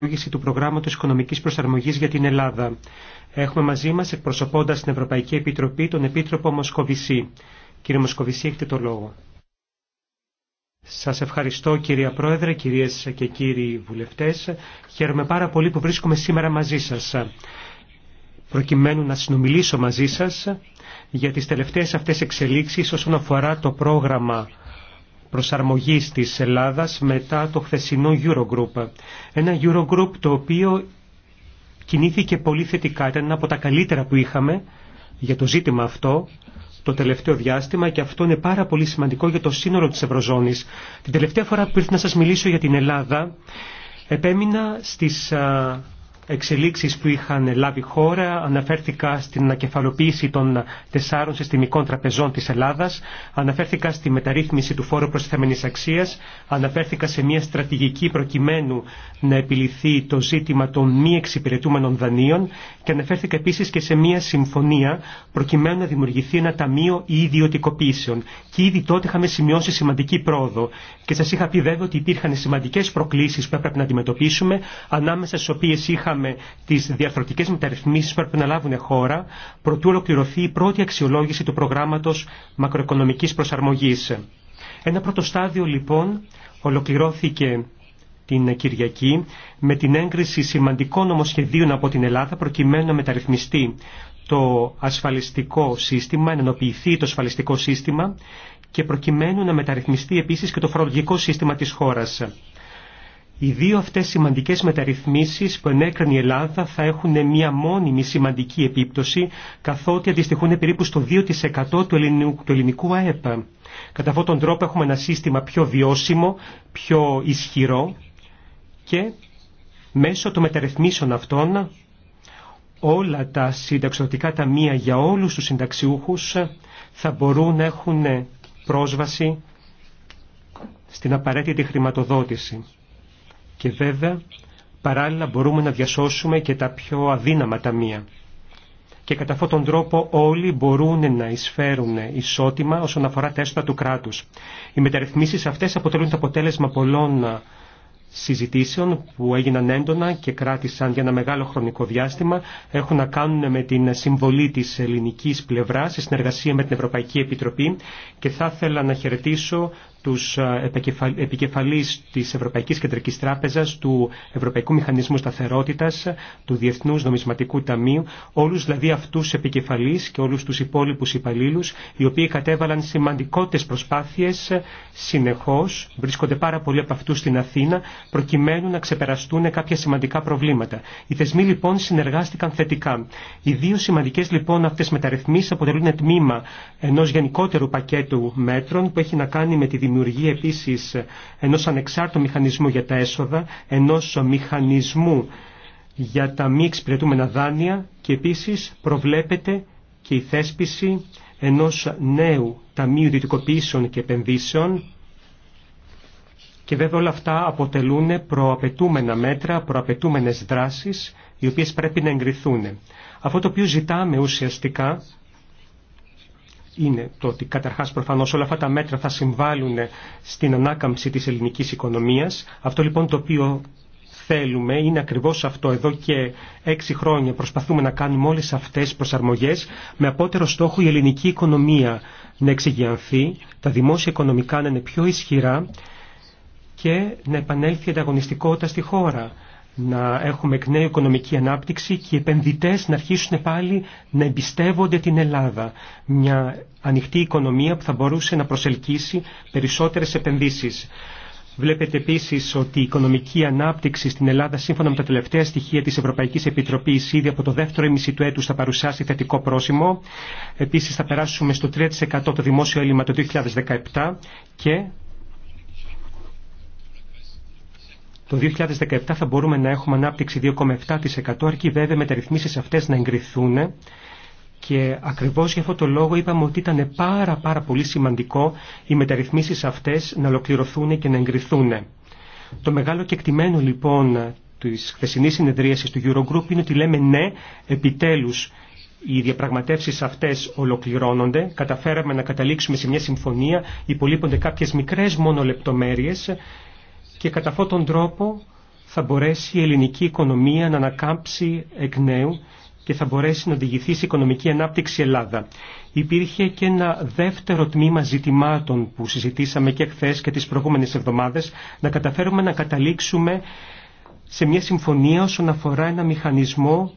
αξιολόγηση του προγράμματος οικονομικής προσαρμογής για την Ελλάδα. Έχουμε μαζί μας εκπροσωπώντας την Ευρωπαϊκή Επιτροπή τον Επίτροπο Μοσκοβισή. Κύριε Μοσκοβισή, έχετε το λόγο. Σας ευχαριστώ κυρία Πρόεδρε, κυρίες και κύριοι βουλευτές. Χαίρομαι πάρα πολύ που βρίσκομαι σήμερα μαζί σας. Προκειμένου να συνομιλήσω μαζί σας για τις τελευταίες αυτές εξελίξεις όσον αφορά το πρόγραμμα προσαρμογής της Ελλάδας μετά το χθεσινό Eurogroup. Ένα Eurogroup το οποίο κινήθηκε πολύ θετικά, ήταν ένα από τα καλύτερα που είχαμε για το ζήτημα αυτό το τελευταίο διάστημα και αυτό είναι πάρα πολύ σημαντικό για το σύνολο της Ευρωζώνης. Την τελευταία φορά που ήρθα να σας μιλήσω για την Ελλάδα επέμεινα στις εξελίξεις που είχαν λάβει χώρα. Αναφέρθηκα στην ανακεφαλοποίηση των τεσσάρων συστημικών τραπεζών της Ελλάδας. Αναφέρθηκα στη μεταρρύθμιση του φόρου προσθέμενης αξίας. Αναφέρθηκα σε μια στρατηγική προκειμένου να επιληθεί το ζήτημα των μη εξυπηρετούμενων δανείων. Και αναφέρθηκα επίσης και σε μια συμφωνία προκειμένου να δημιουργηθεί ένα ταμείο ιδιωτικοποίησεων. Και ήδη τότε είχαμε σημειώσει σημαντική πρόοδο. Και σας είχα πει βέβαια ότι υπήρχαν σημαντικές προκλήσεις που έπρεπε να αντιμετωπίσουμε, ανάμεσα στις οποίες είχαμε με τι διαρθρωτικέ μεταρρυθμίσει που έπρεπε να λάβουν χώρα, προτού ολοκληρωθεί η πρώτη αξιολόγηση του προγράμματο μακροοικονομική προσαρμογή. Ένα πρώτο στάδιο λοιπόν ολοκληρώθηκε την Κυριακή με την έγκριση σημαντικών νομοσχεδίων από την Ελλάδα προκειμένου να μεταρρυθμιστεί το ασφαλιστικό σύστημα, να ενοποιηθεί το ασφαλιστικό σύστημα και προκειμένου να μεταρρυθμιστεί επίσης και το φορολογικό σύστημα της χώρας. Οι δύο αυτές σημαντικές μεταρρυθμίσεις που ενέκρινε η Ελλάδα θα έχουν μια μόνιμη σημαντική επίπτωση, καθότι αντιστοιχούν περίπου στο 2% του ελληνικού, του ελληνικού ΑΕΠ. Κατά αυτόν τον τρόπο έχουμε ένα σύστημα πιο βιώσιμο, πιο ισχυρό και μέσω των μεταρρυθμίσεων αυτών όλα τα συνταξιδοτικά ταμεία για όλους τους συνταξιούχους θα μπορούν να έχουν πρόσβαση στην απαραίτητη χρηματοδότηση. Και βέβαια, παράλληλα μπορούμε να διασώσουμε και τα πιο αδύναμα ταμεία. Και κατά αυτόν τον τρόπο όλοι μπορούν να εισφέρουν ισότιμα όσον αφορά τα έσοδα του κράτους. Οι μεταρρυθμίσεις αυτές αποτελούν το αποτέλεσμα πολλών συζητήσεων που έγιναν έντονα και κράτησαν για ένα μεγάλο χρονικό διάστημα έχουν να κάνουν με την συμβολή της ελληνικής πλευράς σε συνεργασία με την Ευρωπαϊκή Επιτροπή και θα ήθελα να χαιρετήσω τους ε, επικεφαλείς της Ευρωπαϊκής Κεντρικής Τράπεζας, του Ευρωπαϊκού Μηχανισμού Σταθερότητας, του Διεθνούς Νομισματικού Ταμείου, όλους δηλαδή αυτούς επικεφαλείς και όλους τους υπόλοιπους υπαλλήλου, οι οποίοι κατέβαλαν σημαντικότες προσπάθειες συνεχώς, βρίσκονται πάρα πολλοί από αυτούς στην Αθήνα, προκειμένου να ξεπεραστούν κάποια σημαντικά προβλήματα. Οι θεσμοί λοιπόν συνεργάστηκαν θετικά. Οι δύο σημαντικές λοιπόν αυτές μεταρρυθμίσεις αποτελούν τμήμα ενός γενικότερου πακέτου μέτρων που έχει να κάνει με τη Δημιουργεί επίσης ενός ανεξάρτητου μηχανισμού για τα έσοδα, ενός μηχανισμού για τα μη εξυπηρετούμενα δάνεια και επίσης προβλέπεται και η θέσπιση ενός νέου Ταμείου Ιδιωτικοποιήσεων και Επενδύσεων και βέβαια όλα αυτά αποτελούν προαπαιτούμενα μέτρα, προαπαιτούμενες δράσεις οι οποίες πρέπει να εγκριθούν. Αυτό το οποίο ζητάμε ουσιαστικά είναι το ότι καταρχάς προφανώς όλα αυτά τα μέτρα θα συμβάλλουν στην ανάκαμψη της ελληνικής οικονομίας. Αυτό λοιπόν το οποίο θέλουμε είναι ακριβώς αυτό. Εδώ και έξι χρόνια προσπαθούμε να κάνουμε όλες αυτές τις προσαρμογές με απότερο στόχο η ελληνική οικονομία να εξηγιανθεί, τα δημόσια οικονομικά να είναι πιο ισχυρά και να επανέλθει η ανταγωνιστικότητα στη χώρα να έχουμε εκ νέου οικονομική ανάπτυξη και οι επενδυτές να αρχίσουν πάλι να εμπιστεύονται την Ελλάδα. Μια ανοιχτή οικονομία που θα μπορούσε να προσελκύσει περισσότερες επενδύσεις. Βλέπετε επίσης ότι η οικονομική ανάπτυξη στην Ελλάδα, σύμφωνα με τα τελευταία στοιχεία της Ευρωπαϊκής Επιτροπής ήδη από το δεύτερο ήμιση του έτους θα παρουσιάσει θετικό πρόσημο. Επίσης θα περάσουμε στο 3% το δημόσιο έλλειμμα το 2017 και Το 2017 θα μπορούμε να έχουμε ανάπτυξη 2,7% αρκεί βέβαια μεταρρυθμίσεις αυτές να εγκριθούν και ακριβώς για αυτό το λόγο είπαμε ότι ήταν πάρα πάρα πολύ σημαντικό οι μεταρρυθμίσεις αυτές να ολοκληρωθούν και να εγκριθούν. Το μεγάλο κεκτημένο λοιπόν της χθεσινής συνεδρίασης του Eurogroup είναι ότι λέμε ναι, επιτέλους οι διαπραγματεύσεις αυτές ολοκληρώνονται, καταφέραμε να καταλήξουμε σε μια συμφωνία, υπολείπονται κάποιες μικρές μόνο λεπτομέρειες και κατά αυτόν τον τρόπο θα μπορέσει η ελληνική οικονομία να ανακάμψει εκ νέου και θα μπορέσει να οδηγηθεί σε οικονομική ανάπτυξη Ελλάδα. Υπήρχε και ένα δεύτερο τμήμα ζητημάτων που συζητήσαμε και χθε και τις προηγούμενες εβδομάδες, να καταφέρουμε να καταλήξουμε σε μια συμφωνία όσον αφορά ένα μηχανισμό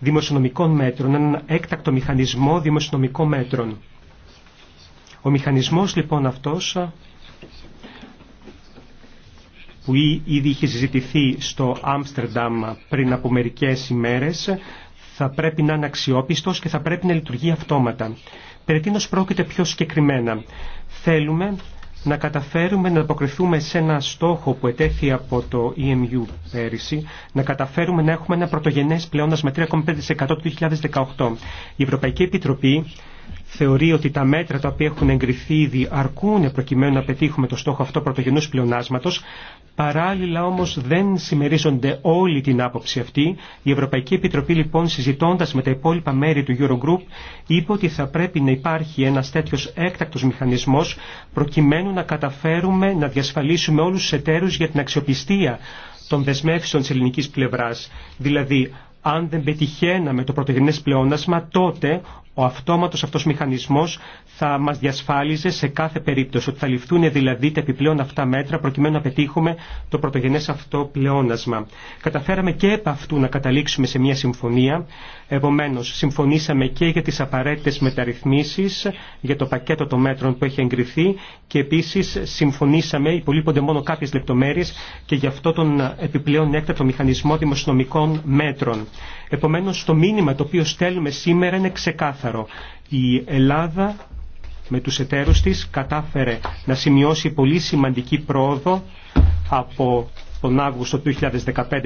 δημοσιονομικών μέτρων, έναν έκτακτο μηχανισμό δημοσιονομικών μέτρων. Ο μηχανισμός λοιπόν αυτός που ήδη είχε συζητηθεί στο Άμστερνταμ πριν από μερικές ημέρες θα πρέπει να είναι αξιόπιστο και θα πρέπει να λειτουργεί αυτόματα. Περί πρόκειται πιο συγκεκριμένα. Θέλουμε να καταφέρουμε να αποκριθούμε σε ένα στόχο που ετέθη από το EMU πέρυσι, να καταφέρουμε να έχουμε ένα πρωτογενές πλεόνασμα 3,5% του 2018. Η Ευρωπαϊκή Επιτροπή θεωρεί ότι τα μέτρα τα οποία έχουν εγκριθεί ήδη αρκούν προκειμένου να πετύχουμε το στόχο αυτό πρωτογενούς πλεονάσματος. Παράλληλα όμως δεν συμμερίζονται όλη την άποψη αυτή. Η Ευρωπαϊκή Επιτροπή λοιπόν συζητώντας με τα υπόλοιπα μέρη του Eurogroup είπε ότι θα πρέπει να υπάρχει ένας τέτοιος έκτακτος μηχανισμός προκειμένου να καταφέρουμε να διασφαλίσουμε όλους τους εταίρους για την αξιοπιστία των δεσμεύσεων της ελληνικής πλευράς. Δηλαδή αν δεν πετυχαίναμε το πρωτογενέ πλεόνασμα, τότε ο αυτόματος αυτός μηχανισμός θα μας διασφάλιζε σε κάθε περίπτωση ότι θα ληφθούν δηλαδή τα επιπλέον αυτά μέτρα προκειμένου να πετύχουμε το πρωτογενές αυτό πλεόνασμα. Καταφέραμε και επ' αυτού να καταλήξουμε σε μια συμφωνία. Επομένως, συμφωνήσαμε και για τις απαραίτητες μεταρρυθμίσεις, για το πακέτο των μέτρων που έχει εγκριθεί και επίσης συμφωνήσαμε, υπολείπονται μόνο κάποιες λεπτομέρειες και για αυτό τον επιπλέον έκτατο μηχανισμό δημοσιονομικών μέτρων. Επομένως, το μήνυμα το οποίο στέλνουμε σήμερα είναι ξεκάθαρο. Η Ελλάδα με τους εταίρους της κατάφερε να σημειώσει πολύ σημαντική πρόοδο από τον Αύγουστο του 2015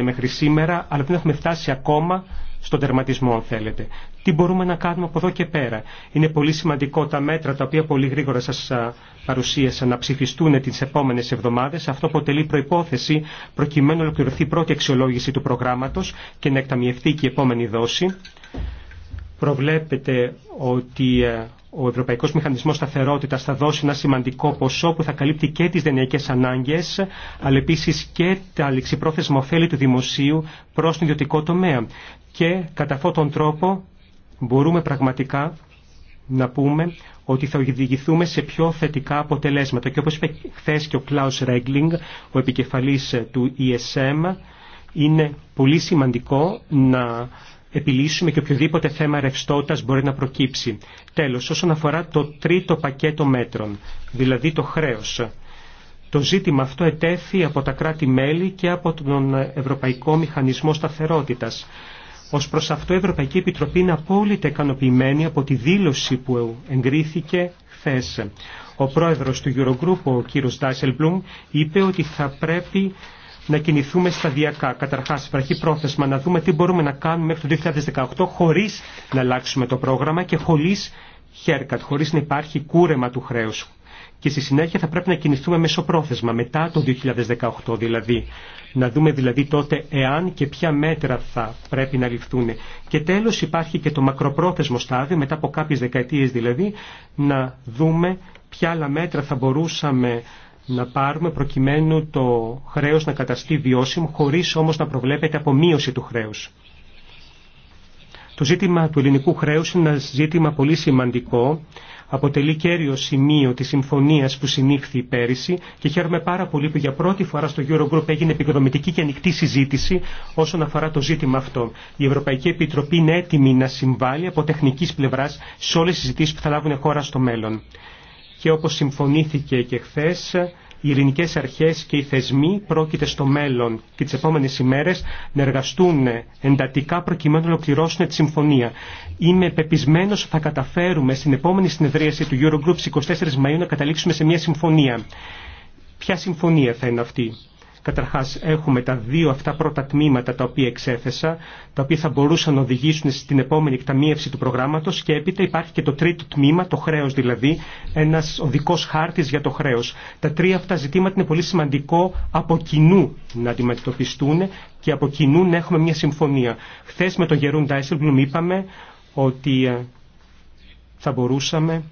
μέχρι σήμερα, αλλά δεν έχουμε φτάσει ακόμα στον τερματισμό, αν θέλετε. Τι μπορούμε να κάνουμε από εδώ και πέρα. Είναι πολύ σημαντικό τα μέτρα τα οποία πολύ γρήγορα σα παρουσίασα να ψηφιστούν τι επόμενε εβδομάδε. Αυτό αποτελεί προπόθεση προκειμένου να ολοκληρωθεί η πρώτη αξιολόγηση του προγράμματο και να εκταμιευτεί και η επόμενη δόση. Προβλέπετε ότι ε, ο Ευρωπαϊκός Μηχανισμός σταθερότητα θα δώσει ένα σημαντικό ποσό που θα καλύπτει και τις δενειακέ ανάγκες, αλλά επίση και τα ληξιπρόθεσμα ωφέλη του δημοσίου προς τον ιδιωτικό τομέα. Και κατά αυτόν τον τρόπο μπορούμε πραγματικά να πούμε ότι θα οδηγηθούμε σε πιο θετικά αποτελέσματα. Και όπω είπε χθε και ο Κλάους Ρέγκλινγκ, ο επικεφαλή του ESM, είναι πολύ σημαντικό να επιλύσουμε και οποιοδήποτε θέμα ρευστότητα μπορεί να προκύψει. Τέλος, όσον αφορά το τρίτο πακέτο μέτρων, δηλαδή το χρέος. Το ζήτημα αυτό ετέθη από τα κράτη-μέλη και από τον Ευρωπαϊκό Μηχανισμό Σταθερότητας. Ως προς αυτό η Ευρωπαϊκή Επιτροπή είναι απόλυτα ικανοποιημένη από τη δήλωση που εγκρίθηκε χθε. Ο πρόεδρος του Eurogroup, ο κύριος Ντάισελμπλουμ, είπε ότι θα πρέπει να κινηθούμε σταδιακά. Καταρχά, υπάρχει πρόθεσμα να δούμε τι μπορούμε να κάνουμε μέχρι το 2018 χωρί να αλλάξουμε το πρόγραμμα και χωρί haircut, χωρί να υπάρχει κούρεμα του χρέου. Και στη συνέχεια θα πρέπει να κινηθούμε μεσοπρόθεσμα μετά το 2018 δηλαδή. Να δούμε δηλαδή τότε εάν και ποια μέτρα θα πρέπει να ληφθούν. Και τέλος υπάρχει και το μακροπρόθεσμο στάδιο, μετά από κάποιες δεκαετίες δηλαδή, να δούμε ποια άλλα μέτρα θα μπορούσαμε να πάρουμε προκειμένου το χρέος να καταστεί βιώσιμο χωρίς όμως να προβλέπεται απομείωση του χρέους. Το ζήτημα του ελληνικού χρέους είναι ένα ζήτημα πολύ σημαντικό. Αποτελεί κέριο σημείο της συμφωνίας που συνήχθη πέρυσι και χαίρομαι πάρα πολύ που για πρώτη φορά στο Eurogroup έγινε επικοδομητική και ανοιχτή συζήτηση όσον αφορά το ζήτημα αυτό. Η Ευρωπαϊκή Επιτροπή είναι έτοιμη να συμβάλλει από τεχνικής πλευράς σε όλες τις συζητήσεις που θα λάβουν χώρα στο μέλλον. Και όπως συμφωνήθηκε και χθε, οι ελληνικέ αρχές και οι θεσμοί πρόκειται στο μέλλον και τις επόμενες ημέρες να εργαστούν εντατικά προκειμένου να ολοκληρώσουν τη συμφωνία. Είμαι πεπισμένο ότι θα καταφέρουμε στην επόμενη συνεδρίαση του Eurogroup 24 Μαΐου να καταλήξουμε σε μια συμφωνία. Ποια συμφωνία θα είναι αυτή. Καταρχάς έχουμε τα δύο αυτά πρώτα τμήματα τα οποία εξέθεσα, τα οποία θα μπορούσαν να οδηγήσουν στην επόμενη εκταμείευση του προγράμματος και έπειτα υπάρχει και το τρίτο τμήμα, το χρέος δηλαδή, ένας οδικός χάρτης για το χρέος. Τα τρία αυτά ζητήματα είναι πολύ σημαντικό από κοινού να αντιμετωπιστούν και από κοινού να έχουμε μια συμφωνία. Χθε με τον Γερούν Ντάισελμπλουμ είπαμε ότι ε, θα μπορούσαμε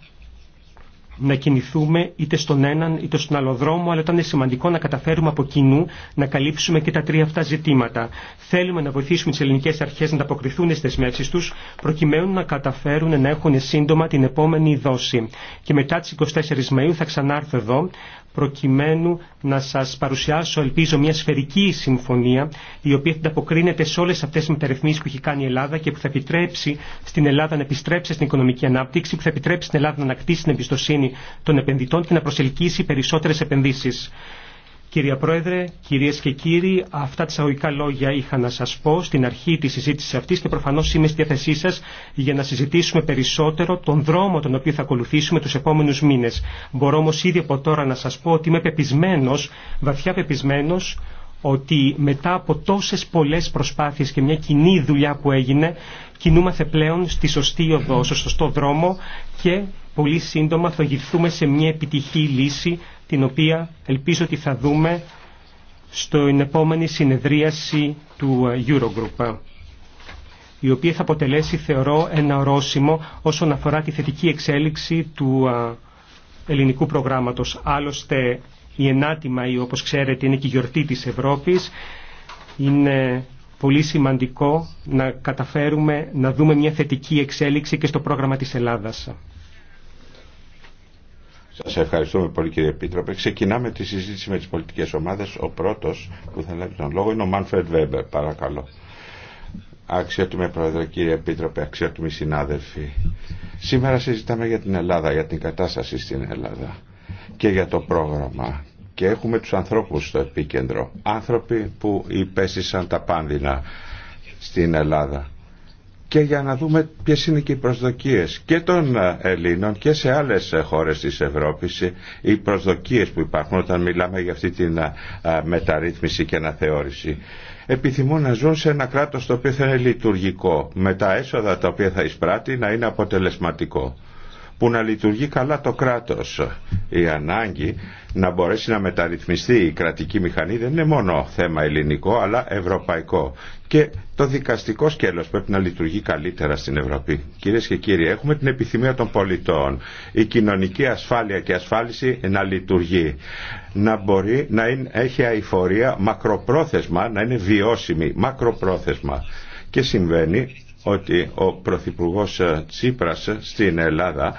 να κινηθούμε είτε στον έναν είτε στον άλλο δρόμο, αλλά ήταν σημαντικό να καταφέρουμε από κοινού να καλύψουμε και τα τρία αυτά ζητήματα. Θέλουμε να βοηθήσουμε τι ελληνικέ αρχέ να ανταποκριθούν στι δεσμεύσει του, προκειμένου να καταφέρουν να έχουν σύντομα την επόμενη δόση. Και μετά τι 24 Μαου θα ξανάρθω εδώ, προκειμένου να σας παρουσιάσω, ελπίζω, μια σφαιρική συμφωνία η οποία θα ανταποκρίνεται σε όλες αυτές τις μεταρρυθμίσεις που έχει κάνει η Ελλάδα και που θα επιτρέψει στην Ελλάδα να επιστρέψει στην οικονομική ανάπτυξη, που θα επιτρέψει στην Ελλάδα να ανακτήσει την εμπιστοσύνη των επενδυτών και να προσελκύσει περισσότερες επενδύσεις. Κυρία Πρόεδρε, κυρίες και κύριοι, αυτά τα αγωγικά λόγια είχα να σας πω στην αρχή της συζήτησης αυτής και προφανώς είμαι στη διάθεσή σας για να συζητήσουμε περισσότερο τον δρόμο τον οποίο θα ακολουθήσουμε τους επόμενους μήνες. Μπορώ όμως ήδη από τώρα να σας πω ότι είμαι πεπισμένος, βαθιά πεπισμένος, ότι μετά από τόσες πολλές προσπάθειες και μια κοινή δουλειά που έγινε, κινούμαστε πλέον στη σωστή οδό, στο σωστό δρόμο και πολύ σύντομα θα γυρθούμε σε μια επιτυχή λύση την οποία ελπίζω ότι θα δούμε στην επόμενη συνεδρίαση του ε, Eurogroup ε, η οποία θα αποτελέσει, θεωρώ, ένα ορόσημο όσον αφορά τη θετική εξέλιξη του ε, ελληνικού προγράμματος. Άλλωστε, η ενάτη Μαΐου, όπως ξέρετε, είναι και η γιορτή της Ευρώπης. Είναι πολύ σημαντικό να καταφέρουμε να δούμε μια θετική εξέλιξη και στο πρόγραμμα της Ελλάδας. Σας ευχαριστούμε πολύ κύριε Επίτροπε. Ξεκινάμε τη συζήτηση με τις πολιτικές ομάδες. Ο πρώτος που θα λάβει τον λόγο είναι ο Μάνφρεντ Βέμπερ. Παρακαλώ. Αξιότιμη Πρόεδρε, κύριε Επίτροπε, αξιότιμοι συνάδελφοι. Σήμερα συζητάμε για την Ελλάδα, για την κατάσταση στην Ελλάδα και για το πρόγραμμα και έχουμε τους ανθρώπους στο επίκεντρο. Άνθρωποι που υπέστησαν τα πάνδυνα στην Ελλάδα και για να δούμε ποιες είναι και οι προσδοκίες και των ε, Ελλήνων και σε άλλες ε, χώρες της Ευρώπης ε, οι προσδοκίες που υπάρχουν όταν μιλάμε για αυτή την μεταρρύθμιση και αναθεώρηση. Επιθυμώ να ζουν σε ένα κράτος το οποίο θα είναι λειτουργικό, με τα έσοδα τα οποία θα εισπράττει να είναι αποτελεσματικό που να λειτουργεί καλά το κράτος. Η ανάγκη να μπορέσει να μεταρρυθμιστεί η κρατική μηχανή δεν είναι μόνο θέμα ελληνικό αλλά ευρωπαϊκό. Και το δικαστικό σκέλος πρέπει να λειτουργεί καλύτερα στην Ευρώπη. Κυρίες και κύριοι, έχουμε την επιθυμία των πολιτών. Η κοινωνική ασφάλεια και ασφάλιση να λειτουργεί. Να μπορεί να έχει αηφορία μακροπρόθεσμα, να είναι βιώσιμη μακροπρόθεσμα. Και συμβαίνει ότι ο Πρωθυπουργό ε, Τσίπρας ε, στην Ελλάδα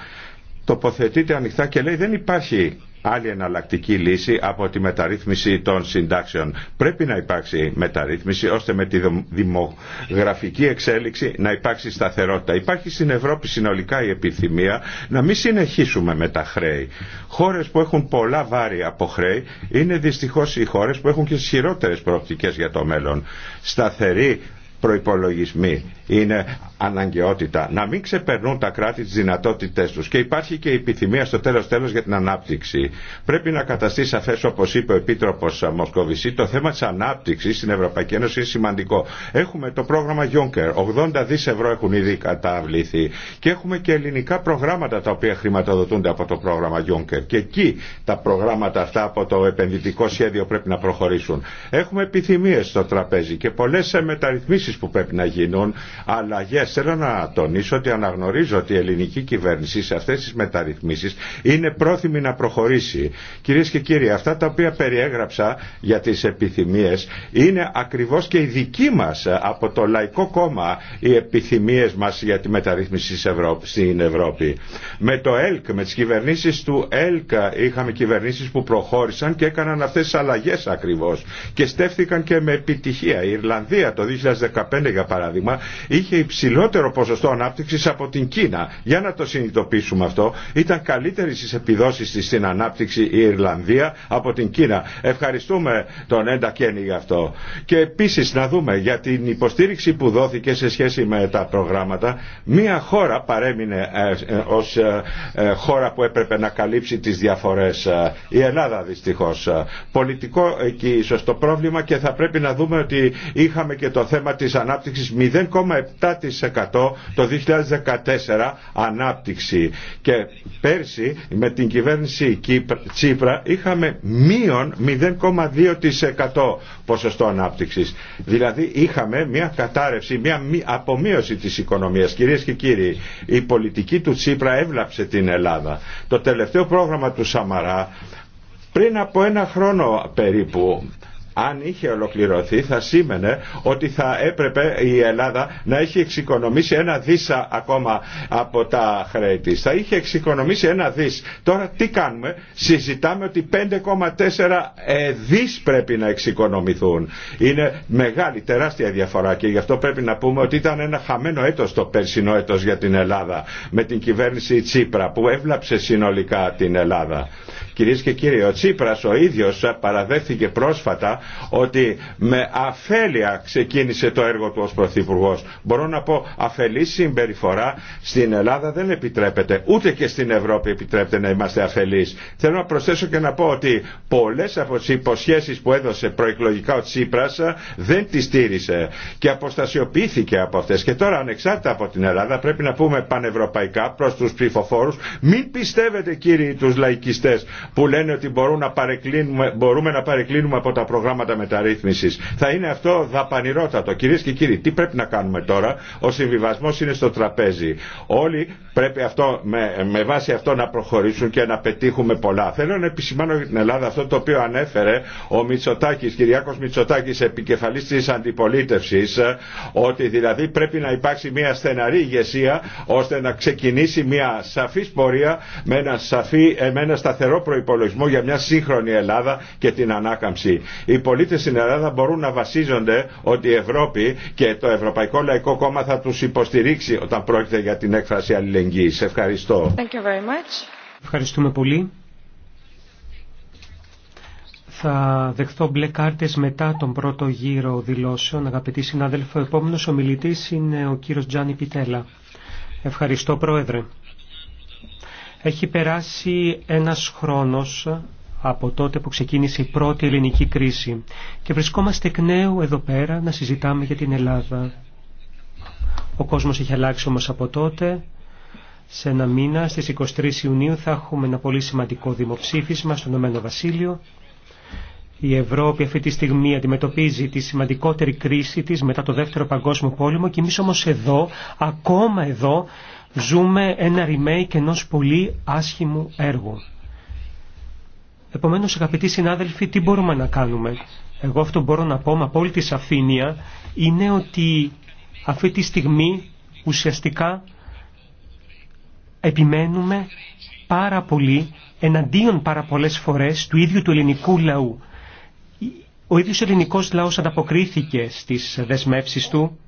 τοποθετείται ανοιχτά και λέει δεν υπάρχει άλλη εναλλακτική λύση από τη μεταρρύθμιση των συντάξεων. Πρέπει να υπάρξει μεταρρύθμιση ώστε με τη δημογραφική εξέλιξη να υπάρξει σταθερότητα. Υπάρχει στην Ευρώπη συνολικά η επιθυμία να μην συνεχίσουμε με τα χρέη. Χώρες που έχουν πολλά βάρη από χρέη είναι δυστυχώς οι χώρες που έχουν και σχηρότερες προοπτικές για το μέλλον. Σταθερή προϋπολογισμοί είναι αναγκαιότητα. Να μην ξεπερνούν τα κράτη τις δυνατότητές τους. Και υπάρχει και η επιθυμία στο τέλος τέλος για την ανάπτυξη. Πρέπει να καταστεί σαφέ όπως είπε ο Επίτροπος Μοσκοβισή το θέμα της ανάπτυξης στην Ευρωπαϊκή Ένωση είναι σημαντικό. Έχουμε το πρόγραμμα Juncker. 80 δις ευρώ έχουν ήδη καταβληθεί. Και έχουμε και ελληνικά προγράμματα τα οποία χρηματοδοτούνται από το πρόγραμμα Juncker. Και εκεί τα προγράμματα αυτά από το επενδυτικό σχέδιο πρέπει να προχωρήσουν. Έχουμε επιθυμίες στο τραπέζι και πολλές μεταρρυθμίσεις που πρέπει να γίνουν Αλλαγέ, Θέλω να τονίσω ότι αναγνωρίζω ότι η ελληνική κυβέρνηση σε αυτέ τι μεταρρυθμίσει είναι πρόθυμη να προχωρήσει. Κυρίε και κύριοι, αυτά τα οποία περιέγραψα για τι επιθυμίε είναι ακριβώ και οι δικοί μα από το Λαϊκό Κόμμα οι επιθυμίε μα για τη μεταρρύθμιση στην Ευρώπη. Με το ΕΛΚ, με τι κυβερνήσει του ΕΛΚ είχαμε κυβερνήσει που προχώρησαν και έκαναν αυτέ τι αλλαγέ ακριβώ. και στέφθηκαν και με επιτυχία. Η Ιρλανδία το 2015 για παράδειγμα είχε υψηλότερο ποσοστό ανάπτυξη από την Κίνα. Για να το συνειδητοποιήσουμε αυτό, ήταν καλύτερη στι επιδόσει τη στην ανάπτυξη η Ιρλανδία από την Κίνα. Ευχαριστούμε τον Έντα Κένι γι' αυτό. Και επίση να δούμε για την υποστήριξη που δόθηκε σε σχέση με τα προγράμματα. Μία χώρα παρέμεινε ε, ε, ως ε, χώρα που έπρεπε να καλύψει τις διαφορές. Η Ελλάδα δυστυχώς. Πολιτικό εκεί ίσω το πρόβλημα και θα πρέπει να δούμε ότι είχαμε και το θέμα τη ανάπτυξη 7% το 2014 ανάπτυξη και πέρσι με την κυβέρνηση Τσίπρα είχαμε μείον 0,2% ποσοστό ανάπτυξης. Δηλαδή είχαμε μια κατάρρευση, μια απομείωση της οικονομίας. Κυρίες και κύριοι, η πολιτική του Τσίπρα έβλαψε την Ελλάδα. Το τελευταίο πρόγραμμα του Σαμαρά πριν από ένα χρόνο περίπου αν είχε ολοκληρωθεί θα σήμαινε ότι θα έπρεπε η Ελλάδα να έχει εξοικονομήσει ένα δίσα ακόμα από τα χρέη της. Θα είχε εξοικονομήσει ένα δις. Τώρα τι κάνουμε. Συζητάμε ότι 5,4 ε, δις πρέπει να εξοικονομηθούν. Είναι μεγάλη, τεράστια διαφορά και γι' αυτό πρέπει να πούμε ότι ήταν ένα χαμένο έτος το περσινό έτος για την Ελλάδα με την κυβέρνηση Τσίπρα που έβλαψε συνολικά την Ελλάδα. Κυρίε και κύριοι, ο Τσίπρας ο ίδιος παραδέχθηκε πρόσφατα ότι με αφέλεια ξεκίνησε το έργο του ως Πρωθυπουργός. Μπορώ να πω αφελή συμπεριφορά στην Ελλάδα δεν επιτρέπεται, ούτε και στην Ευρώπη επιτρέπεται να είμαστε αφελείς. Θέλω να προσθέσω και να πω ότι πολλές από τις υποσχέσεις που έδωσε προεκλογικά ο Τσίπρας δεν τις στήρισε και αποστασιοποιήθηκε από αυτές. Και τώρα ανεξάρτητα από την Ελλάδα πρέπει να πούμε πανευρωπαϊκά προς τους ψηφοφόρους μην πιστεύετε κύριοι τους λαϊκιστές που λένε ότι μπορούμε να παρεκκλίνουμε, μπορούμε να παρεκκλίνουμε από τα προγράμματα μεταρρύθμισης. Θα είναι αυτό δαπανηρότατο. Κυρίε και κύριοι, τι πρέπει να κάνουμε τώρα. Ο συμβιβασμό είναι στο τραπέζι. Όλοι πρέπει αυτό, με, με βάση αυτό να προχωρήσουν και να πετύχουμε πολλά. Θέλω να επισημάνω για την Ελλάδα αυτό το οποίο ανέφερε ο Μητσοτάκη, Κυριάκο Μητσοτάκη, επικεφαλή τη αντιπολίτευση, ότι δηλαδή πρέπει να υπάρξει μια στεναρή ηγεσία ώστε να ξεκινήσει μια σαφή πορεία με ένα, σαφή, με ένα σταθερό προπολογισμό για μια σύγχρονη Ελλάδα και την ανάκαμψη. Οι πολίτε στην Ελλάδα μπορούν να βασίζονται ότι η Ευρώπη και το Ευρωπαϊκό Λαϊκό Κόμμα θα του υποστηρίξει όταν πρόκειται για την έκφραση αλληλεγγύη. Ευχαριστώ. Ευχαριστούμε πολύ. Θα δεχθώ μπλε κάρτε μετά τον πρώτο γύρο δηλώσεων. Αγαπητοί συνάδελφοι, ο επόμενο ομιλητή είναι ο κύριο Τζάνι Πιτέλα. Ευχαριστώ, Πρόεδρε. Έχει περάσει ένας χρόνος από τότε που ξεκίνησε η πρώτη ελληνική κρίση και βρισκόμαστε εκ νέου εδώ πέρα να συζητάμε για την Ελλάδα. Ο κόσμος έχει αλλάξει όμως από τότε. Σε ένα μήνα, στις 23 Ιουνίου, θα έχουμε ένα πολύ σημαντικό δημοψήφισμα στον Ηνωμένο Βασίλειο. Η Ευρώπη αυτή τη στιγμή αντιμετωπίζει τη σημαντικότερη κρίση της μετά το Δεύτερο Παγκόσμιο Πόλεμο και εμείς όμως εδώ, ακόμα εδώ, Ζούμε ένα remake ενός πολύ άσχημου έργου. Επομένως, αγαπητοί συνάδελφοι, τι μπορούμε να κάνουμε. Εγώ αυτό μπορώ να πω με απόλυτη σαφήνεια είναι ότι αυτή τη στιγμή ουσιαστικά επιμένουμε πάρα πολύ εναντίον πάρα πολλές φορές του ίδιου του ελληνικού λαού. Ο ίδιος ελληνικός λαός ανταποκρίθηκε στις δεσμεύσεις του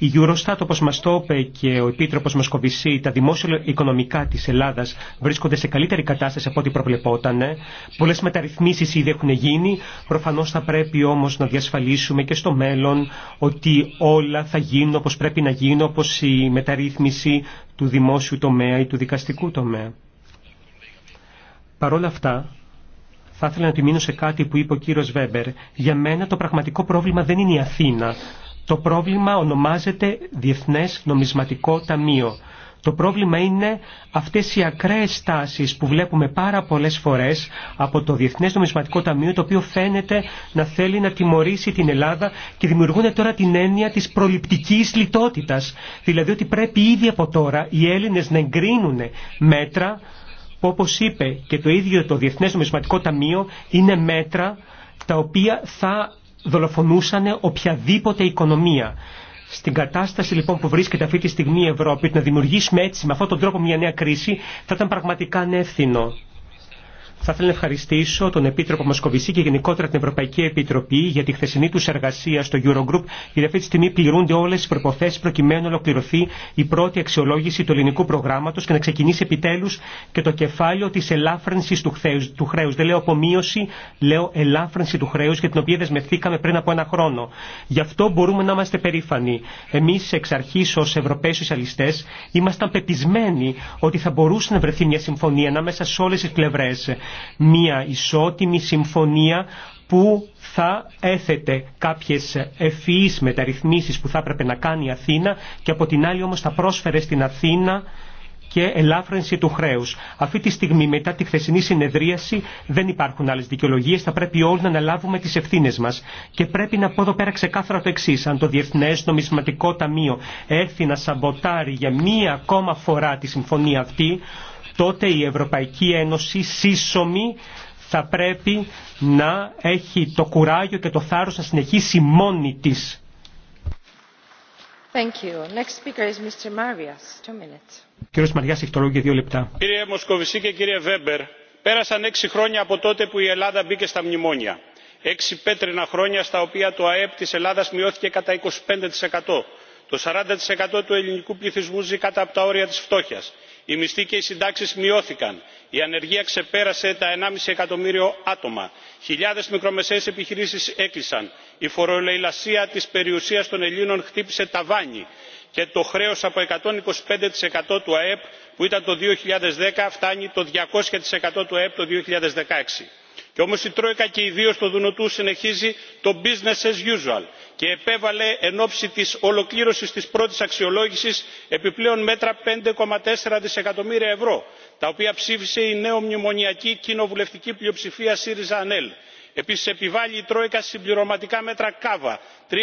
η Eurostat, όπως μας το είπε και ο Επίτροπος Μοσκοβισή, τα δημόσια οικονομικά της Ελλάδας βρίσκονται σε καλύτερη κατάσταση από ό,τι προβλεπόταν. Πολλές μεταρρυθμίσεις ήδη έχουν γίνει. Προφανώς θα πρέπει όμως να διασφαλίσουμε και στο μέλλον ότι όλα θα γίνουν όπως πρέπει να γίνουν, όπως η μεταρρύθμιση του δημόσιου τομέα ή του δικαστικού τομέα. Παρ' όλα αυτά, θα ήθελα να επιμείνω σε κάτι που είπε ο κύριος Βέμπερ. Για μένα το πραγματικό πρόβλημα δεν είναι η Αθήνα, το πρόβλημα ονομάζεται Διεθνές Νομισματικό Ταμείο. Το πρόβλημα είναι αυτές οι ακραίες τάσεις που βλέπουμε πάρα πολλές φορές από το Διεθνές Νομισματικό Ταμείο το οποίο φαίνεται να θέλει να τιμωρήσει την Ελλάδα και δημιουργούν τώρα την έννοια της προληπτικής λιτότητας. Δηλαδή ότι πρέπει ήδη από τώρα οι Έλληνες να εγκρίνουν μέτρα που όπως είπε και το ίδιο το Διεθνές Νομισματικό Ταμείο είναι μέτρα τα οποία θα δολοφονούσαν οποιαδήποτε οικονομία. Στην κατάσταση λοιπόν που βρίσκεται αυτή τη στιγμή η Ευρώπη, να δημιουργήσουμε έτσι με αυτόν τον τρόπο μια νέα κρίση, θα ήταν πραγματικά ανεύθυνο. Θα ήθελα να ευχαριστήσω τον Επίτροπο Μασκοβισή και γενικότερα την Ευρωπαϊκή Επιτροπή για τη χθεσινή του εργασία στο Eurogroup, γιατί αυτή τη στιγμή πληρούνται όλε οι προποθέσει προκειμένου να ολοκληρωθεί η πρώτη αξιολόγηση του ελληνικού προγράμματο και να ξεκινήσει επιτέλου και το κεφάλαιο τη ελάφρυνση του χρέου. Δεν λέω απομείωση, λέω ελάφρυνση του χρέου για την οποία δεσμευθήκαμε πριν από ένα χρόνο. Γι' αυτό μπορούμε να είμαστε περήφανοι. Εμεί εξ αρχή ω Ευρωπαίοι Σοσιαλιστέ ήμασταν πεπισμένοι ότι θα μπορούσε να βρεθεί μια συμφωνία ανάμεσα σε όλε τι πλευρέ μία ισότιμη συμφωνία που θα έθετε κάποιες ευφυείς μεταρρυθμίσεις που θα έπρεπε να κάνει η Αθήνα και από την άλλη όμως θα πρόσφερε στην Αθήνα και ελάφρυνση του χρέους. Αυτή τη στιγμή, μετά τη χθεσινή συνεδρίαση, δεν υπάρχουν άλλες δικαιολογίες. Θα πρέπει όλοι να αναλάβουμε τις ευθύνες μας. Και πρέπει να πω εδώ πέρα ξεκάθαρα το εξή. Αν το Διεθνέ Νομισματικό Ταμείο έρθει να σαμποτάρει για μία ακόμα φορά τη συμφωνία αυτή, τότε η Ευρωπαϊκή Ένωση σύσσωμη θα πρέπει να έχει το κουράγιο και το θάρρος να συνεχίσει μόνη της. Thank you. Κύριος Μαριάς έχει το για δύο λεπτά. Κύριε Μοσκοβισή και κύριε Βέμπερ, πέρασαν έξι χρόνια από τότε που η Ελλάδα μπήκε στα μνημόνια. Έξι πέτρινα χρόνια στα οποία το ΑΕΠ της Ελλάδας μειώθηκε κατά 25%. Το 40% του ελληνικού πληθυσμού ζει κάτω από τα όρια της φτώχειας οι μισθοί και οι συντάξει μειώθηκαν η ανεργία ξεπέρασε τα 1,5 πέντε εκατομμύριο άτομα χιλιάδες μικρομεσαίες επιχειρήσεις έκλεισαν η φορολεηλασία της περιουσίας των ελλήνων χτύπησε ταβάνι και το χρέος από 125% του αεπ που ήταν το 2010 φτάνει το 200% του αεπ το 2016. Κι όμως η Τρόικα και ιδίω το Δουνουτού συνεχίζει το business as usual και επέβαλε εν ώψη της ολοκλήρωσης της πρώτης αξιολόγησης επιπλέον μέτρα πέντε δισεκατομμύρια ευρώ τα οποία ψήφισε η νέο μνημονιακή κοινοβουλευτική πλειοψηφία σύριζα ανέλ. επίσης επιβάλλει η τρόικα συμπληρωματικά μέτρα κάβα 3,6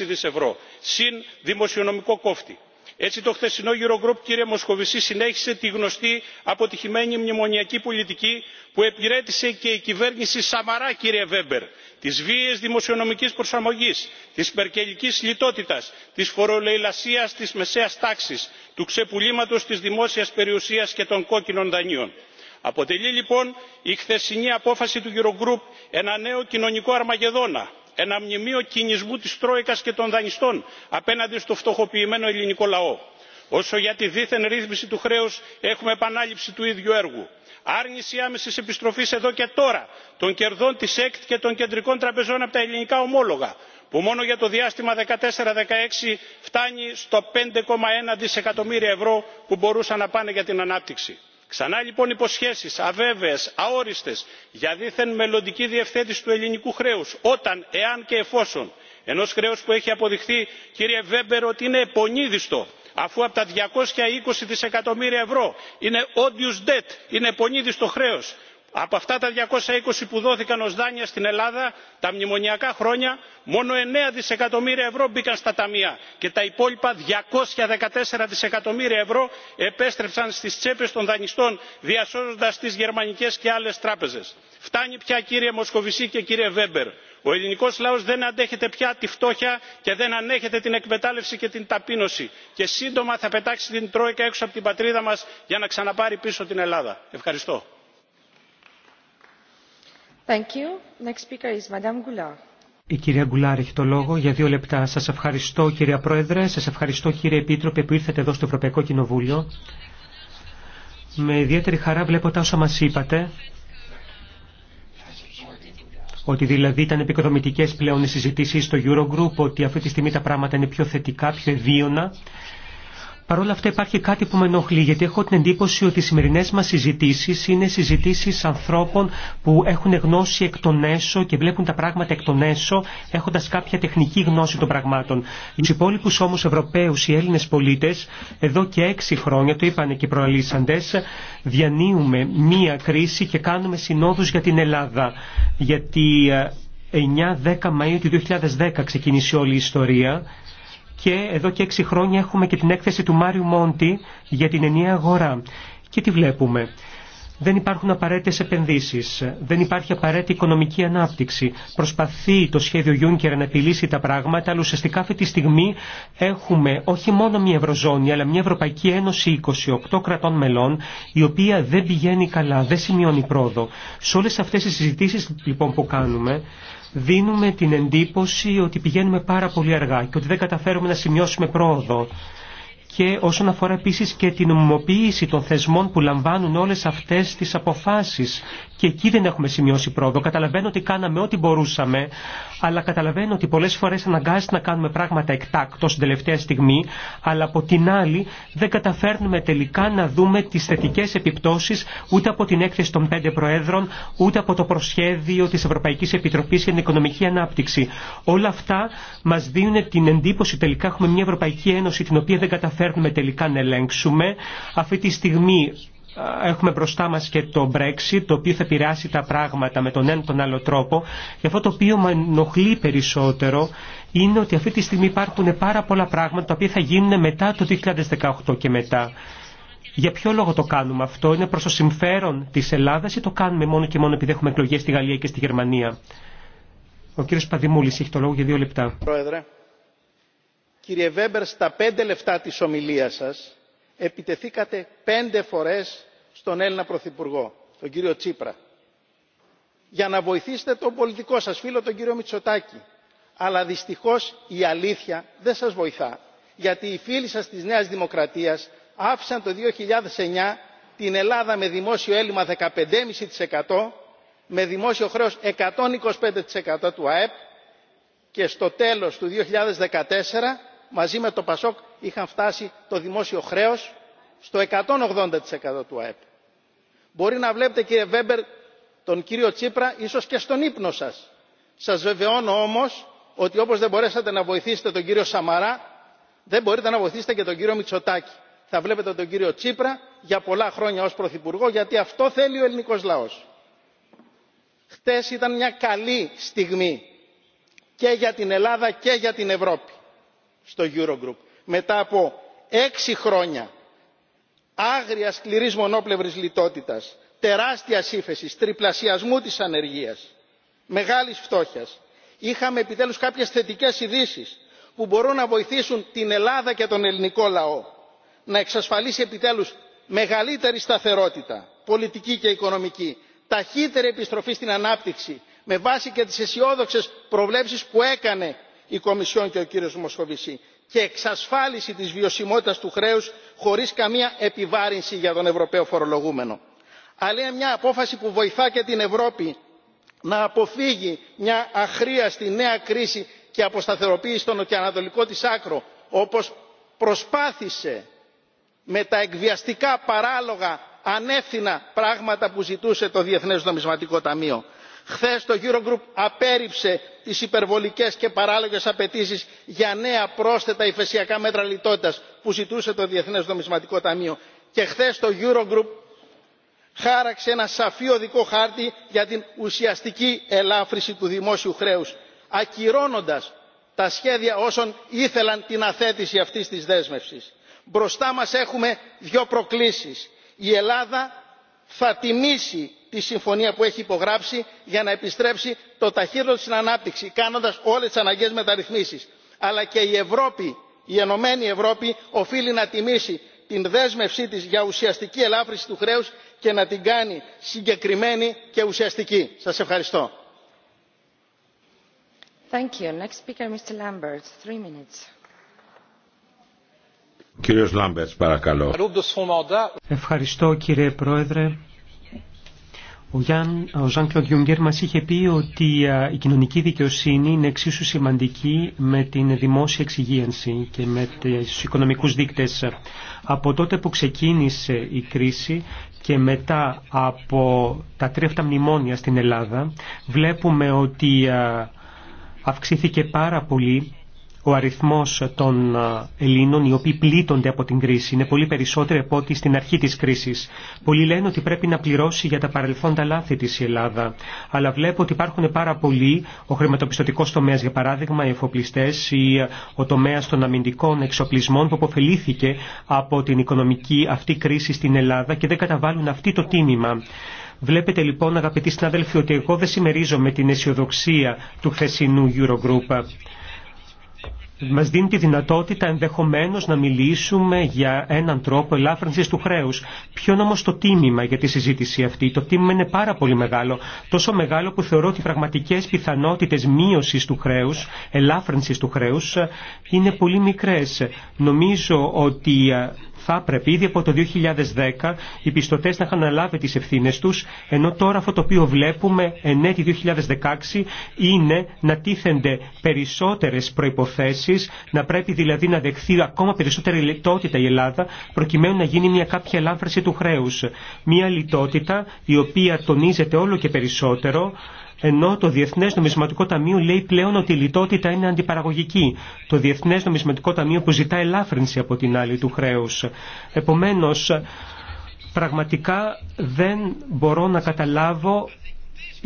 δισευρώ, ευρώ συν δημοσιονομικό κόφτη. Έτσι το χθεσινό Eurogroup, κύριε Μοσχοβησή, συνέχισε τη γνωστή αποτυχημένη μνημονιακή πολιτική που επιρρέτησε και η κυβέρνηση Σαμαρά, κύριε Βέμπερ, της βίαιης δημοσιονομικής προσαρμογής της περκελική λιτότητας της φορολεηλασίας της μεσαίας τάξης του ξεπουλήματος της δημόσιας περιουσίας και των κόκκινων δανείων. αποτελεί λοιπόν η χθεσινή απόφαση του eurogroup ένα νέο κοινωνικό αρμαγεδόνα ένα μνημείο κινησμού της τρόικας και των δανειστών απέναντι στο φτωχοποιημένο ελληνικό λαό. όσο για τη δίθεν ρύθμιση του χρέους έχουμε επανάληψη του ίδιου έργου άρνηση άμεσης επιστροφής εδώ και τώρα των κερδών της ΕΚΤ και των κεντρικών τραπεζών από τα ελληνικά ομόλογα που μόνο για το διάστημα 14-16 φτάνει στο 5,1 δισεκατομμύρια ευρώ που μπορούσαν να πάνε για την ανάπτυξη. Ξανά λοιπόν υποσχέσεις αβέβαιες, αόριστες για δίθεν μελλοντική διευθέτηση του ελληνικού χρέου, όταν, εάν και εφόσον ενό χρέου που έχει αποδειχθεί κύριε Βέμπερ ότι είναι επονίδιστο αφού από τα 220 δισεκατομμύρια ευρώ είναι odious debt, είναι στο χρέο. Από αυτά τα 220 που δόθηκαν ω δάνεια στην Ελλάδα τα μνημονιακά χρόνια μόνο 9 δισεκατομμύρια ευρώ μπήκαν στα ταμεία και τα υπόλοιπα 214 δισεκατομμύρια ευρώ επέστρεψαν στις τσέπε των δανειστών διασώζοντας τις γερμανικές και άλλε τράπεζε. Φτάνει πια κύριε Μοσκοβισή και κύριε Βέμπερ ο ελληνικός λαός δεν αντέχεται πια τη φτώχεια και δεν ανέχεται την εκμετάλλευση και την ταπείνωση και σύντομα θα πετάξει την τρόικα έξω από την πατρίδα μας για να ξαναπάρει πίσω την ελλάδα. ευχαριστώ. Thank you. Next speaker is Madame Goulard. Η κυρία Γκουλάρ έχει το λόγο για δύο λεπτά. Σα ευχαριστώ κυρία Πρόεδρε, σα ευχαριστώ κύριε Επίτροπε που ήρθατε εδώ στο Ευρωπαϊκό Κοινοβούλιο. Με ιδιαίτερη χαρά βλέπω τα όσα μα είπατε ότι δηλαδή ήταν επικοδομητικές πλέον οι συζητήσεις στο Eurogroup, ότι αυτή τη στιγμή τα πράγματα είναι πιο θετικά, πιο ευίωνα Παρ' όλα αυτά υπάρχει κάτι που με ενοχλεί, γιατί έχω την εντύπωση ότι οι σημερινέ μα συζητήσει είναι συζητήσει ανθρώπων που έχουν γνώση εκ των έσω και βλέπουν τα πράγματα εκ των έσω, έχοντα κάποια τεχνική γνώση των πραγμάτων. Του υπόλοιπου όμω Ευρωπαίου, οι Έλληνε πολίτε, εδώ και έξι χρόνια, το είπαν και οι προαλήσαντε, διανύουμε μία κρίση και κάνουμε συνόδου για την Ελλάδα. Γιατί 9-10 ε, Μαΐου του 2010 ξεκίνησε όλη η ιστορία και εδώ και έξι χρόνια έχουμε και την έκθεση του Μάριου Μόντι για την ενιαία αγορά. Και τι βλέπουμε. Δεν υπάρχουν απαραίτητε επενδύσει, δεν υπάρχει απαραίτητη οικονομική ανάπτυξη. Προσπαθεί το σχέδιο Juncker να επιλύσει τα πράγματα, αλλά ουσιαστικά αυτή τη στιγμή έχουμε όχι μόνο μια Ευρωζώνη, αλλά μια Ευρωπαϊκή Ένωση 28 κρατών μελών, η οποία δεν πηγαίνει καλά, δεν σημειώνει πρόοδο. Σε όλε αυτέ τι συζητήσει λοιπόν που κάνουμε, δίνουμε την εντύπωση ότι πηγαίνουμε πάρα πολύ αργά και ότι δεν καταφέρουμε να σημειώσουμε πρόοδο. Και όσον αφορά επίσης και την νομιμοποίηση των θεσμών που λαμβάνουν όλες αυτές τις αποφάσεις. Και εκεί δεν έχουμε σημειώσει πρόοδο. Καταλαβαίνω ότι κάναμε ό,τι μπορούσαμε, αλλά καταλαβαίνω ότι πολλές φορές αναγκάζεται να κάνουμε πράγματα εκτάκτως στην τελευταία στιγμή, αλλά από την άλλη δεν καταφέρνουμε τελικά να δούμε τις θετικές επιπτώσεις ούτε από την έκθεση των πέντε προέδρων, ούτε από το προσχέδιο της Ευρωπαϊκής Επιτροπής για την Οικονομική Ανάπτυξη. Όλα αυτά μας δίνουν την εντύπωση τελικά έχουμε μια Ευρωπαϊκή Ένωση την οποία δεν καταφέρνουμε τελικά να ελέγξουμε. Αυτή τη στιγμή έχουμε μπροστά μα και το Brexit, το οποίο θα επηρεάσει τα πράγματα με τον ένα τον άλλο τρόπο. Και αυτό το οποίο με ενοχλεί περισσότερο είναι ότι αυτή τη στιγμή υπάρχουν πάρα πολλά πράγματα τα οποία θα γίνουν μετά το 2018 και μετά. Για ποιο λόγο το κάνουμε αυτό, είναι προ το συμφέρον τη Ελλάδα ή το κάνουμε μόνο και μόνο επειδή έχουμε εκλογέ στη Γαλλία και στη Γερμανία. Ο κύριο Παδημούλη, έχει το λόγο για δύο λεπτά. Πρόεδρε, κύριε Βέμπερ, στα πέντε λεφτά τη ομιλία σα επιτεθήκατε πέντε φορές στον έλληνα πρωθυπουργό τον κύριο τσίπρα για να βοηθήσετε τον πολιτικό σας φίλο τον κύριο μητσοτάκη αλλά δυστυχώς η αλήθεια δεν σας βοηθά γιατί οι φίλοι σας της νέας δημοκρατίας άφησαν το 2009 την Ελλάδα με δημόσιο έλλειμμα 15,5% με δημόσιο χρέος 125% του αεπ και στο τέλος του 2014 μαζί με το πασόκ είχαν φτάσει το δημόσιο χρέος στο 180% του αεπ. Μπορεί να βλέπετε κύριε Βέμπερ τον κύριο Τσίπρα ίσως και στον ύπνο σας. Σας βεβαιώνω όμως ότι όπως δεν μπορέσατε να βοηθήσετε τον κύριο Σαμαρά, δεν μπορείτε να βοηθήσετε και τον κύριο Μητσοτάκη. Θα βλέπετε τον κύριο Τσίπρα για πολλά χρόνια ως Πρωθυπουργό, γιατί αυτό θέλει ο ελληνικός λαός. Χτες ήταν μια καλή στιγμή και για την Ελλάδα και για την Ευρώπη στο eurogroup μετά από έξι χρόνια άγριας σκληρής μονόπλευρης λιτότητας τεράστια ύφεση, τριπλασιασμού της ανεργίας μεγάλης φτώχειας είχαμε επιτέλους κάποιες θετικές ειδήσει που μπορούν να βοηθήσουν την ελλάδα και τον ελληνικό λαό να εξασφαλίσει επιτέλους μεγαλύτερη σταθερότητα πολιτική και οικονομική ταχύτερη επιστροφή στην ανάπτυξη με βάση και τις αισιόδοξες προβλέψεις που έκανε η κομισιόν και ο κύριος Μοσχοβησί και εξασφάλιση της βιωσιμότητας του χρέους χωρίς καμία επιβάρυνση για τον ευρωπαίο φορολογούμενο. αλλά είναι μια απόφαση που βοηθά και την ευρώπη να αποφύγει μια αχρίαστη νέα κρίση και αποσταθεροποίηση στον ωκεανατολικό της άκρο όπως προσπάθησε με τα εκβιαστικά παράλογα ανεύθυνα πράγματα που ζητούσε το διεθνές νομισματικό ταμείο χθες το eurogroup απέρριψε τις υπερβολικές και παράλογες απαιτήσεις για νέα πρόσθετα ηφαισιακά μέτρα λιτότητας που ζητούσε το διεθνές νομισματικό ταμείο και χθες το eurogroup χάραξε ένα σαφή οδικό χάρτη για την ουσιαστική ελάφρυνση του δημόσιου χρέους ακυρώνοντας τα σχέδια όσων ήθελαν την αθέτηση αυτής της δέσμευσης. μπροστά μας έχουμε δύο προκλήσεις η ελλάδα θα τιμήσει τη συμφωνία που έχει υπογράψει για να επιστρέψει το ταχύτερο στην ανάπτυξη κάνοντας όλες τις αναγκαίες μεταρρυθμίσεις. αλλά και η ευρώπη η ενωμένη ευρώπη οφείλει να τιμήσει την δέσμευσή της για ουσιαστική ελάφρυνση του χρέους και να την κάνει συγκεκριμένη και ουσιαστική. σας ευχαριστώ. Κύριος Λάμπερτς, παρακαλώ. Ευχαριστώ κύριε Πρόεδρε. Ο, Γιάν, ο Ζαν Κλοντ μας είχε πει ότι η κοινωνική δικαιοσύνη είναι εξίσου σημαντική με την δημόσια εξυγίανση και με τους οικονομικούς δείκτες. Από τότε που ξεκίνησε η κρίση και μετά από τα τρία μνημόνια στην Ελλάδα βλέπουμε ότι αυξήθηκε πάρα πολύ ο αριθμός των ε, Ελλήνων οι οποίοι πλήττονται από την κρίση είναι πολύ περισσότεροι από ό,τι στην αρχή της κρίσης. Πολλοί λένε ότι πρέπει να πληρώσει για τα παρελθόντα λάθη της η Ελλάδα. Αλλά βλέπω ότι υπάρχουν πάρα πολλοί, ο χρηματοπιστωτικός τομέας για παράδειγμα, οι εφοπλιστές ή ε, ο τομέας των αμυντικών εξοπλισμών που αποφελήθηκε από την οικονομική αυτή κρίση στην Ελλάδα και δεν καταβάλουν αυτή το τίμημα. Βλέπετε λοιπόν αγαπητοί συνάδελφοι ότι εγώ δεν συμμερίζομαι την αισιοδοξία του χθεσινού Eurogroup μας δίνει τη δυνατότητα ενδεχομένως να μιλήσουμε για έναν τρόπο ελάφρυνσης του χρέους. Ποιο είναι όμως το τίμημα για τη συζήτηση αυτή. Το τίμημα είναι πάρα πολύ μεγάλο. Τόσο μεγάλο που θεωρώ ότι οι πραγματικές πιθανότητες μείωσης του χρέους, ελάφρυνσης του χρέους, ε, είναι πολύ μικρές. Νομίζω ότι ε, θα έπρεπε ήδη από το 2010 οι πιστωτέ να είχαν αναλάβει τι ευθύνε του, ενώ τώρα αυτό το οποίο βλέπουμε εν έτη 2016 είναι να τίθενται περισσότερε προποθέσει, να πρέπει δηλαδή να δεχθεί ακόμα περισσότερη λιτότητα η Ελλάδα, προκειμένου να γίνει μια κάποια ελάφρυνση του χρέου. Μια λιτότητα η οποία τονίζεται όλο και περισσότερο ενώ το Διεθνές Νομισματικό Ταμείο λέει πλέον ότι η λιτότητα είναι αντιπαραγωγική. Το Διεθνές Νομισματικό Ταμείο που ζητά ελάφρυνση από την άλλη του χρέους. Επομένως, πραγματικά δεν μπορώ να καταλάβω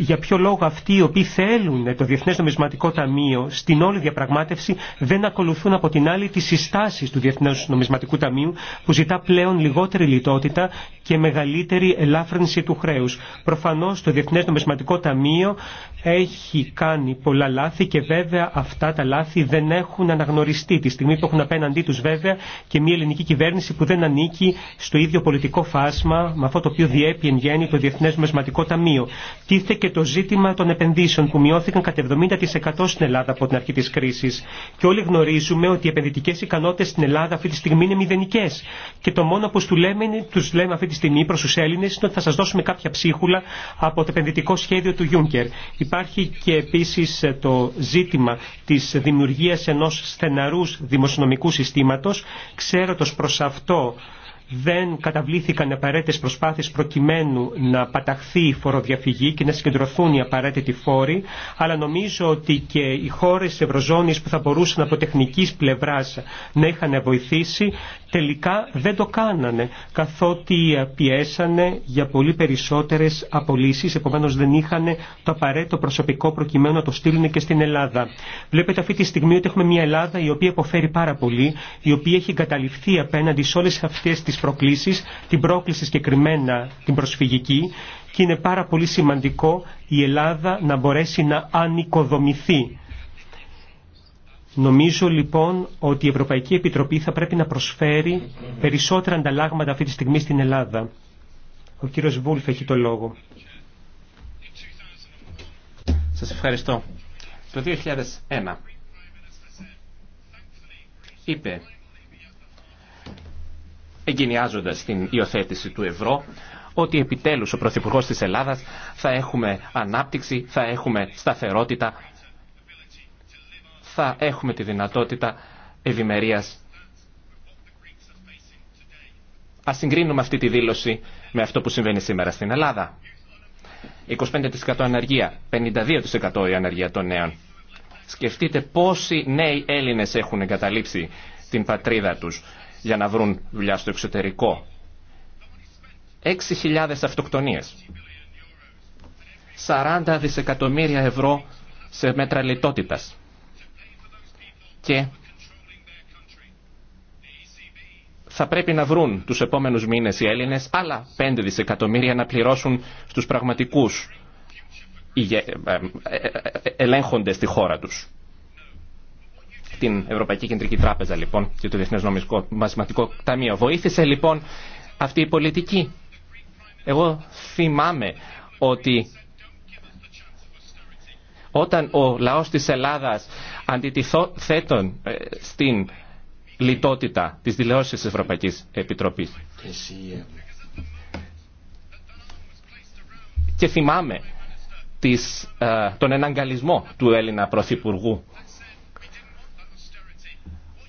για ποιο λόγο αυτοί οι οποίοι θέλουν το Διεθνές Νομισματικό Ταμείο στην όλη διαπραγμάτευση δεν ακολουθούν από την άλλη τις συστάσεις του Διεθνές Νομισματικού Ταμείου που ζητά πλέον λιγότερη λιτότητα και μεγαλύτερη ελάφρυνση του χρέους. Προφανώς το Διεθνές Νομισματικό Ταμείο έχει κάνει πολλά λάθη και βέβαια αυτά τα λάθη δεν έχουν αναγνωριστεί τη στιγμή που έχουν απέναντί τους βέβαια και μια ελληνική κυβέρνηση που δεν ανήκει στο ίδιο πολιτικό φάσμα με αυτό το οποίο διέπει εν γέννη το Διεθνές Νομισματικό Ταμείο. και και το ζήτημα των επενδύσεων που μειώθηκαν κατά 70% στην Ελλάδα από την αρχή της κρίσης. Και όλοι γνωρίζουμε ότι οι επενδυτικές ικανότητες στην Ελλάδα αυτή τη στιγμή είναι μηδενικές. Και το μόνο που τους λέμε, λέμε αυτή τη στιγμή προς τους Έλληνες είναι ότι θα σας δώσουμε κάποια ψίχουλα από το επενδυτικό σχέδιο του Juncker. Υπάρχει και επίσης ε, το ζήτημα της δημιουργίας ενός στεναρούς δημοσιονομικού συστήματος. Ξέρω προς αυτό δεν καταβλήθηκαν απαραίτητες προσπάθειες προκειμένου να παταχθεί η φοροδιαφυγή και να συγκεντρωθούν οι απαραίτητοι φόροι, αλλά νομίζω ότι και οι χώρες της Ευρωζώνης που θα μπορούσαν από τεχνικής πλευράς να είχαν βοηθήσει, τελικά δεν το κάνανε, καθότι πιέσανε για πολύ περισσότερες απολύσεις, επομένως δεν είχαν το απαραίτητο προσωπικό προκειμένου να το στείλουν και στην Ελλάδα. Βλέπετε αυτή τη στιγμή ότι έχουμε μια Ελλάδα η οποία υποφέρει πάρα πολύ, η οποία έχει εγκαταληφθεί απέναντι σε όλες αυτές τις προκλήσεις, την πρόκληση συγκεκριμένα την προσφυγική και είναι πάρα πολύ σημαντικό η Ελλάδα να μπορέσει να ανοικοδομηθεί. Νομίζω λοιπόν ότι η Ευρωπαϊκή Επιτροπή θα πρέπει να προσφέρει περισσότερα ανταλλάγματα αυτή τη στιγμή στην Ελλάδα. Ο κύριος Βούλφ έχει το λόγο. Σας ευχαριστώ. Το 2001 είπε εγκαινιάζοντας την υιοθέτηση του ευρώ ότι επιτέλους ο Πρωθυπουργό της Ελλάδας θα έχουμε ανάπτυξη, θα έχουμε σταθερότητα, θα έχουμε τη δυνατότητα ευημερία. Ας συγκρίνουμε αυτή τη δήλωση με αυτό που συμβαίνει σήμερα στην Ελλάδα. 25% αναργία, 52% η αναργία των νέων. Σκεφτείτε πόσοι νέοι Έλληνες έχουν εγκαταλείψει την πατρίδα τους για να βρουν δουλειά στο εξωτερικό. 6.000 αυτοκτονίες. 40 δισεκατομμύρια ευρώ σε μέτρα λιτότητας. Και θα πρέπει να βρουν τους επόμενους μήνες οι Έλληνες άλλα 5 δισεκατομμύρια να πληρώσουν στους πραγματικούς ε, ε, ε, ελέγχονται στη χώρα τους την Ευρωπαϊκή Κεντρική Τράπεζα λοιπόν και το Διεθνές Νομισκό Μαθηματικό Ταμείο. Βοήθησε λοιπόν αυτή η πολιτική. Εγώ θυμάμαι ότι όταν ο λαός της Ελλάδας αντιτιθέτων ε, στην λιτότητα της δηλώσης της Ευρωπαϊκής Επιτροπής. Και ε, θυμάμαι ε, τον εναγκαλισμό του Έλληνα Πρωθυπουργού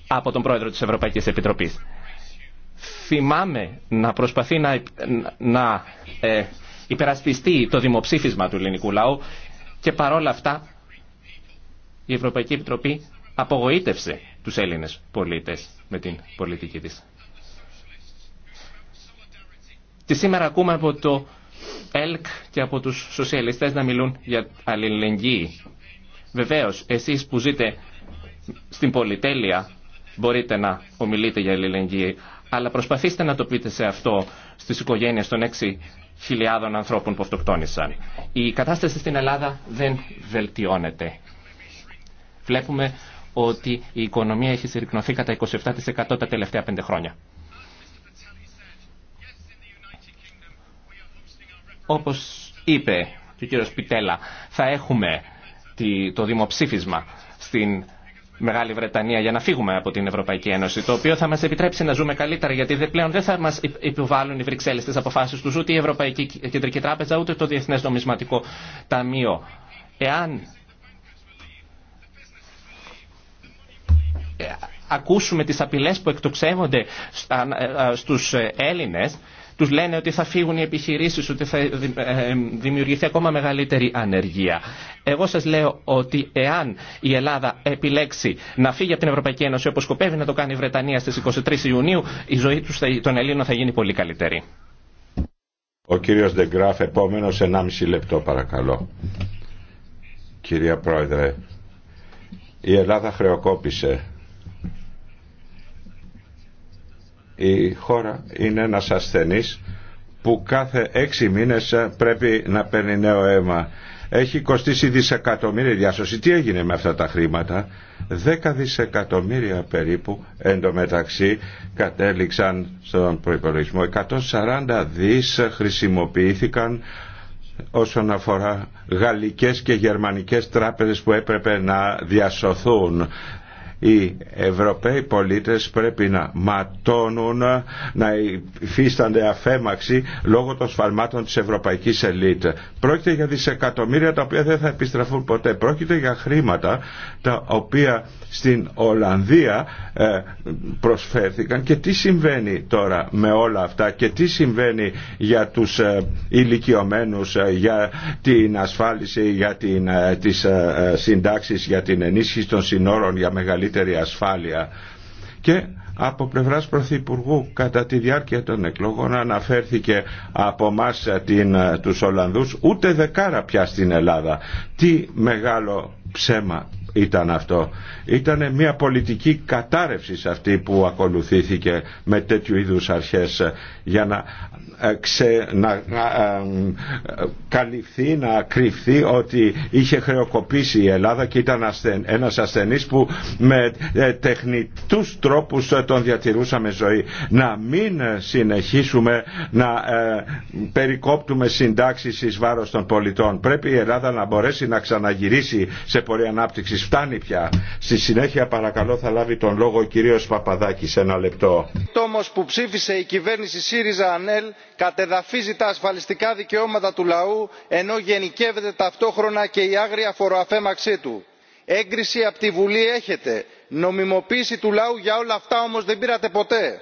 από τον πρόεδρο της Ευρωπαϊκής Επιτροπής. Θυμάμαι να προσπαθεί να, να ε, υπερασπιστεί το δημοψήφισμα του ελληνικού λαού και παρόλα αυτά η Ευρωπαϊκή Επιτροπή απογοήτευσε τους Έλληνες πολίτες με την πολιτική της. Και σήμερα ακούμε από το ΕΛΚ και από τους σοσιαλιστές να μιλούν για αλληλεγγύη. Βεβαίως, εσείς που ζείτε στην πολυτέλεια μπορείτε να ομιλείτε για ελληνική, αλλά προσπαθήστε να το πείτε σε αυτό στις οικογένειες των 6.000 ανθρώπων που αυτοκτόνησαν. Η κατάσταση στην Ελλάδα δεν βελτιώνεται. Βλέπουμε ότι η οικονομία έχει συρρυκνωθεί κατά 27% τα τελευταία πέντε χρόνια. Όπως είπε και ο κύριος Πιτέλα, θα έχουμε το δημοψήφισμα στην Μεγάλη Βρετανία για να φύγουμε από την Ευρωπαϊκή Ένωση, το οποίο θα μα επιτρέψει να ζούμε καλύτερα, γιατί πλέον δεν θα μα υποβάλουν οι Βρυξέλλε τι αποφάσει του ούτε η Ευρωπαϊκή Κεντρική Τράπεζα ούτε το Διεθνέ Νομισματικό Ταμείο. Εάν ακούσουμε τις απειλές που εκτοξεύονται ε, ε, στους ε, Έλληνες τους λένε ότι θα φύγουν οι επιχειρήσεις, ότι θα ε, ε, δημιουργηθεί ακόμα μεγαλύτερη ανεργία. Εγώ σας λέω ότι εάν η Ελλάδα επιλέξει να φύγει από την Ευρωπαϊκή Ένωση όπως σκοπεύει να το κάνει η Βρετανία στις 23 Ιουνίου, η ζωή των Ελλήνων θα γίνει πολύ καλύτερη. Ο κύριος Ντεγκράφ, επόμενος 1,5 λεπτό παρακαλώ. Κυρία Πρόεδρε, η Ελλάδα χρεοκόπησε η χώρα είναι ένας ασθενής που κάθε έξι μήνες ε, πρέπει να παίρνει νέο αίμα. Έχει κοστίσει δισεκατομμύρια διάσωση. Τι έγινε με αυτά τα χρήματα. Δέκα δισεκατομμύρια περίπου εντωμεταξύ κατέληξαν στον προϋπολογισμό. 140 δις χρησιμοποιήθηκαν όσον αφορά γαλλικές και γερμανικές τράπεζες που έπρεπε να διασωθούν οι Ευρωπαίοι πολίτες πρέπει να ματώνουν, να υφίστανται αφέμαξη λόγω των σφαλμάτων της ευρωπαϊκής ελίτ. Πρόκειται για δισεκατομμύρια τα οποία δεν θα επιστραφούν ποτέ. Πρόκειται για χρήματα τα οποία στην Ολλανδία ε, προσφέρθηκαν και τι συμβαίνει τώρα με όλα αυτά και τι συμβαίνει για τους ε, ηλικιωμένους, ε, για την ασφάλιση, για την, τις συντάξεις, για την ενίσχυση των συνόρων, για μεγαλύτερη ασφάλεια. Και από πλευράς Πρωθυπουργού κατά τη διάρκεια των εκλογών αναφέρθηκε από μας ε, την, ε, τους Ολλανδούς ούτε δεκάρα πια στην Ελλάδα. Τι μεγάλο ψέμα ήταν αυτό. Ήταν μια πολιτική κατάρρευση αυτή που ακολουθήθηκε με τέτοιου είδους αρχές ε, για να ε, να ε, καλυφθεί, να κρυφθεί ότι είχε χρεοκοπήσει η Ελλάδα και ήταν ασθεν, ένας ασθενής που με ε, τεχνητούς τρόπους τον διατηρούσαμε ζωή. Να μην συνεχίσουμε να περικόπτουμε συντάξεις εις βάρος των πολιτών. Πρέπει η Ελλάδα να μπορέσει να ξαναγυρίσει σε πορεία ανάπτυξης. Φτάνει πια. Στη συνέχεια παρακαλώ θα λάβει τον λόγο ο κυρίος Παπαδάκης. Ένα λεπτό. που ψήφισε η κυβέρνηση ΣΥΡΙΖΑ ΑΝΕΛ κατεδαφίζει τα ασφαλιστικά δικαιώματα του λαού ενώ γενικεύεται ταυτόχρονα και η άγρια φοροαφέμαξή του. έγκριση από τη βουλή έχετε νομιμοποίηση του λαού για όλα αυτά όμως δεν πήρατε ποτέ.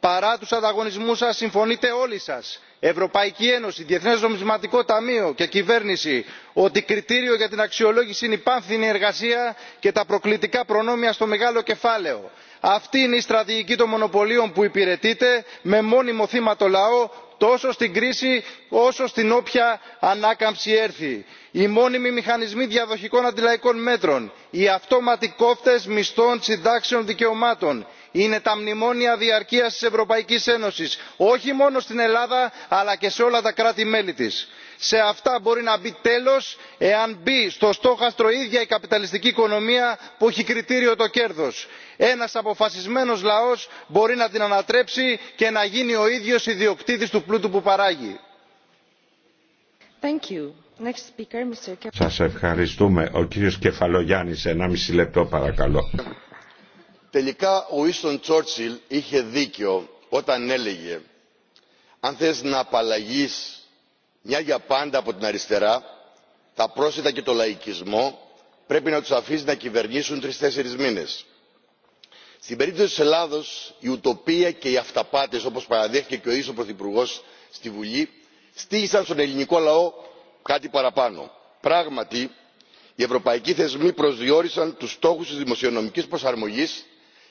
παρά τους ανταγωνισμούς σα, συμφωνείτε όλοι σας ευρωπαϊκή ένωση διεθνές νομισματικό ταμείο και κυβέρνηση ότι κριτήριο για την αξιολόγηση είναι η πάνθινη εργασία και τα προκλητικά προνόμια στο μεγάλο κεφάλαιο αυτή είναι η στρατηγική των μονοπωλίων που υπηρετείται με μόνιμο θύμα το λαό τόσο στην κρίση όσο στην όποια ανάκαμψη έρθει. οι μόνιμοι μηχανισμοί διαδοχικών αντιλαϊκών μέτρων οι αυτόματοι κόφτες μισθών συντάξεων δικαιωμάτων είναι τα μνημόνια διαρκείας της ευρωπαϊκής ένωσης όχι μόνο στην ελλάδα αλλά και σε όλα τα κράτη μέλη της. σε αυτά μπορεί να μπει τέλος εάν μπει στο στόχαστρο η ίδια η καπιταλιστική οικονομία που έχει κριτήριο το κέρδος. ένας αποφασισμένος λαός μπορεί να την ανατρέψει και να γίνει ο ίδιος ιδιοκτήτης του πλούτου που παράγει. Thank ευχαριστούμε. Ο κύριος Κεφαλογιάννης, μισή λεπτό παρακαλώ τελικά ο winston τσόρτσιλ είχε δίκιο όταν έλεγε αν θες να απαλλαγείς μια για πάντα από την αριστερά τα πρόσθετα και το λαϊκισμό πρέπει να τους αφήσεις να κυβερνήσουν τρεις τέσσερις μήνες. στην περίπτωση της ελλάδος η ουτοπία και οι αυταπάτες όπως παραδέχθηκε και ο ίδιος ο πρωθυπουργός στη βουλή στήγησαν στον ελληνικό λαό κάτι παραπάνω. πράγματι οι ευρωπαϊκοί θεσμοί προσδιορίσαν τους στόχους της δημοσιονομικής προσαρμογής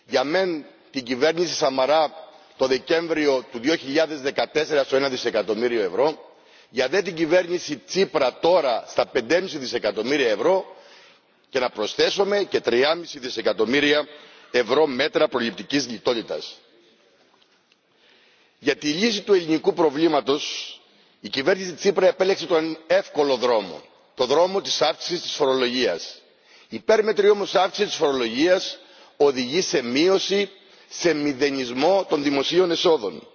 για μεν την κυβέρνηση σαμαρά το δεκέμβριο του 2014 στο ένα δισεκατομμύριο ευρώ για δε την κυβέρνηση τσίπρα τώρα στα 5,5 δισεκατομμύρια ευρώ και να προσθέσουμε και 3,5 δισεκατομμύρια ευρώ μέτρα προληπτικής λιτότητας. για τη λύση του ελληνικού προβλήματος η κυβέρνηση τσίπρα επέλεξε τον εύκολο δρόμο το δρόμο της αύξησης της φορολογίας. η υπέρμετρη όμως αύξηση της φορολογίας οδηγεί σε μείωση σε μηδενισμό των δημοσίων εσόδων.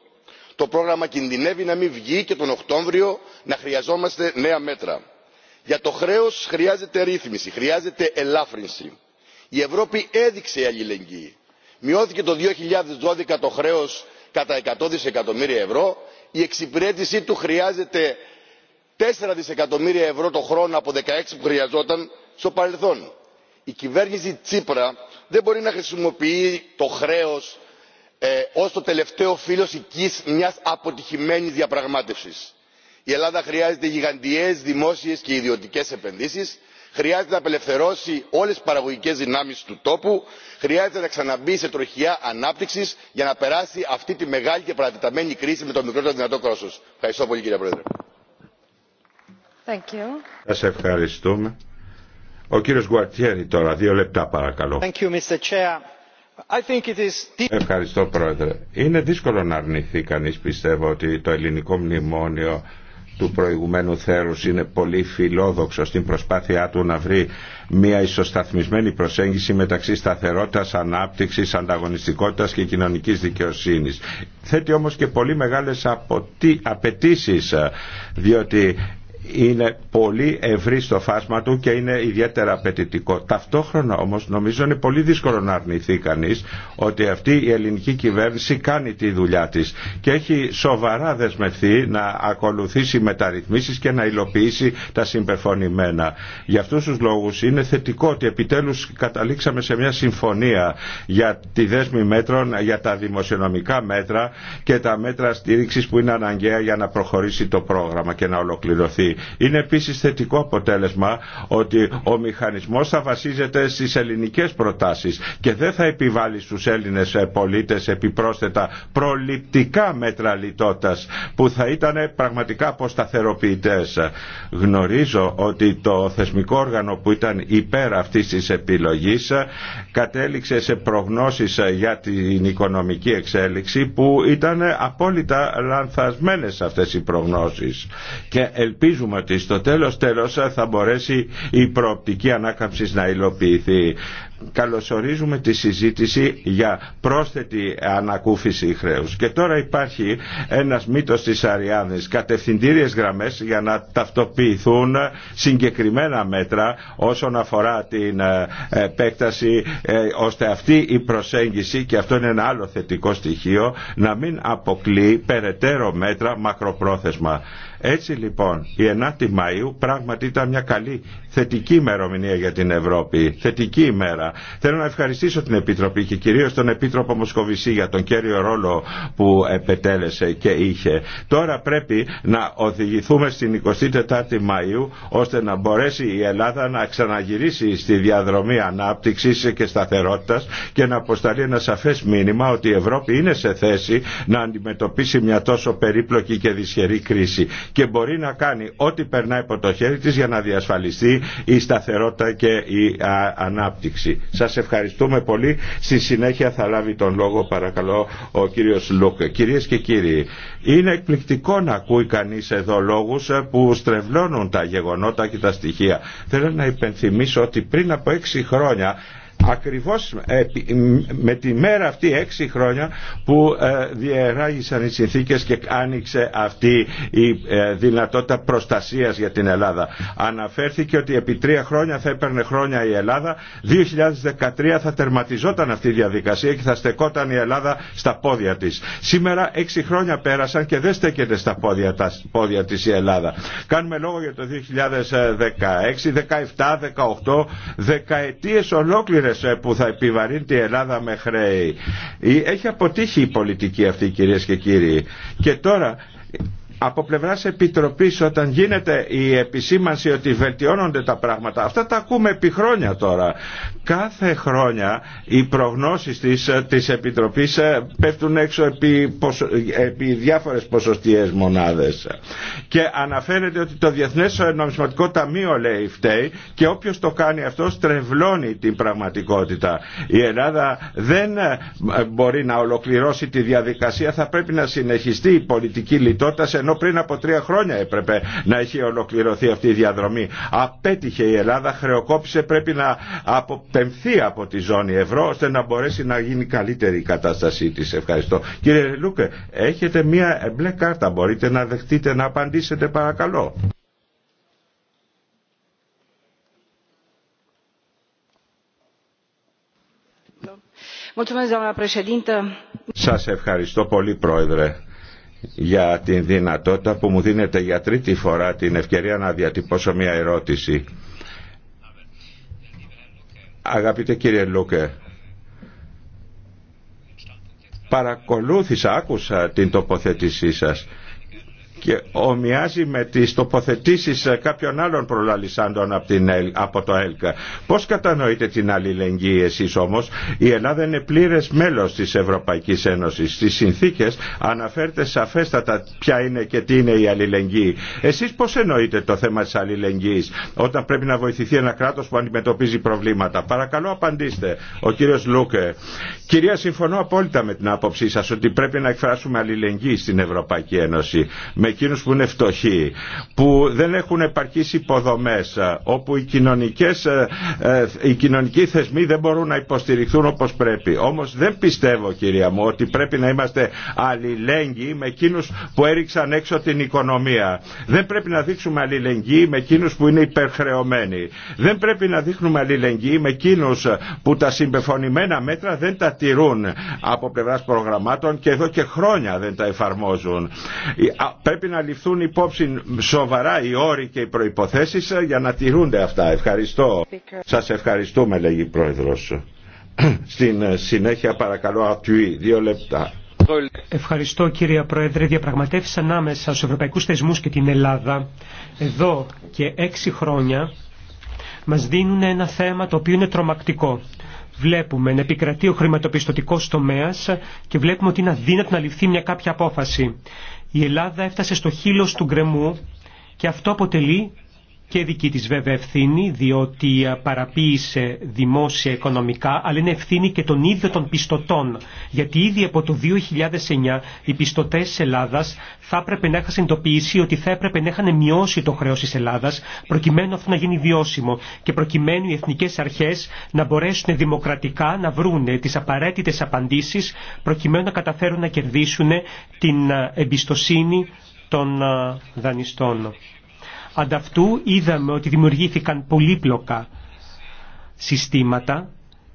το πρόγραμμα κινδυνεύει να μην βγει και τον οκτώβριο να χρειαζόμαστε νέα μέτρα. για το χρέος χρειάζεται ρύθμιση χρειάζεται ελάφρυνση. η ευρώπη έδειξε αλληλεγγύη. μειώθηκε το 2012 το χρέος κατά 100 δισεκατομμύρια ευρώ η εξυπηρέτησή του χρειάζεται 4 δισεκατομμύρια ευρώ το χρόνο από 16 που χρειαζόταν στο παρελθόν. η κυβέρνηση τσίπρα δεν μπορεί να χρησιμοποιεί το χρέο ε, ω το τελευταίο φύλλο οική μια αποτυχημένη διαπραγματεύση. η ελλάδα χρειάζεται γιγαντιές δημόσιε και ιδιωτικέ επενδύσει, χρειάζεται να απελευθερώσει όλε τι παραγωγικές δυνάμεις του τόπου χρειάζεται να ξαναμπεί σε τροχιά ανάπτυξη για να περάσει αυτή τη μεγάλη και παρατεταμένη κρίση με το μικρότερο δυνατό κόστο. ευχαριστώ πολύ κύριε πρόεδρε. Ο κύριος Γουαρτιέρη τώρα, δύο λεπτά παρακαλώ. you, Ευχαριστώ πρόεδρε. Είναι δύσκολο να αρνηθεί κανείς πιστεύω ότι το ελληνικό μνημόνιο του προηγουμένου θέρους είναι πολύ φιλόδοξο στην προσπάθειά του να βρει μια ισοσταθμισμένη προσέγγιση μεταξύ σταθερότητας, ανάπτυξης, ανταγωνιστικότητας και κοινωνικής δικαιοσύνης. Θέτει όμως και πολύ μεγάλες απαιτήσει, διότι είναι πολύ ευρύ στο φάσμα του και είναι ιδιαίτερα απαιτητικό. Ταυτόχρονα όμως νομίζω είναι πολύ δύσκολο να αρνηθεί κανείς ότι αυτή η ελληνική κυβέρνηση κάνει τη δουλειά της και έχει σοβαρά δεσμευθεί να ακολουθήσει μεταρρυθμίσεις και να υλοποιήσει τα συμπεφωνημένα. Για αυτούς τους λόγους είναι θετικό ότι επιτέλους καταλήξαμε σε μια συμφωνία για τη δέσμη μέτρων, για τα δημοσιονομικά μέτρα και τα μέτρα στήριξης που είναι αναγκαία για να προχωρήσει το πρόγραμμα και να ολοκληρωθεί. Είναι επίσης θετικό αποτέλεσμα ότι ο μηχανισμός θα βασίζεται στις ελληνικές προτάσεις και δεν θα επιβάλλει στους Έλληνες πολίτες επιπρόσθετα προληπτικά μέτρα λιτότητας που θα ήταν πραγματικά αποσταθεροποιητές. Γνωρίζω ότι το θεσμικό όργανο που ήταν υπέρ αυτής της επιλογής κατέληξε σε προγνώσεις για την οικονομική εξέλιξη που ήταν απόλυτα λανθασμένες αυτές οι προγνώσεις και ελπίζουμε ότι στο τέλος τέλος θα μπορέσει η προοπτική ανάκαμψη να υλοποιηθεί. Καλωσορίζουμε τη συζήτηση για πρόσθετη ανακούφιση χρέους. Και τώρα υπάρχει ένας μύτο της Αριάννης, κατευθυντήριες γραμμές για να ταυτοποιηθούν συγκεκριμένα μέτρα όσον αφορά την ε, επέκταση, ε, ώστε αυτή η προσέγγιση, και αυτό είναι ένα άλλο θετικό στοιχείο, να μην αποκλεί περαιτέρω μέτρα μακροπρόθεσμα. Έτσι λοιπόν η 9η Μαΐου πράγματι ήταν μια καλή θετική ημερομηνία για την Ευρώπη. Θετική ημέρα. Θέλω να ευχαριστήσω την Επιτροπή και κυρίω τον Επίτροπο Μοσκοβισή για τον κέριο ρόλο που επετέλεσε και είχε. Τώρα πρέπει να οδηγηθούμε στην 24η Μαΐου ώστε να μπορέσει η Ελλάδα να ξαναγυρίσει στη διαδρομή ανάπτυξης και σταθερότητας και να αποσταλεί ένα σαφές μήνυμα ότι η Ευρώπη είναι σε θέση να αντιμετωπίσει μια τόσο περίπλοκη και δυσχερή κρίση και μπορεί να κάνει ό,τι περνάει από το χέρι της για να διασφαλιστεί η σταθερότητα και η ανάπτυξη. Σας ευχαριστούμε πολύ. Στη συνέχεια θα λάβει τον λόγο παρακαλώ ο κύριος Λούκ. Κυρίες και κύριοι, είναι εκπληκτικό να ακούει κανείς εδώ λόγους ε, που στρεβλώνουν τα γεγονότα και τα στοιχεία. Θέλω να υπενθυμίσω ότι πριν από έξι χρόνια ακριβώς ε, με τη μέρα αυτή έξι χρόνια που ε, διεράγησαν οι συνθήκες και άνοιξε αυτή η ε, δυνατότητα προστασίας για την Ελλάδα. Αναφέρθηκε ότι επί τρία χρόνια θα έπαιρνε χρόνια η Ελλάδα, 2013 θα τερματιζόταν αυτή η διαδικασία και θα στεκόταν η Ελλάδα στα πόδια της. Σήμερα έξι χρόνια πέρασαν και δεν στέκεται στα πόδια, τα της η Ελλάδα. Κάνουμε λόγο για το 2016, 17, 18, δεκαετίες ολόκληρες ε, που θα επιβαρύνει τη Ελλάδα με χρέη. Έχει αποτύχει η πολιτική αυτή κυρίες και κύριοι. Και τώρα από πλευράς Επιτροπής όταν γίνεται η επισήμανση ότι βελτιώνονται τα πράγματα, αυτά τα ακούμε επί χρόνια τώρα. Κάθε χρόνια οι προγνώσεις της, επιτροπή Επιτροπής ε, πέφτουν έξω επί, επί διάφορες ποσοστίες μονάδες. Και αναφέρεται ότι το Διεθνές Νομισματικό Ταμείο λέει φταίει και όποιος το κάνει αυτό στρεβλώνει την πραγματικότητα. Η Ελλάδα δεν ε, μπορεί να ολοκληρώσει τη διαδικασία, θα πρέπει να συνεχιστεί η πολιτική λιτότητα ενώ πριν από τρία χρόνια έπρεπε να έχει ολοκληρωθεί αυτή η διαδρομή. Απέτυχε η Ελλάδα, χρεοκόπησε, πρέπει να αποπεμφθεί από τη ζώνη ευρώ ώστε να μπορέσει να γίνει καλύτερη η κατάστασή τη. Ευχαριστώ. Κύριε Λούκε, έχετε μία μπλε κάρτα, μπορείτε να δεχτείτε να απαντήσετε παρακαλώ. Σας ευχαριστώ πολύ πρόεδρε για την δυνατότητα που μου δίνετε για τρίτη φορά την ευκαιρία να διατυπώσω μια ερώτηση. Αγαπητέ κύριε Λούκε, παρακολούθησα, άκουσα την τοποθέτησή σας και ομοιάζει με τις τοποθετήσεις ε, κάποιων άλλων προλαλισσάντων από, την, από το ΕΛΚΑ. Πώς κατανοείτε την αλληλεγγύη εσείς όμως. Η Ελλάδα είναι πλήρες μέλος της Ευρωπαϊκής Ένωσης. Στις συνθήκες αναφέρεται σαφέστατα ποια είναι και τι είναι η αλληλεγγύη. Εσείς πώς εννοείτε το θέμα της αλληλεγγύης όταν πρέπει να βοηθηθεί ένα κράτος που αντιμετωπίζει προβλήματα. Παρακαλώ απαντήστε. Ο κύριος Λούκε. Κυρία συμφωνώ απόλυτα με την άποψή σας ότι πρέπει να εκφράσουμε αλληλεγγύη στην Ευρωπαϊκή Ένωση. Με εκείνους που είναι φτωχοί, που δεν έχουν επαρκείς υποδομές, ε, όπου οι, κοινωνικές, ε, ε, οι κοινωνικοί θεσμοί δεν μπορούν να υποστηριχθούν όπως πρέπει. Όμως δεν πιστεύω κυρία μου ότι πρέπει να είμαστε αλληλέγγυοι με εκείνους που έριξαν έξω την οικονομία. Δεν πρέπει να δείξουμε αλληλεγγύη με εκείνους που είναι υπερχρεωμένοι. Δεν πρέπει να δείχνουμε αλληλεγγύη με εκείνους που τα συμπεφωνημένα μέτρα δεν τα τηρούν από πλευράς προγραμμάτων και εδώ και χρόνια δεν τα εφαρμόζουν πρέπει να ληφθούν υπόψη σοβαρά οι όροι και οι προϋποθέσεις ε, για να τηρούνται αυτά. Ευχαριστώ. Σας ευχαριστούμε λέγει η Πρόεδρος. Στην ε, συνέχεια παρακαλώ ατουή, δύο λεπτά. Ευχαριστώ κύριε Πρόεδρε. Διαπραγματεύσεις ανάμεσα στους ευρωπαϊκούς θεσμούς και την Ελλάδα εδώ και έξι χρόνια μας δίνουν ένα θέμα το οποίο είναι τρομακτικό βλέπουμε να επικρατεί ο χρηματοπιστωτικό τομέα και βλέπουμε ότι είναι αδύνατο να ληφθεί μια κάποια απόφαση. Η Ελλάδα έφτασε στο χείλος του γκρεμού και αυτό αποτελεί και δική της βέβαια ευθύνη, διότι ε, παραποίησε δημόσια οικονομικά, αλλά είναι ευθύνη και των ίδιων των πιστωτών. Γιατί ήδη από το 2009 οι πιστωτές της Ελλάδας θα έπρεπε να είχαν συνειδητοποιήσει ότι θα έπρεπε να είχαν μειώσει το χρέος της Ελλάδας, προκειμένου αυτό να γίνει βιώσιμο και προκειμένου οι εθνικές αρχές να μπορέσουν δημοκρατικά να βρουν τις απαραίτητες απαντήσεις, προκειμένου να καταφέρουν να κερδίσουν την ε, εμπιστοσύνη των ε, δανειστών. Ανταυτού είδαμε ότι δημιουργήθηκαν πολύπλοκα συστήματα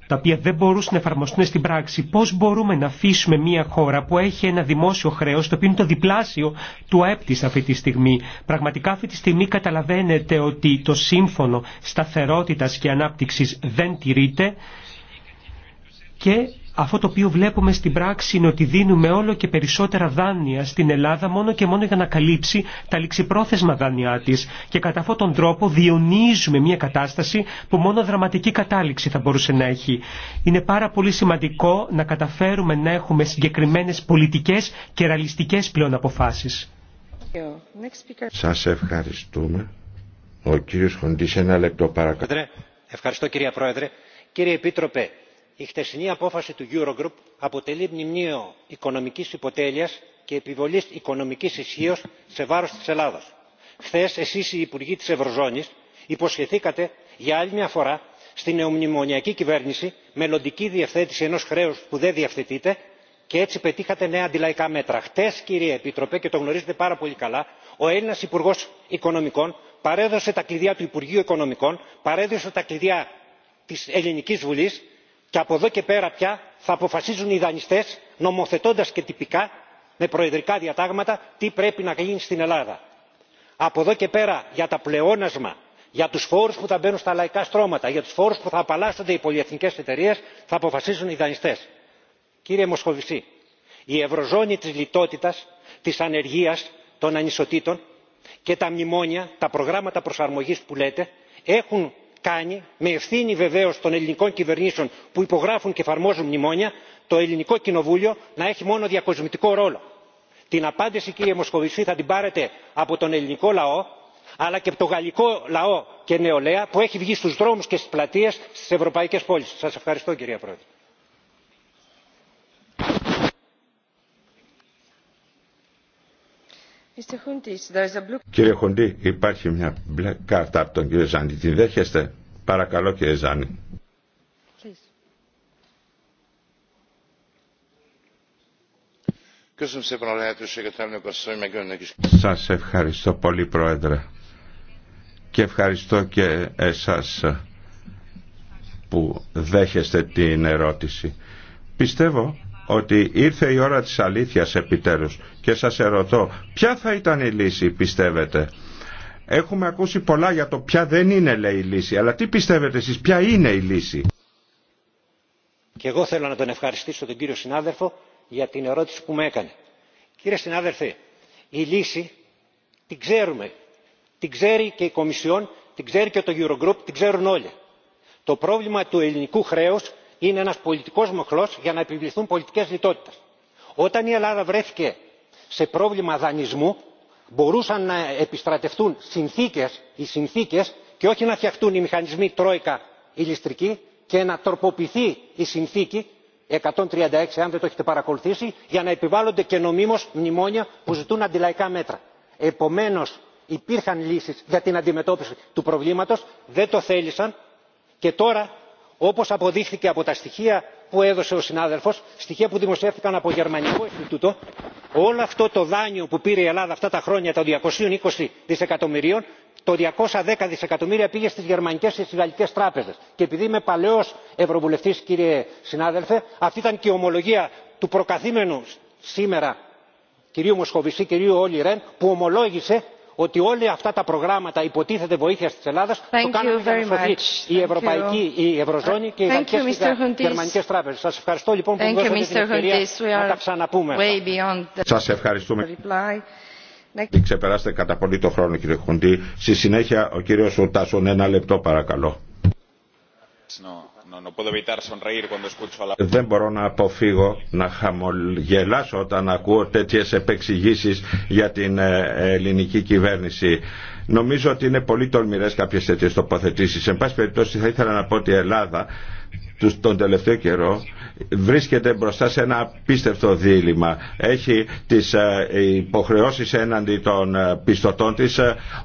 τα οποία δεν μπορούσαν να εφαρμοστούν στην πράξη. Πώς μπορούμε να αφήσουμε μια χώρα που έχει ένα δημόσιο χρέος το οποίο είναι το διπλάσιο του ΑΕΠ της αυτή τη στιγμή. Πραγματικά αυτή τη στιγμή καταλαβαίνετε ότι το σύμφωνο σταθερότητας και ανάπτυξης δεν τηρείται και αυτό το οποίο βλέπουμε στην πράξη είναι ότι δίνουμε όλο και περισσότερα δάνεια στην Ελλάδα μόνο και μόνο για να καλύψει τα ληξιπρόθεσμα δάνειά τη. Και κατά αυτόν τον τρόπο διονύζουμε μια κατάσταση που μόνο δραματική κατάληξη θα μπορούσε να έχει. Είναι πάρα πολύ σημαντικό να καταφέρουμε να έχουμε συγκεκριμένε πολιτικέ και ραλιστικέ πλέον αποφάσει. Σας ευχαριστούμε. Ο κύριος ένα λεπτό παρακαλώ. Ευχαριστώ κύριε Πρόεδρε. Κύριε Επίτροπε, η χτεσινή απόφαση του eurogroup αποτελεί μνημείο οικονομικής υποτέλειας και επιβολής οικονομικής ισχύω σε βάρος της ελλάδος. χθες εσείς οι υπουργοί της ευρωζώνης υποσχεθήκατε για άλλη μια φορά στην νεομνημονιακή κυβέρνηση μελλοντική διευθέτηση ενός χρέους που δεν διευθετείται και έτσι πετύχατε νέα αντιλαϊκά μέτρα. χτες κύριε επίτροπε και το γνωρίζετε πάρα πολύ καλά ο έλληνας υπουργός οικονομικών παρέδωσε τα κλειδιά του υπουργείου οικονομικών παρέδωσε τα κλειδιά της ελληνικής βουλής και από εδώ και πέρα πια θα αποφασίζουν οι δανειστές νομοθετώντας και τυπικά με προεδρικά διατάγματα τι πρέπει να γίνει στην ελλάδα. από εδώ και πέρα για τα πλεόνασμα για τους φόρους που θα μπαίνουν στα λαϊκά στρώματα για τους φόρους που θα απαλλάσσονται οι πολυεθνικές εταιρείες θα αποφασίζουν οι δανειστές. κύριε Μοσχοβησί, η ευρωζώνη της λιτότητας της ανεργίας των ανισοτήτων και τα μνημόνια τα προγράμματα προσαρμογής που λέτε έχουν κάνει με ευθύνη βεβαίω των ελληνικών κυβερνήσεων που υπογράφουν και εφαρμόζουν μνημόνια το ελληνικό κοινοβούλιο να έχει μόνο διακοσμητικό ρόλο. την απάντηση κύριε μoscovici θα την πάρετε από τον ελληνικό λαό αλλά και από τον γαλλικό λαό και νεολαία που έχει βγει στους δρόμους και στις πλατείες στις ευρωπαϊκές πόλεις. σας ευχαριστώ κυρία πρόεδρε. Κύριε Χοντή, υπάρχει μια μπλε κάρτα από τον κύριο Ζάνη. Την δέχεστε. Παρακαλώ κύριε Ζάνη. Σας ευχαριστώ πολύ Πρόεδρε και ευχαριστώ και εσάς που δέχεστε την ερώτηση. Πιστεύω ότι ήρθε η ώρα της αλήθειας επιτέλους και σας ερωτώ ποια θα ήταν η λύση πιστεύετε. Έχουμε ακούσει πολλά για το ποια δεν είναι λέει η λύση, αλλά τι πιστεύετε εσείς ποια είναι η λύση. Και εγώ θέλω να τον ευχαριστήσω τον κύριο συνάδελφο για την ερώτηση που με έκανε. Κύριε συνάδελφε, η λύση την ξέρουμε. Την ξέρει και η Κομισιόν, την ξέρει και το Eurogroup, την ξέρουν όλοι. Το πρόβλημα του ελληνικού χρέους είναι ένας πολιτικός μοχλός για να επιβληθούν πολιτικές λιτότητε. όταν η ελλάδα βρέθηκε σε πρόβλημα δανεισμού μπορούσαν να επιστρατευτούν οι συνθήκες και όχι να φτιαχτούν οι μηχανισμοί τρόικα ή και να τροποποιηθεί η συνθήκη 136 αν δεν το έχετε παρακολουθήσει για να επιβάλλονται και νομίμως μνημόνια που ζητούν αντιλαϊκά μέτρα. επομένως υπήρχαν λύσεις για την αντιμετώπιση του προβλήματος δεν το θέλησαν και τώρα όπως αποδείχθηκε από τα στοιχεία που έδωσε ο συνάδελφος στοιχεία που δημοσιεύτηκαν από γερμανικό ινστιτούτο όλο αυτό το δάνειο που πήρε η ελλάδα αυτά τα χρόνια των 220 δισεκατομμυρίων το 210 δισεκατομμύρια πήγε στις γερμανικές και στις γαλλικές τράπεζες και επειδή είμαι παλαιός ευρωβουλευτή κύριε συνάδελφε αυτή ήταν και η ομολογία του προκαθήμενου σήμερα κυρίου μοσχοβησή κυρίου όλι ρεν που ομολόγησε ότι όλα αυτά τα προγράμματα υποτίθεται βοήθεια τη Ελλάδα το κάνουν για να σωθεί η Ευρωπαϊκή, η Ευρωζώνη και οι γαλλικές και οι γερμανικές τράπεζες. Σας ευχαριστώ λοιπόν που μου δώσατε την ευκαιρία να τα ξαναπούμε. Σας ευχαριστούμε. Δεν ξεπεράσετε κατά πολύ το χρόνο κύριε Χουντή. Στη συνέχεια ο κύριος Ουτάσον ένα λεπτό παρακαλώ. Δεν μπορώ να αποφύγω να χαμογελάσω όταν ακούω τέτοιες επεξηγήσεις για την ε, ελληνική κυβέρνηση. Νομίζω ότι είναι πολύ τολμηρές κάποιες τέτοιες τοποθετήσεις. Εν πάση περιπτώσει θα ήθελα να πω ότι η Ελλάδα τον τελευταίο καιρό βρίσκεται μπροστά σε ένα απίστευτο δίλημα. Έχει τις ε, υποχρεώσεις έναντι των ε, πιστωτών της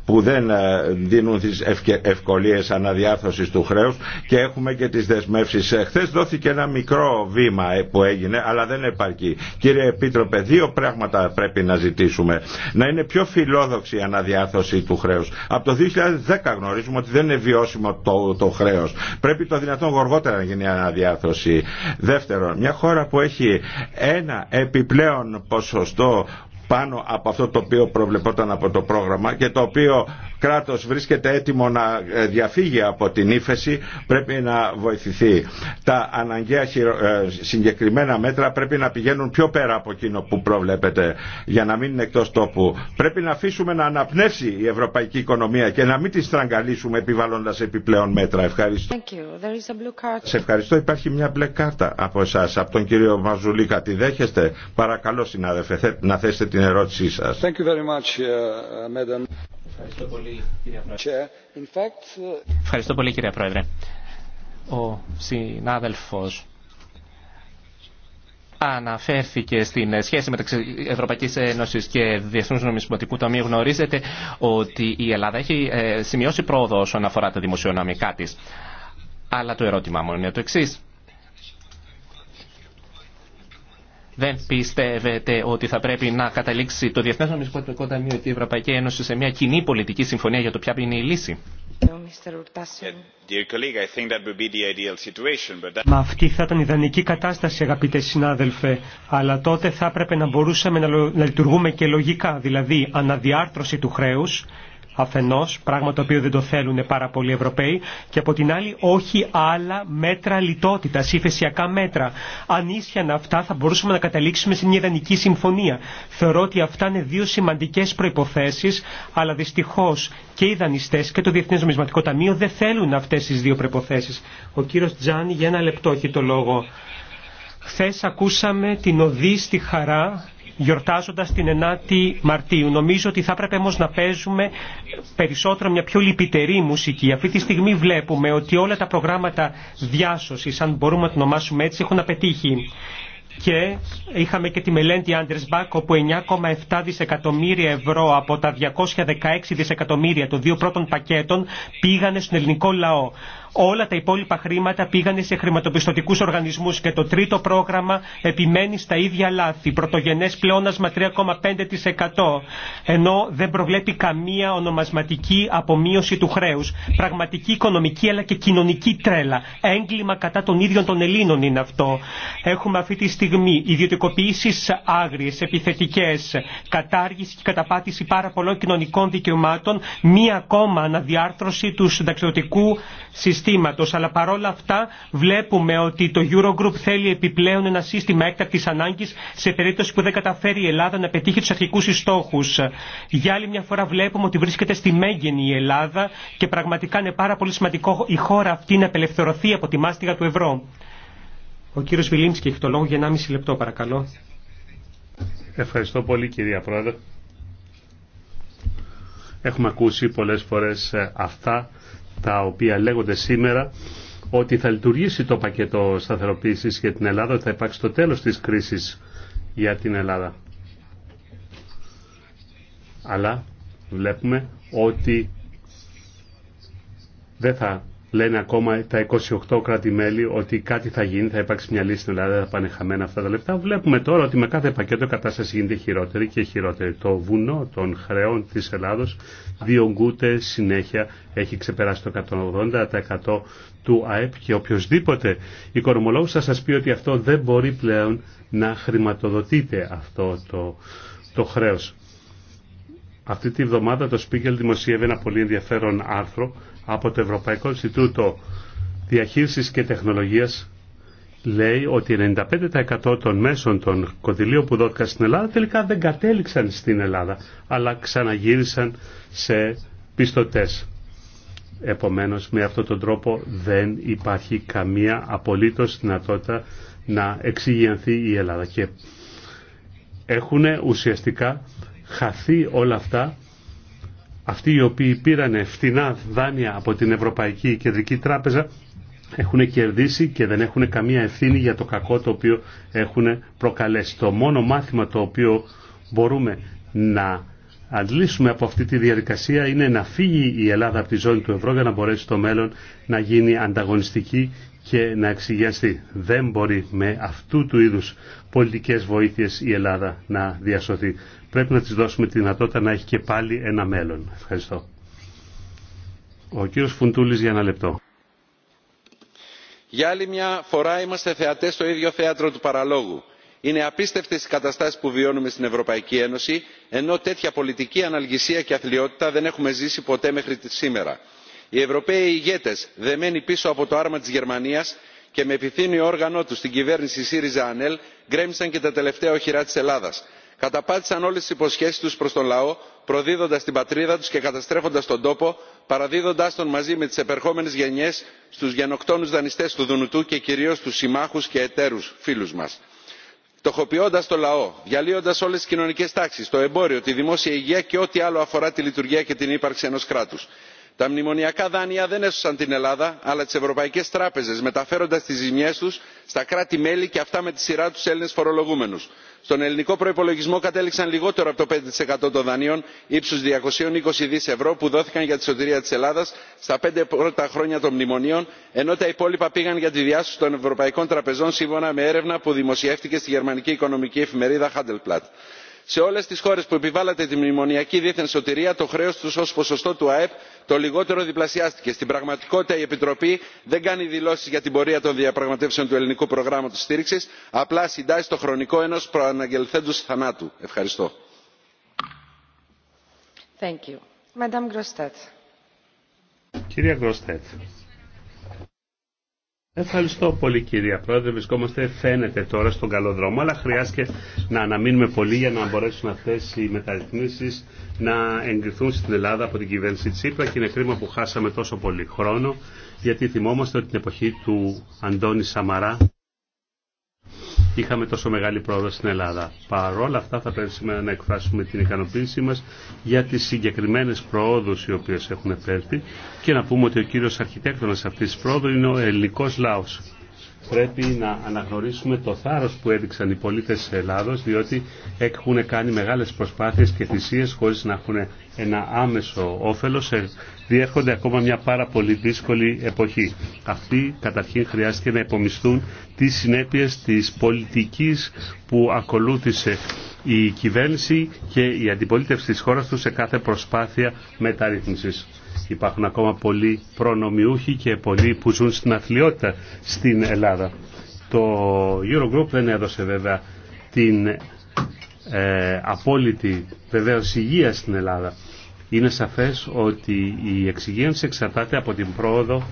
που δεν δίνουν τις ευκολίες αναδιάρθρωσης του χρέους και έχουμε και τις δεσμεύσει. Ε, Χθε δόθηκε ένα μικρό βήμα ε, που έγινε, αλλά δεν επαρκεί. Κύριε Επίτροπε, δύο πράγματα πρέπει να ζητήσουμε. Να είναι πιο φιλόδοξη η αναδιάρθρωση του χρέου. Από το 2010 γνωρίζουμε ότι δεν είναι βιώσιμο το, το χρέος. Πρέπει το δυνατόν γοργότερα να γίνει η αναδιάρθρωση. Δεύτερον, μια χώρα που έχει ένα επιπλέον ποσοστό πάνω από αυτό το οποίο προβλεπόταν από το πρόγραμμα και το οποίο κράτος βρίσκεται έτοιμο να ε, διαφύγει από την ύφεση πρέπει να βοηθηθεί. Τα αναγκαία ε, συγκεκριμένα μέτρα πρέπει να πηγαίνουν πιο πέρα από εκείνο που προβλέπεται για να μην είναι εκτός τόπου. Πρέπει να αφήσουμε να αναπνεύσει η ευρωπαϊκή οικονομία και να μην τη στραγγαλίσουμε επιβάλλοντας επιπλέον μέτρα. Ευχαριστώ. Σε ευχαριστώ. Υπάρχει μια μπλε κάρτα από εσά, από τον κύριο Μαζουλίκα. Τη δέχεστε. Παρακαλώ συνάδελφε να θέσετε την ερώτησή uh, Ευχαριστώ, πολύ, κύριε Πρόεδρε. Ο συνάδελφο αναφέρθηκε στην σχέση μεταξύ Ευρωπαϊκή Ένωση και Διεθνού Νομισματικού Ταμείου, γνωρίζετε ότι η Ελλάδα έχει ε, σημειώσει πρόοδο όσον αφορά τα δημοσιονομικά τη. Αλλά το ερώτημά μου είναι το εξή. δεν πιστεύετε ότι θα πρέπει να καταλήξει το Διεθνές Νομισματικό Ταμείο και η Ευρωπαϊκή Ένωση σε μια κοινή πολιτική συμφωνία για το ποια είναι η λύση. Μα αυτή θα ήταν ιδανική κατάσταση αγαπητέ συνάδελφε, αλλά τότε θα έπρεπε να μπορούσαμε να λειτουργούμε και λογικά, δηλαδή αναδιάρθρωση του χρέους Αφενό, πράγμα το οποίο δεν το θέλουν πάρα πολλοί Ευρωπαίοι, και από την άλλη όχι άλλα μέτρα λιτότητας, ύφεσιακά μέτρα. Αν ίσιαν αυτά θα μπορούσαμε να καταλήξουμε σε μια ιδανική συμφωνία. Θεωρώ ότι αυτά είναι δύο σημαντικές προϋποθέσεις, αλλά δυστυχώς και οι δανειστέ και το Διεθνές Νομισματικό Ταμείο δεν θέλουν αυτέ τι δύο προποθέσει. Ο κύριο Τζάνι για ένα λεπτό έχει το λόγο. Χθε ακούσαμε την οδή στη χαρά γιορτάζοντας την 9η Μαρτίου. Νομίζω ότι θα έπρεπε όμως να παίζουμε περισσότερο μια πιο λυπητερή μουσική. Αυτή τη στιγμή βλέπουμε ότι όλα τα προγράμματα διάσωσης, αν μπορούμε να το ονομάσουμε έτσι, έχουν απετύχει και είχαμε και τη μελέτη Μπάκ, όπου 9,7 δισεκατομμύρια ευρώ από τα 216 δισεκατομμύρια των δύο πρώτων πακέτων πήγανε στον ελληνικό λαό. Όλα τα υπόλοιπα χρήματα πήγανε σε χρηματοπιστωτικούς οργανισμούς και το τρίτο πρόγραμμα επιμένει στα ίδια λάθη. Πρωτογενές πλεόνασμα 3,5% ενώ δεν προβλέπει καμία ονομασματική απομείωση του χρέους. Πραγματική οικονομική αλλά και κοινωνική τρέλα. Έγκλημα κατά των ίδιων των Ελλήνων είναι αυτό. Έχουμε αυτή τη στιγμή ιδιωτικοποίησει άγριε, επιθετικέ, κατάργηση και καταπάτηση πάρα πολλών κοινωνικών δικαιωμάτων, μία ακόμα αναδιάρθρωση του συνταξιδοτικού συστήματος. Αλλά παρόλα αυτά βλέπουμε ότι το Eurogroup θέλει επιπλέον ένα σύστημα έκτακτης ανάγκης σε περίπτωση που δεν καταφέρει η Ελλάδα να πετύχει τους αρχικούς στόχους. Για άλλη μια φορά βλέπουμε ότι βρίσκεται στη μέγενη η Ελλάδα και πραγματικά είναι πάρα πολύ σημαντικό η χώρα αυτή να απελευθερωθεί από τη μάστιγα του ευρώ. Ο κύριος Βιλίμσκι έχει το λόγο για 1,5 λεπτό παρακαλώ. Ευχαριστώ πολύ κυρία Πρόεδρε. Έχουμε ακούσει πολλές φορές ε, αυτά τα οποία λέγονται σήμερα ότι θα λειτουργήσει το πακέτο σταθεροποίησης για την Ελλάδα, ότι θα υπάρξει το τέλος της κρίσης για την Ελλάδα. Αλλά βλέπουμε ότι δεν θα λένε ακόμα τα 28 κράτη-μέλη ότι κάτι θα γίνει, θα υπάρξει μια λύση στην Ελλάδα, θα πάνε χαμένα αυτά τα λεπτά. Βλέπουμε τώρα ότι με κάθε πακέτο η κατάσταση γίνεται χειρότερη και χειρότερη. Το βουνό των χρεών της Ελλάδος διονγκούται συνέχεια, έχει ξεπεράσει το 180% του ΑΕΠ και οποιοδήποτε οικονομολόγο θα σα πει ότι αυτό δεν μπορεί πλέον να χρηματοδοτείται αυτό το, το χρέος. Αυτή τη βδομάδα το Spiegel δημοσίευε ένα πολύ ενδιαφέρον άρθρο από το Ευρωπαϊκό Ινστιτούτο Διαχείρισης και Τεχνολογίας λέει ότι 95% των μέσων των κονδυλίων που δόθηκαν στην Ελλάδα τελικά δεν κατέληξαν στην Ελλάδα, αλλά ξαναγύρισαν σε πιστωτές. Επομένως, με αυτόν τον τρόπο δεν υπάρχει καμία απολύτως δυνατότητα να εξηγιανθεί η Ελλάδα. Και έχουν ουσιαστικά χαθεί όλα αυτά αυτοί οι οποίοι πήραν φτηνά δάνεια από την Ευρωπαϊκή Κεντρική Τράπεζα έχουν κερδίσει και δεν έχουν καμία ευθύνη για το κακό το οποίο έχουν προκαλέσει. Το μόνο μάθημα το οποίο μπορούμε να αντλήσουμε από αυτή τη διαδικασία είναι να φύγει η Ελλάδα από τη ζώνη του ευρώ για να μπορέσει το μέλλον να γίνει ανταγωνιστική και να εξηγιαστεί. Δεν μπορεί με αυτού του είδους πολιτικές βοήθειες η Ελλάδα να διασωθεί πρέπει να της δώσουμε τη δυνατότητα να έχει και πάλι ένα μέλλον. Ευχαριστώ. Ο κύριος Φουντούλης για ένα λεπτό. Για άλλη μια φορά είμαστε θεατές στο ίδιο θέατρο του παραλόγου. Είναι απίστευτε οι καταστάσει που βιώνουμε στην Ευρωπαϊκή Ένωση, ενώ τέτοια πολιτική αναλγησία και αθλειότητα δεν έχουμε ζήσει ποτέ μέχρι σήμερα. Οι Ευρωπαίοι ηγέτε, δεμένοι πίσω από το άρμα τη Γερμανία και με επιθύνιο όργανο του στην κυβέρνηση ΣΥΡΙΖΑ ΑΝΕΛ, γκρέμισαν και τα τελευταία οχυρά τη Ελλάδα καταπάτησαν όλες τις υποσχέσεις τους προς τον λαό προδίδοντας την πατρίδα τους και καταστρέφοντας τον τόπο παραδίδοντάς τον μαζί με τις επερχόμενες γενιές στους γενοκτόνους δανειστές του δουνουτού και κυρίως στους συμμάχους και εταίρους φίλους μας φτωχοποιώντας τον λαό διαλύοντας όλες τις κοινωνικές τάξεις το εμπόριο τη δημόσια υγεία και ό,τι άλλο αφορά τη λειτουργία και την ύπαρξη ενός κράτους τα μνημονιακά δάνεια δεν έσωσαν την ελλάδα αλλά τις ευρωπαϊκές τράπεζες μεταφέροντας τις ζημιές τους στα κράτη μέλη και αυτά με τη σειρά τους έλληνες φορολογούμενους. στον ελληνικό προϋπολογισμό κατέληξαν λιγότερο από το 5% των δανείων ύψους 220 δις ευρώ που δόθηκαν για τη σωτηρία της ελλάδας στα πέντε πρώτα χρόνια των μνημονίων ενώ τα υπόλοιπα πήγαν για τη διάσωση των ευρωπαϊκών τραπεζών σύμφωνα με έρευνα που δημοσιεύτηκε στη γερμανική οικονομική εφημερίδα handelsblatt σε όλες τις χώρες που επιβάλλατε τη μνημονιακή δίθεν σωτηρία το χρέος τους ως ποσοστό του αεπ το λιγότερο διπλασιάστηκε. στην πραγματικότητα η επιτροπή δεν κάνει δηλώσεις για την πορεία των διαπραγματεύσεων του ελληνικού προγράμματος στήριξης απλά συντάσσει το χρονικό ενός προαναγγελθέντος θανάτου. ευχαριστώ. Ευχαριστώ πολύ κυρία Πρόεδρε. Βρισκόμαστε φαίνεται τώρα στον καλό δρόμο, αλλά χρειάζεται να αναμείνουμε πολύ για να μπορέσουν αυτέ οι μεταρρυθμίσει να εγκριθούν στην Ελλάδα από την κυβέρνηση Τσίπρα και είναι κρίμα που χάσαμε τόσο πολύ χρόνο, γιατί θυμόμαστε ότι την εποχή του Αντώνη Σαμαρά είχαμε τόσο μεγάλη πρόοδο στην Ελλάδα. Παρόλα αυτά θα πρέπει σήμερα να εκφράσουμε την ικανοποίησή μας για τις συγκεκριμένες προόδους οι οποίες έχουν επέλθει και να πούμε ότι ο κύριος αρχιτέκτονας αυτής της πρόοδου είναι ο ελληνικός λαός. Πρέπει να αναγνωρίσουμε το θάρρος που έδειξαν οι πολίτες της διότι έχουν κάνει μεγάλες προσπάθειες και θυσίες χωρίς να έχουν ένα άμεσο όφελος ε, διέρχονται ακόμα μια πάρα πολύ δύσκολη εποχή. Αυτοί καταρχήν χρειάστηκε να υπομισθούν τις συνέπειες της πολιτικής που ακολούθησε η κυβέρνηση και η αντιπολίτευση της χώρας του σε κάθε προσπάθεια μεταρρύθμισης. Υπάρχουν ακόμα πολλοί προνομιούχοι και πολλοί που ζουν στην αθλειότητα στην Ελλάδα. Το Eurogroup δεν έδωσε βέβαια την ε, απόλυτη βεβαίως υγεία στην Ελλάδα είναι σαφές ότι η εξυγίανση εξαρτάται από την πρόοδο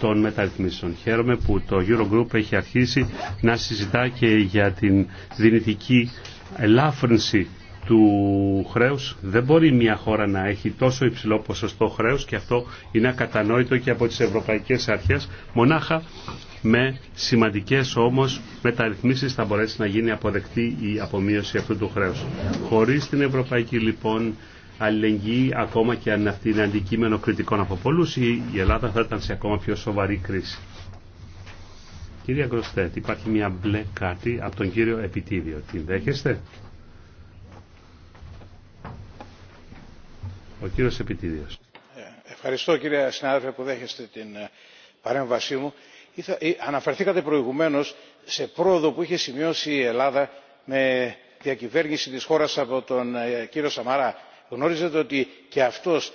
των μεταρρυθμίσεων. Χαίρομαι που το Eurogroup έχει αρχίσει να συζητά και για την δυνητική ελάφρυνση του χρέους. Δεν μπορεί μια χώρα να έχει τόσο υψηλό ποσοστό χρέους και αυτό είναι ακατανόητο και από τις ευρωπαϊκές αρχές. Μονάχα με σημαντικές όμως μεταρρυθμίσεις θα μπορέσει να γίνει αποδεκτή η απομείωση αυτού του χρέους. Χωρίς την ευρωπαϊκή λοιπόν αλληλεγγύη ακόμα και αν αυτή είναι αντικείμενο κριτικών από πολλούς η η Ελλάδα θα ήταν σε ακόμα πιο σοβαρή κρίση. Κύριε Γκροστέτ, υπάρχει μια μπλε κάρτη από τον κύριο Επιτίδιο. Την δέχεστε? Ο κύριος Επιτίδιος. Ε, ευχαριστώ κύριε συνάδελφε που δέχεστε την ε, παρέμβασή μου. Ε, αναφερθήκατε προηγουμένως σε πρόοδο που είχε σημειώσει η Ελλάδα με διακυβέρνηση της χώρας από τον κύριο Σαμαρά γνωρίζετε ότι και αυτός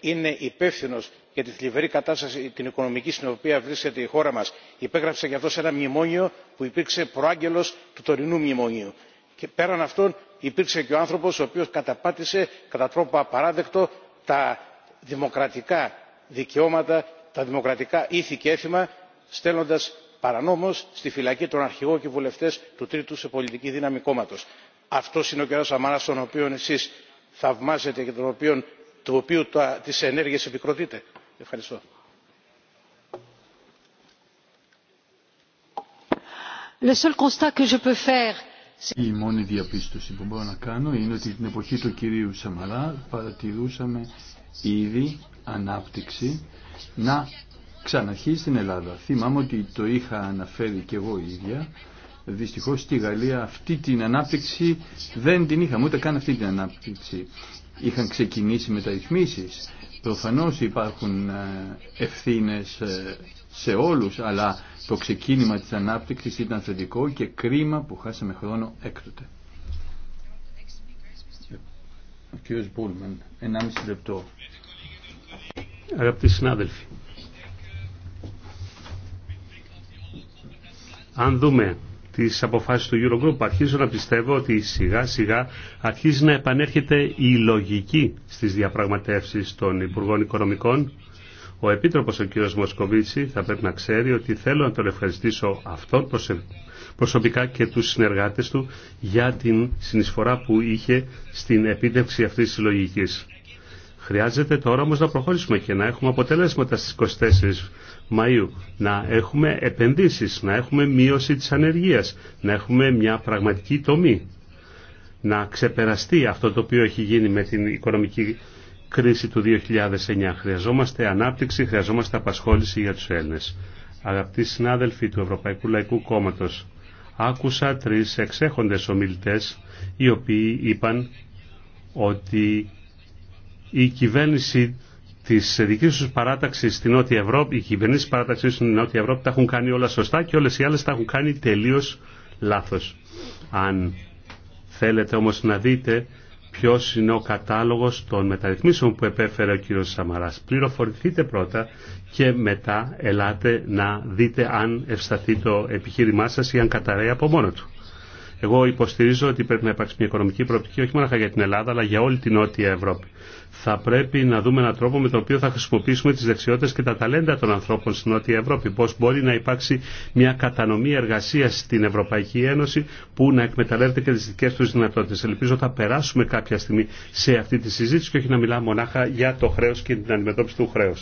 είναι υπεύθυνο για τη θλιβερή κατάσταση την οικονομική στην οποία βρίσκεται η χώρα μας. Υπέγραψε και αυτός ένα μνημόνιο που υπήρξε προάγγελος του τωρινού μνημονίου. Και πέραν αυτών υπήρξε και ο άνθρωπος ο οποίος καταπάτησε κατά τρόπο απαράδεκτο τα δημοκρατικά δικαιώματα, τα δημοκρατικά ήθη και έθιμα στέλνοντας παρανόμως στη φυλακή τον αρχηγό και βουλευτές του τρίτου σε πολιτική δύναμη κόμματος. Αυτός είναι ο κ. Σαμάρας τον οποίο εσείς Θαυμάζεται και του οποίου τις ενέργειες επικροτείτε. Ευχαριστώ. Η μόνη διαπίστωση που μπορώ να κάνω είναι ότι την εποχή του κυρίου Σαμαρά παρατηρούσαμε ήδη ανάπτυξη να ξαναρχίσει στην Ελλάδα. Θυμάμαι ότι το είχα αναφέρει και εγώ ίδια Δυστυχώς στη Γαλλία αυτή την ανάπτυξη δεν την είχαμε, ούτε καν αυτή την ανάπτυξη. Είχαν ξεκινήσει μεταρρυθμίσεις. Προφανώς υπάρχουν ε, ευθύνες ε, σε όλους, αλλά το ξεκίνημα της ανάπτυξης ήταν θετικό και κρίμα που χάσαμε χρόνο έκτοτε. Μπούλμαν, λεπτό. Αγαπητοί συνάδελφοι, αν δούμε τις αποφάσεις του Eurogroup. Αρχίζω να πιστεύω ότι σιγά σιγά αρχίζει να επανέρχεται η λογική στις διαπραγματεύσεις των Υπουργών Οικονομικών. Ο Επίτροπος ο κ. Μοσκοβίτση θα πρέπει να ξέρει ότι θέλω να τον ευχαριστήσω αυτόν προσωπικά και τους συνεργάτες του για την συνεισφορά που είχε στην επίτευξη αυτής της λογικής. Χρειάζεται τώρα όμως να προχωρήσουμε και να έχουμε αποτελέσματα στις 24 Μαΐου, να έχουμε επενδύσεις, να έχουμε μείωση της ανεργίας, να έχουμε μια πραγματική τομή, να ξεπεραστεί αυτό το οποίο έχει γίνει με την οικονομική κρίση του 2009. Χρειαζόμαστε ανάπτυξη, χρειαζόμαστε απασχόληση για τους Έλληνες. Αγαπητοί συνάδελφοι του Ευρωπαϊκού Λαϊκού Κόμματος, άκουσα τρεις εξέχοντες ομιλητές οι οποίοι είπαν ότι η κυβέρνηση τη δική του παράταξη στην Νότια Ευρώπη, οι κυβερνήσει παράταξη στην Νότια Ευρώπη τα έχουν κάνει όλα σωστά και όλε οι άλλε τα έχουν κάνει τελείω λάθο. Αν θέλετε όμω να δείτε ποιο είναι ο κατάλογο των μεταρρυθμίσεων που επέφερε ο κύριο Σαμαρά, πληροφορηθείτε πρώτα και μετά ελάτε να δείτε αν ευσταθεί το επιχείρημά σα ή αν καταραίει από μόνο του. Εγώ υποστηρίζω ότι πρέπει να υπάρξει μια οικονομική προοπτική όχι μόνο για την Ελλάδα αλλά για όλη την Νότια Ευρώπη. Θα πρέπει να δούμε έναν τρόπο με τον οποίο θα χρησιμοποιήσουμε τι δεξιότητε και τα ταλέντα των ανθρώπων στην Νότια Ευρώπη. Πώ μπορεί να υπάρξει μια κατανομή εργασία στην Ευρωπαϊκή Ένωση που να εκμεταλλεύεται και τι δικέ του δυνατότητε. Ελπίζω θα περάσουμε κάποια στιγμή σε αυτή τη συζήτηση και όχι να μιλάμε μονάχα για το χρέο και την αντιμετώπιση του χρέου.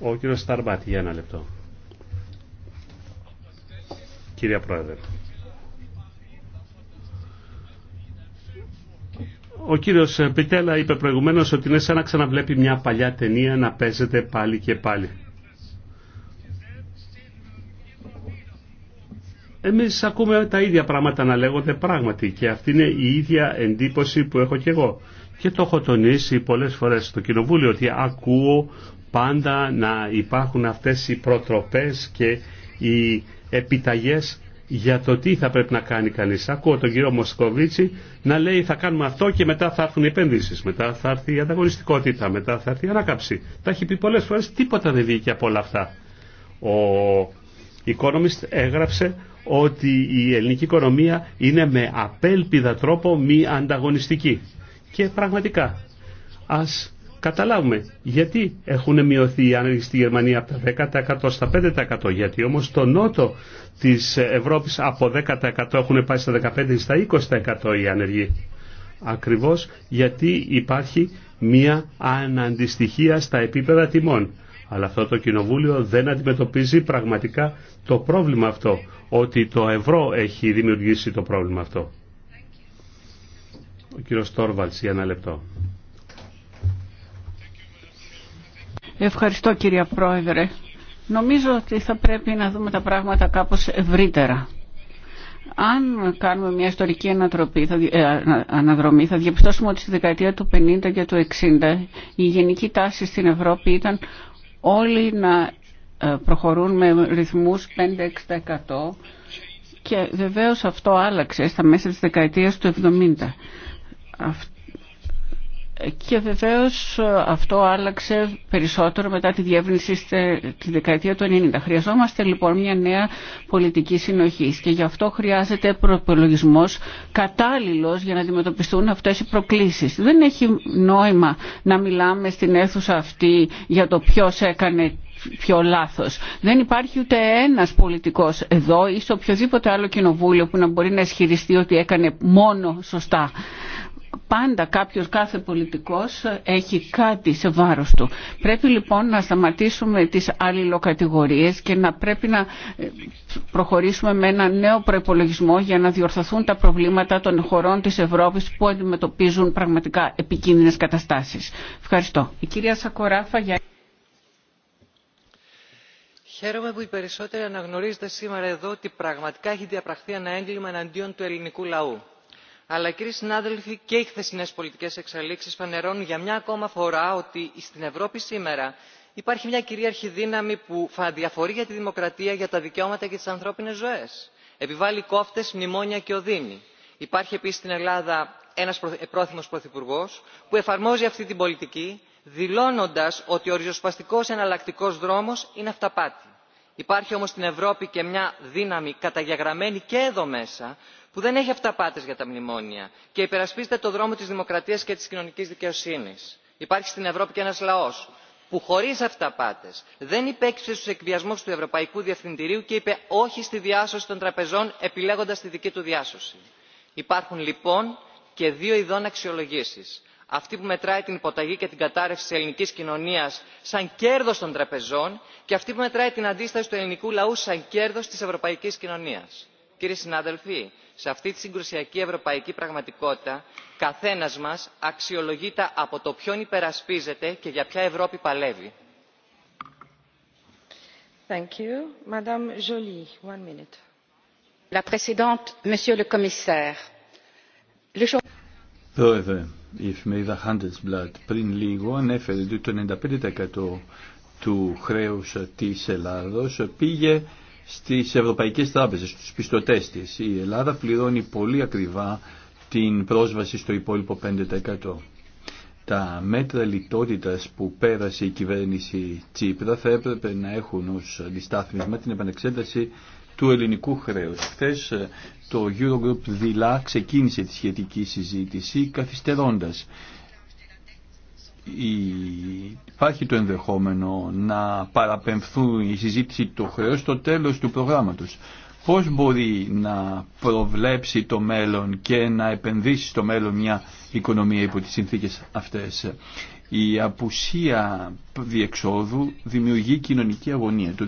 Ο κύριο Σταρμπάτη για ένα λεπτό. Κυρία Πρόεδρε. Ο κύριος ε, Πιτέλα είπε προηγουμένως ότι είναι σαν να ξαναβλέπει μια παλιά ταινία να παίζεται πάλι και πάλι. Εμείς ακούμε τα ίδια πράγματα να λέγονται πράγματι και αυτή είναι η ίδια εντύπωση που έχω και εγώ. Και το έχω τονίσει πολλές φορές στο Κοινοβούλιο ότι ακούω πάντα να υπάρχουν αυτές οι προτροπές και οι επιταγές για το τι θα πρέπει να κάνει κανεί, Ακούω τον κύριο Μοσκοβίτσι να λέει θα κάνουμε αυτό και μετά θα έρθουν οι επένδυσει. μετά θα έρθει η ανταγωνιστικότητα, μετά θα έρθει η ανάκαψη. Τα έχει πει πολλές φορές, τίποτα δεν βγήκε από όλα αυτά. Ο Economist έγραψε ότι η ελληνική οικονομία είναι με απέλπιδα τρόπο μη ανταγωνιστική. Και πραγματικά, ας καταλάβουμε γιατί έχουν μειωθεί οι άνεργοι στη Γερμανία από τα 10% στα 5%. Γιατί όμως το νότο της Ευρώπης από 10% έχουν πάει στα 15% στα 20% οι άνεργοι. Ακριβώς γιατί υπάρχει μια αναντιστοιχία στα επίπεδα τιμών. Αλλά αυτό το κοινοβούλιο δεν αντιμετωπίζει πραγματικά το πρόβλημα αυτό, ότι το ευρώ έχει δημιουργήσει το πρόβλημα αυτό. Ο κύριος Τόρβαλτς για ένα λεπτό. Ευχαριστώ κυρία Πρόεδρε. Νομίζω ότι θα πρέπει να δούμε τα πράγματα κάπως ευρύτερα. Αν κάνουμε μια ιστορική ανατροπή, θα, ε, αναδρομή, θα διαπιστώσουμε ότι στη δεκαετία του 50 και του 60 η γενική τάση στην Ευρώπη ήταν όλοι να ε, προχωρούν με ρυθμούς 5-6% και βεβαίως αυτό άλλαξε στα μέσα της δεκαετίας του 70. Και βεβαίως αυτό άλλαξε περισσότερο μετά τη διεύρυνση στη δεκαετία του 90. Χρειαζόμαστε λοιπόν μια νέα πολιτική συνοχή και γι' αυτό χρειάζεται προπολογισμό κατάλληλο για να αντιμετωπιστούν αυτέ οι προκλήσει. Δεν έχει νόημα να μιλάμε στην αίθουσα αυτή για το ποιο έκανε πιο λάθος. Δεν υπάρχει ούτε ένας πολιτικός εδώ ή σε οποιοδήποτε άλλο κοινοβούλιο που να μπορεί να ισχυριστεί ότι έκανε μόνο σωστά πάντα κάποιος κάθε πολιτικός έχει κάτι σε βάρος του. Πρέπει λοιπόν να σταματήσουμε τις αλληλοκατηγορίες και να πρέπει να ε, προχωρήσουμε με ένα νέο προπολογισμό για να διορθωθούν τα προβλήματα των χωρών της Ευρώπης που αντιμετωπίζουν πραγματικά επικίνδυνες καταστάσεις. Ευχαριστώ. Η κυρία Σακοράφα για... Χαίρομαι που οι περισσότεροι αναγνωρίζετε σήμερα εδώ ότι πραγματικά έχει διαπραχθεί ένα έγκλημα εναντίον του ελληνικού λαού αλλά κύριοι συνάδελφοι και οι χθεσινέ πολιτικέ εξελίξεις φανερώνουν για μια ακόμα φορά ότι στην ευρώπη σήμερα υπάρχει μια κυρίαρχη δύναμη που αδιαφορεί για τη δημοκρατία για τα δικαιώματα και τι ανθρώπινε ζωέ. επιβάλλει κόφτε, μνημόνια και οδύνη. υπάρχει επίση στην ελλάδα ένα πρόθυμο Πρωθυπουργό που εφαρμόζει αυτή την πολιτική δηλώνοντα ότι ο ριζοσπαστικό εναλλακτικό δρόμο είναι αυταπάτη. υπάρχει όμω στην ευρώπη και μια δύναμη καταγεγραμμένη και εδώ μέσα που δεν έχει αυταπάτες για τα μνημόνια και υπερασπίζεται το δρόμο τη δημοκρατία και τη κοινωνική δικαιοσύνη. Υπάρχει στην Ευρώπη και ένα λαό που χωρί αυταπάτες δεν υπέκυψε στου εκβιασμού του Ευρωπαϊκού Διευθυντηρίου και είπε όχι στη διάσωση των τραπεζών επιλέγοντα τη δική του διάσωση. Υπάρχουν λοιπόν και δύο ειδών αξιολογήσει αυτή που μετράει την υποταγή και την κατάρρευση τη ελληνική κοινωνία σαν κέρδο των τραπεζών και αυτή που μετράει την αντίσταση του ελληνικού λαού σαν κέρδο τη Ευρωπαϊκή Κοινωνία. Κύριοι συνάδελφοι, σε αυτή τη συγκρουσιακή ευρωπαϊκή πραγματικότητα, καθένας μας αξιολογείται από το ποιον υπερασπίζεται και για ποια Ευρώπη παλεύει. Thank you. Madame one minute. La présidente, Monsieur le Commissaire, Πρόεδρε, η εφημερίδα Handelsblatt πριν λίγο ανέφερε ότι το 95% του χρέους της Ελλάδος πήγε στις ευρωπαϊκές τράπεζες, στους πιστωτές της. Η Ελλάδα πληρώνει πολύ ακριβά την πρόσβαση στο υπόλοιπο 5%. Τα μέτρα λιτότητας που πέρασε η κυβέρνηση Τσίπρα θα έπρεπε να έχουν ως αντιστάθμισμα την επανεξέταση του ελληνικού χρέους. Χθε ε, το Eurogroup δειλά ξεκίνησε τη σχετική συζήτηση καθυστερώντας υπάρχει το ενδεχόμενο να παραπεμφθούν η συζήτηση του χρέου στο τέλος του προγράμματος. Πώς μπορεί να προβλέψει το μέλλον και να επενδύσει στο μέλλον μια οικονομία υπό τις συνθήκες αυτές. Η απουσία διεξόδου δημιουργεί κοινωνική αγωνία. Το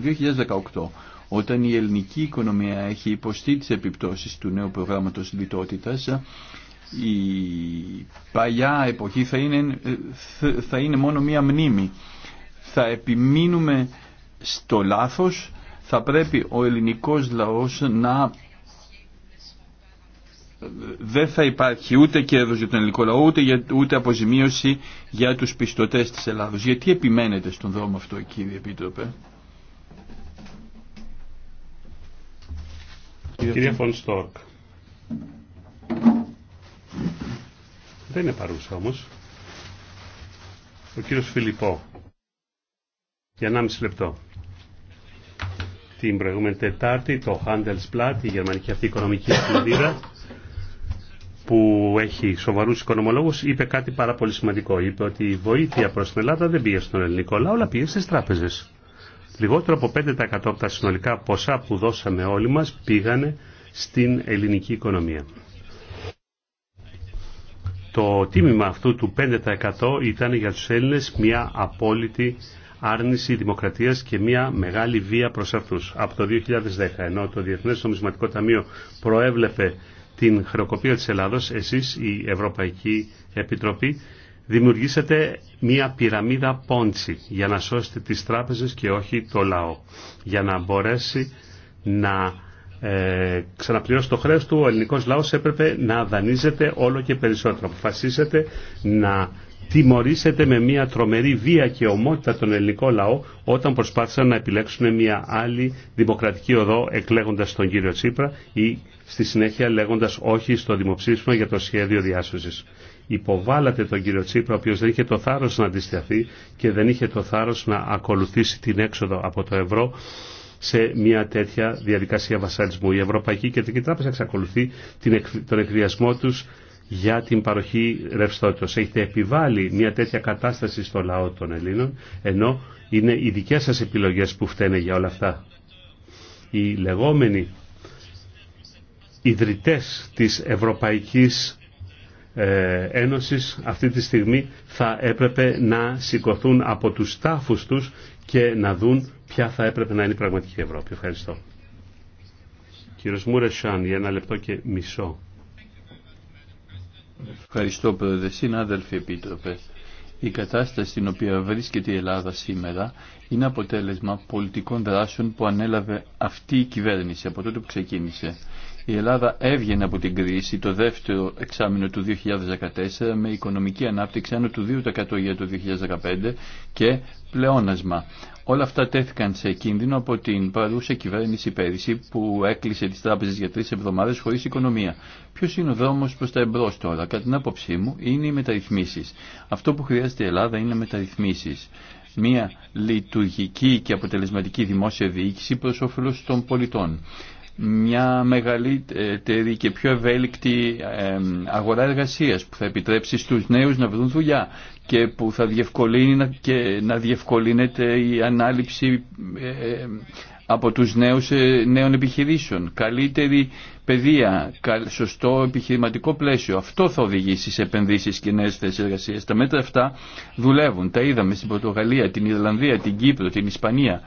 2018 όταν η ελληνική οικονομία έχει υποστεί τις επιπτώσεις του νέου προγράμματος λιτότητας, η παλιά εποχή θα είναι, θα είναι μόνο μία μνήμη. Θα επιμείνουμε στο λάθος, θα πρέπει ο ελληνικός λαός να δεν θα υπάρχει ούτε κέρδος για τον ελληνικό λαό, ούτε, για, ούτε αποζημίωση για τους πιστωτές της Ελλάδος. Γιατί επιμένετε στον δρόμο αυτό, κύριε Επίτροπε. Κύριε Φων Στόρκ. Δεν είναι παρούσα όμως. Ο κύριος Φιλιππό. Για 1,5 λεπτό. Την προηγούμενη Τετάρτη το Handelsblatt, η γερμανική αυτή οικονομική εφημερίδα, που έχει σοβαρούς οικονομολόγους, είπε κάτι πάρα πολύ σημαντικό. Είπε ότι η βοήθεια προς την Ελλάδα δεν πήγε στον ελληνικό λαό, αλλά πήγε στις τράπεζες. Λιγότερο από 5% από τα συνολικά ποσά που δώσαμε όλοι μας πήγανε στην ελληνική οικονομία. Το τίμημα αυτού του 5% ήταν για τους Έλληνες μια απόλυτη άρνηση δημοκρατίας και μια μεγάλη βία προς αυτούς. Από το 2010, ενώ το Διεθνές Νομισματικό Ταμείο προέβλεπε την χρεοκοπία της Ελλάδος, εσείς η Ευρωπαϊκή Επιτροπή δημιουργήσατε μια πυραμίδα πόντσι για να σώσετε τις τράπεζες και όχι το λαό, για να μπορέσει να ε, ξαναπληρώσει το χρέος του, ο ελληνικός λαός έπρεπε να δανείζεται όλο και περισσότερο. Αποφασίσατε να τιμωρήσετε με μια τρομερή βία και ομότητα τον ελληνικό λαό όταν προσπάθησαν να επιλέξουν μια άλλη δημοκρατική οδό εκλέγοντας τον κύριο Τσίπρα ή στη συνέχεια λέγοντας όχι στο δημοψήφισμα για το σχέδιο διάσωση. Υποβάλλατε τον κύριο Τσίπρα, ο οποίος δεν είχε το θάρρος να αντισταθεί και δεν είχε το θάρρος να ακολουθήσει την έξοδο από το ευρώ σε μια τέτοια διαδικασία βασανισμού. Η Ευρωπαϊκή Κεντρική Τράπεζα εξακολουθεί τον εκβιασμό τους για την παροχή ρευστότητα. Έχετε επιβάλει μια τέτοια κατάσταση στο λαό των Ελλήνων, ενώ είναι οι δικές σας επιλογές που φταίνε για όλα αυτά. Οι λεγόμενοι ιδρυτές της Ευρωπαϊκής ε, Ένωσης αυτή τη στιγμή θα έπρεπε να σηκωθούν από τους τάφους τους και να δουν ποια θα έπρεπε να είναι η πραγματική Ευρώπη. Ευχαριστώ. Κύριος Μούρεσαν, για ένα λεπτό και μισό. Ευχαριστώ Πρόεδρε, συνάδελφοι Επίτροπε. Η κατάσταση στην οποία βρίσκεται η Ελλάδα σήμερα είναι αποτέλεσμα πολιτικών δράσεων που ανέλαβε αυτή η κυβέρνηση από τότε που ξεκίνησε. Η Ελλάδα έβγαινε από την κρίση το δεύτερο εξάμεινο του 2014 με οικονομική ανάπτυξη άνω του 2% για το 2015 και πλεόνασμα. Όλα αυτά τέθηκαν σε κίνδυνο από την παρούσα κυβέρνηση πέρυσι που έκλεισε τις τράπεζες για τρεις εβδομάδες χωρίς οικονομία. Ποιο είναι ο δρόμο προ τα εμπρό τώρα, κατά την άποψή μου, είναι οι μεταρρυθμίσεις. Αυτό που χρειάζεται η Ελλάδα είναι μεταρρυθμίσεις. Μία λειτουργική και αποτελεσματική δημόσια διοίκηση προ όφελο των πολιτών μια μεγαλύτερη και πιο ευέλικτη αγορά εργασίας που θα επιτρέψει στους νέους να βρουν δουλειά και που θα διευκολύνει και να διευκολύνεται η ανάληψη ε, από τους νέους ε, νέων επιχειρήσεων. Καλύτερη παιδεία, σωστό επιχειρηματικό πλαίσιο. Αυτό θα οδηγήσει σε επενδύσεις και νέες θέσεις εργασίας. Τα μέτρα αυτά δουλεύουν. Τα είδαμε στην Πορτογαλία, την Ιρλανδία, την Κύπρο, την Ισπανία.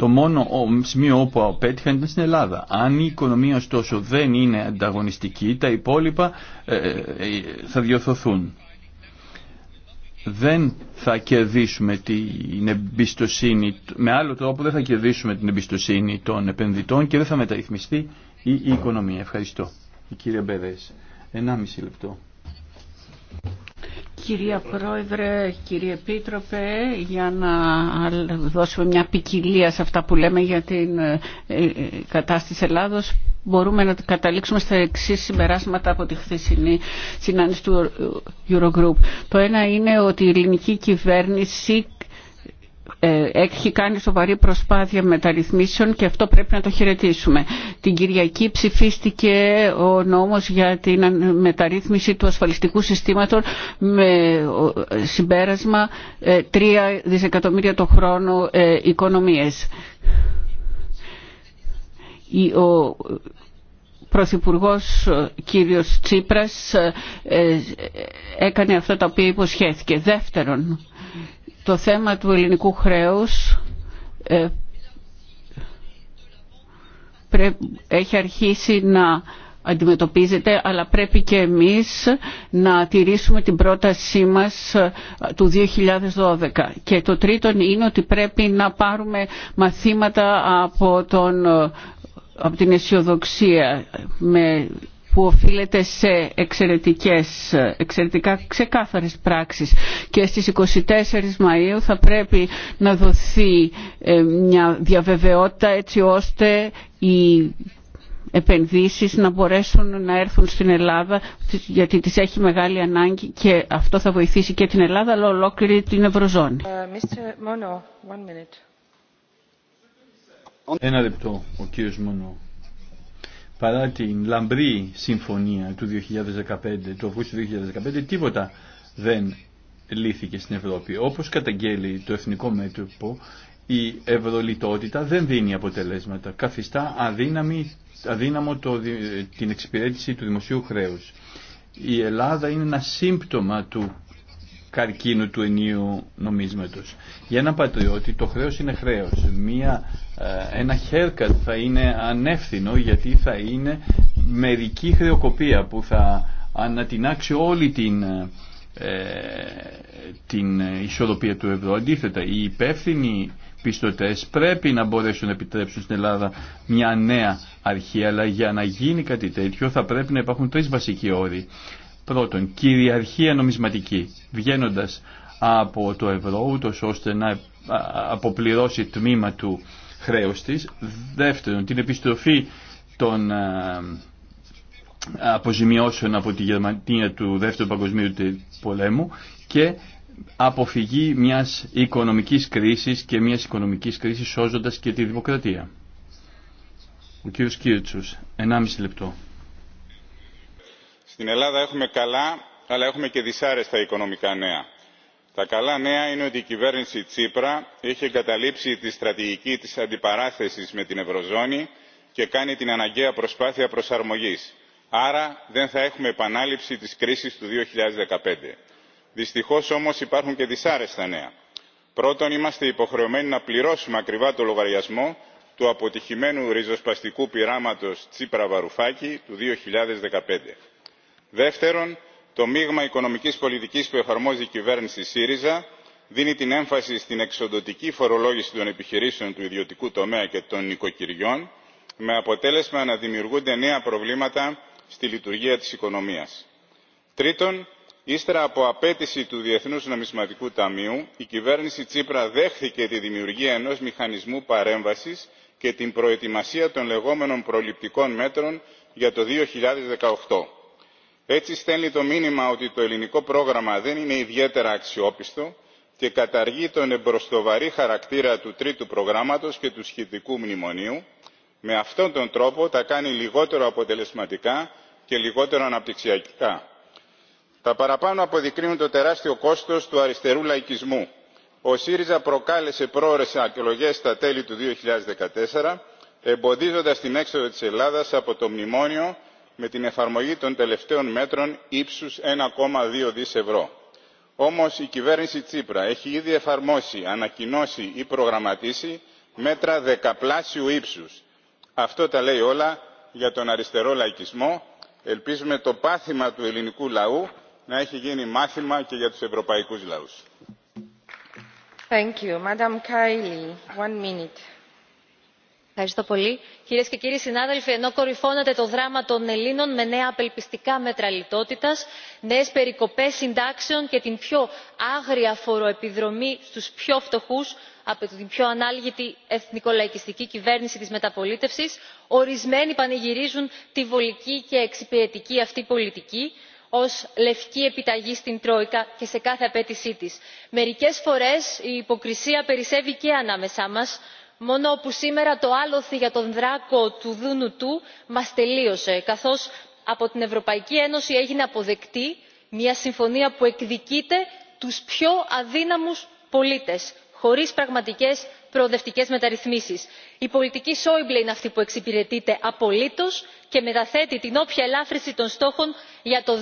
Το μόνο σημείο όπου απέτυχαν ήταν στην Ελλάδα. Αν η οικονομία ωστόσο δεν είναι ανταγωνιστική, τα υπόλοιπα ε, ε, θα διορθωθούν. Δεν θα κερδίσουμε την εμπιστοσύνη, με άλλο τρόπο δεν θα κερδίσουμε την εμπιστοσύνη των επενδυτών και δεν θα μεταρρυθμιστεί η οικονομία. Ευχαριστώ. Η Μπερές. 1,5 λεπτό. Κυρία Πρόεδρε, κύριε Επίτροπε, για να δώσουμε μια ποικιλία σε αυτά που λέμε για την ε, ε, κατάσταση Ελλάδος, μπορούμε να καταλήξουμε στα εξή συμπεράσματα από τη χθεσινή συνάντηση του Eurogroup. Το ένα είναι ότι η ελληνική κυβέρνηση ε, έχει κάνει σοβαρή προσπάθεια μεταρρυθμίσεων και αυτό πρέπει να το χαιρετήσουμε. Την Κυριακή ψηφίστηκε ο νόμος για την μεταρρύθμιση του ασφαλιστικού συστήματος με συμπέρασμα 3 ε, δισεκατομμύρια το χρόνο ε, οικονομίες. Ο Πρωθυπουργός κύριος Τσίπρας έκανε αυτά τα οποία υποσχέθηκε. Δεύτερον, το θέμα του ελληνικού χρέους ε, έχει αρχίσει να αντιμετωπίζεται αλλά πρέπει και εμείς να τηρήσουμε την πρότασή μας ε, του 2012. Και το τρίτο είναι ότι πρέπει να πάρουμε μαθήματα από, τον, ε, από την αισιοδοξία με που οφείλεται σε εξαιρετικές, εξαιρετικά ξεκάθαρες πράξεις και στις 24 Μαΐου θα πρέπει να δοθεί ε, μια διαβεβαιότητα έτσι ώστε οι επενδύσεις να μπορέσουν να έρθουν στην Ελλάδα γιατί τις έχει μεγάλη ανάγκη και αυτό θα βοηθήσει και την Ελλάδα αλλά ολόκληρη την Ευρωζώνη. Ε, Ένα λεπτό, ο κύριος Μονό παρά την λαμπρή συμφωνία του 2015, του Αυγούστου 2015, τίποτα δεν λύθηκε στην Ευρώπη. Όπως καταγγέλει το Εθνικό Μέτωπο, η ευρωλιτότητα δεν δίνει αποτελέσματα. Καθιστά αδύναμη, αδύναμο το, την εξυπηρέτηση του δημοσίου χρέους. Η Ελλάδα είναι ένα σύμπτωμα του καρκίνου του ενίου νομίσματος. Για ένα πατριώτη το χρέος είναι χρέος. Μία, ε, ένα haircut θα είναι ανεύθυνο γιατί θα είναι μερική χρεοκοπία που θα ανατινάξει όλη την, ε, την ισορροπία του ευρώ. Αντίθετα, οι υπεύθυνοι πιστωτές πρέπει να μπορέσουν να επιτρέψουν στην Ελλάδα μια νέα αρχή, αλλά για να γίνει κάτι τέτοιο θα πρέπει να υπάρχουν τρεις βασικοί όροι. Πρώτον, κυριαρχία νομισματική, βγαίνοντας από το ευρώ, ούτως ώστε να αποπληρώσει τμήμα του χρέους της. Δεύτερον, την επιστροφή των αποζημιώσεων από τη Γερμανία του Δεύτερου Παγκοσμίου Πολέμου και αποφυγή μιας οικονομικής κρίσης και μιας οικονομικής κρίσης σώζοντας και τη δημοκρατία. Ο κύριος Κίρτσος, 1,5 λεπτό στην ελλάδα έχουμε καλά αλλά έχουμε και δυσάρεστα οικονομικά νέα. τα καλά νέα είναι ότι η κυβέρνηση τσίπρα έχει εγκαταλείψει τη στρατηγική της αντιπαράθεσης με την ευρωζώνη και κάνει την αναγκαία προσπάθεια προσαρμογής. άρα δεν θα έχουμε επανάληψη της κρίσης του. 2015. δυστυχώς όμως υπάρχουν και δυσάρεστα νέα. πρώτον είμαστε υποχρεωμένοι να πληρώσουμε ακριβά το λογαριασμό του αποτυχημένου ριζοσπαστικού πειράματος τσίπρα βαρουφάκη του 2015 δεύτερον το μείγμα οικονομικής πολιτικής που εφαρμόζει η κυβέρνηση σύριζα δίνει την έμφαση στην εξοντοτική φορολόγηση των επιχειρήσεων του ιδιωτικού τομέα και των νοικοκυριών με αποτέλεσμα να δημιουργούνται νέα προβλήματα στη λειτουργία της οικονομίας. τρίτον ύστερα από απέτηση του διεθνούς νομισματικού ταμείου η κυβέρνηση τσίπρα δέχθηκε τη δημιουργία ενός μηχανισμού παρέμβασης και την προετοιμασία των λεγόμενων προληπτικών μέτρων για το. 2018 έτσι στέλνει το μήνυμα ότι το ελληνικό πρόγραμμα δεν είναι ιδιαίτερα αξιόπιστο και καταργεί τον εμπροστοβαρή χαρακτήρα του τρίτου προγράμματος και του σχετικού μνημονίου με αυτόν τον τρόπο τα κάνει λιγότερο αποτελεσματικά και λιγότερο αναπτυξιακά. τα παραπάνω αποδεικνύουν το τεράστιο κόστος του αριστερού λαϊκισμού. ο σύριζα προκάλεσε πρόορε εκλογές στα τέλη του 2014 εμποδίζοντα την έξοδο τη Ελλάδα από το μνημόνιο με την εφαρμογή των τελευταίων μέτρων ύψους 1,2 δις ευρώ. όμως η κυβέρνηση τσίπρα έχει ήδη εφαρμόσει ανακοινώσει ή προγραμματίσει μέτρα δεκαπλάσιου ύψους. αυτό τα λέει όλα για τον αριστερό λαϊκισμό. ελπίζουμε το πάθημα του ελληνικού λαού να έχει γίνει μάθημα και για τους ευρωπαϊκούς λαούς. Ευχαριστώ πολύ. Κυρίε και κύριοι συνάδελφοι, ενώ κορυφώνεται το δράμα των Ελλήνων με νέα απελπιστικά μέτρα λιτότητα, νέε περικοπέ συντάξεων και την πιο άγρια φοροεπιδρομή στου πιο φτωχού από την πιο ανάλγητη εθνικολαϊκιστική κυβέρνηση τη μεταπολίτευση, ορισμένοι πανηγυρίζουν τη βολική και εξυπηρετική αυτή πολιτική ως λευκή επιταγή στην τρόικα και σε κάθε απέτησή τη. μερικές φορές η υποκρισία περισσεύει και ανάμεσά μα μόνο που σήμερα το άλοθη για τον δράκο του δούνου του μας τελείωσε καθώς από την ευρωπαϊκή ένωση έγινε αποδεκτή μια συμφωνία που εκδικείται τους πιο αδύναμους πολίτες χωρίς πραγματικές προοδευτικές μεταρρυθμίσεις. η πολιτική σόιμπλε είναι αυτή που εξυπηρετείται απολύτως και μεταθέτει την όποια ελάφρυνση των στόχων για το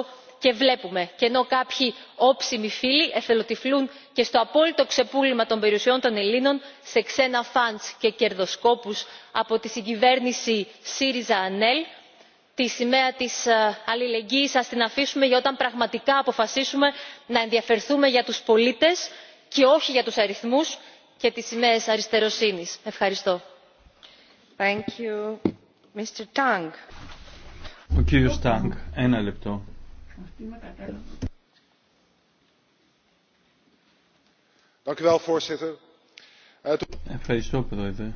2018 και βλέπουμε και ενώ κάποιοι όψιμοι φίλοι εθελοτυφλούν και στο απόλυτο ξεπούλημα των περιουσιών των ελλήνων σε ξένα φαντ και κερδοσκόπου από τη συγκυβέρνηση σύριζα ανέλ τη σημαία της ε, αλληλεγγύης ας την αφήσουμε για όταν πραγματικά αποφασίσουμε να ενδιαφερθούμε για τους πολίτες και όχι για του αριθμού και τις σημαίες αριστεροσύνης. ευχαριστώ. Eh, Ευχαριστώ, Πρόεδρε.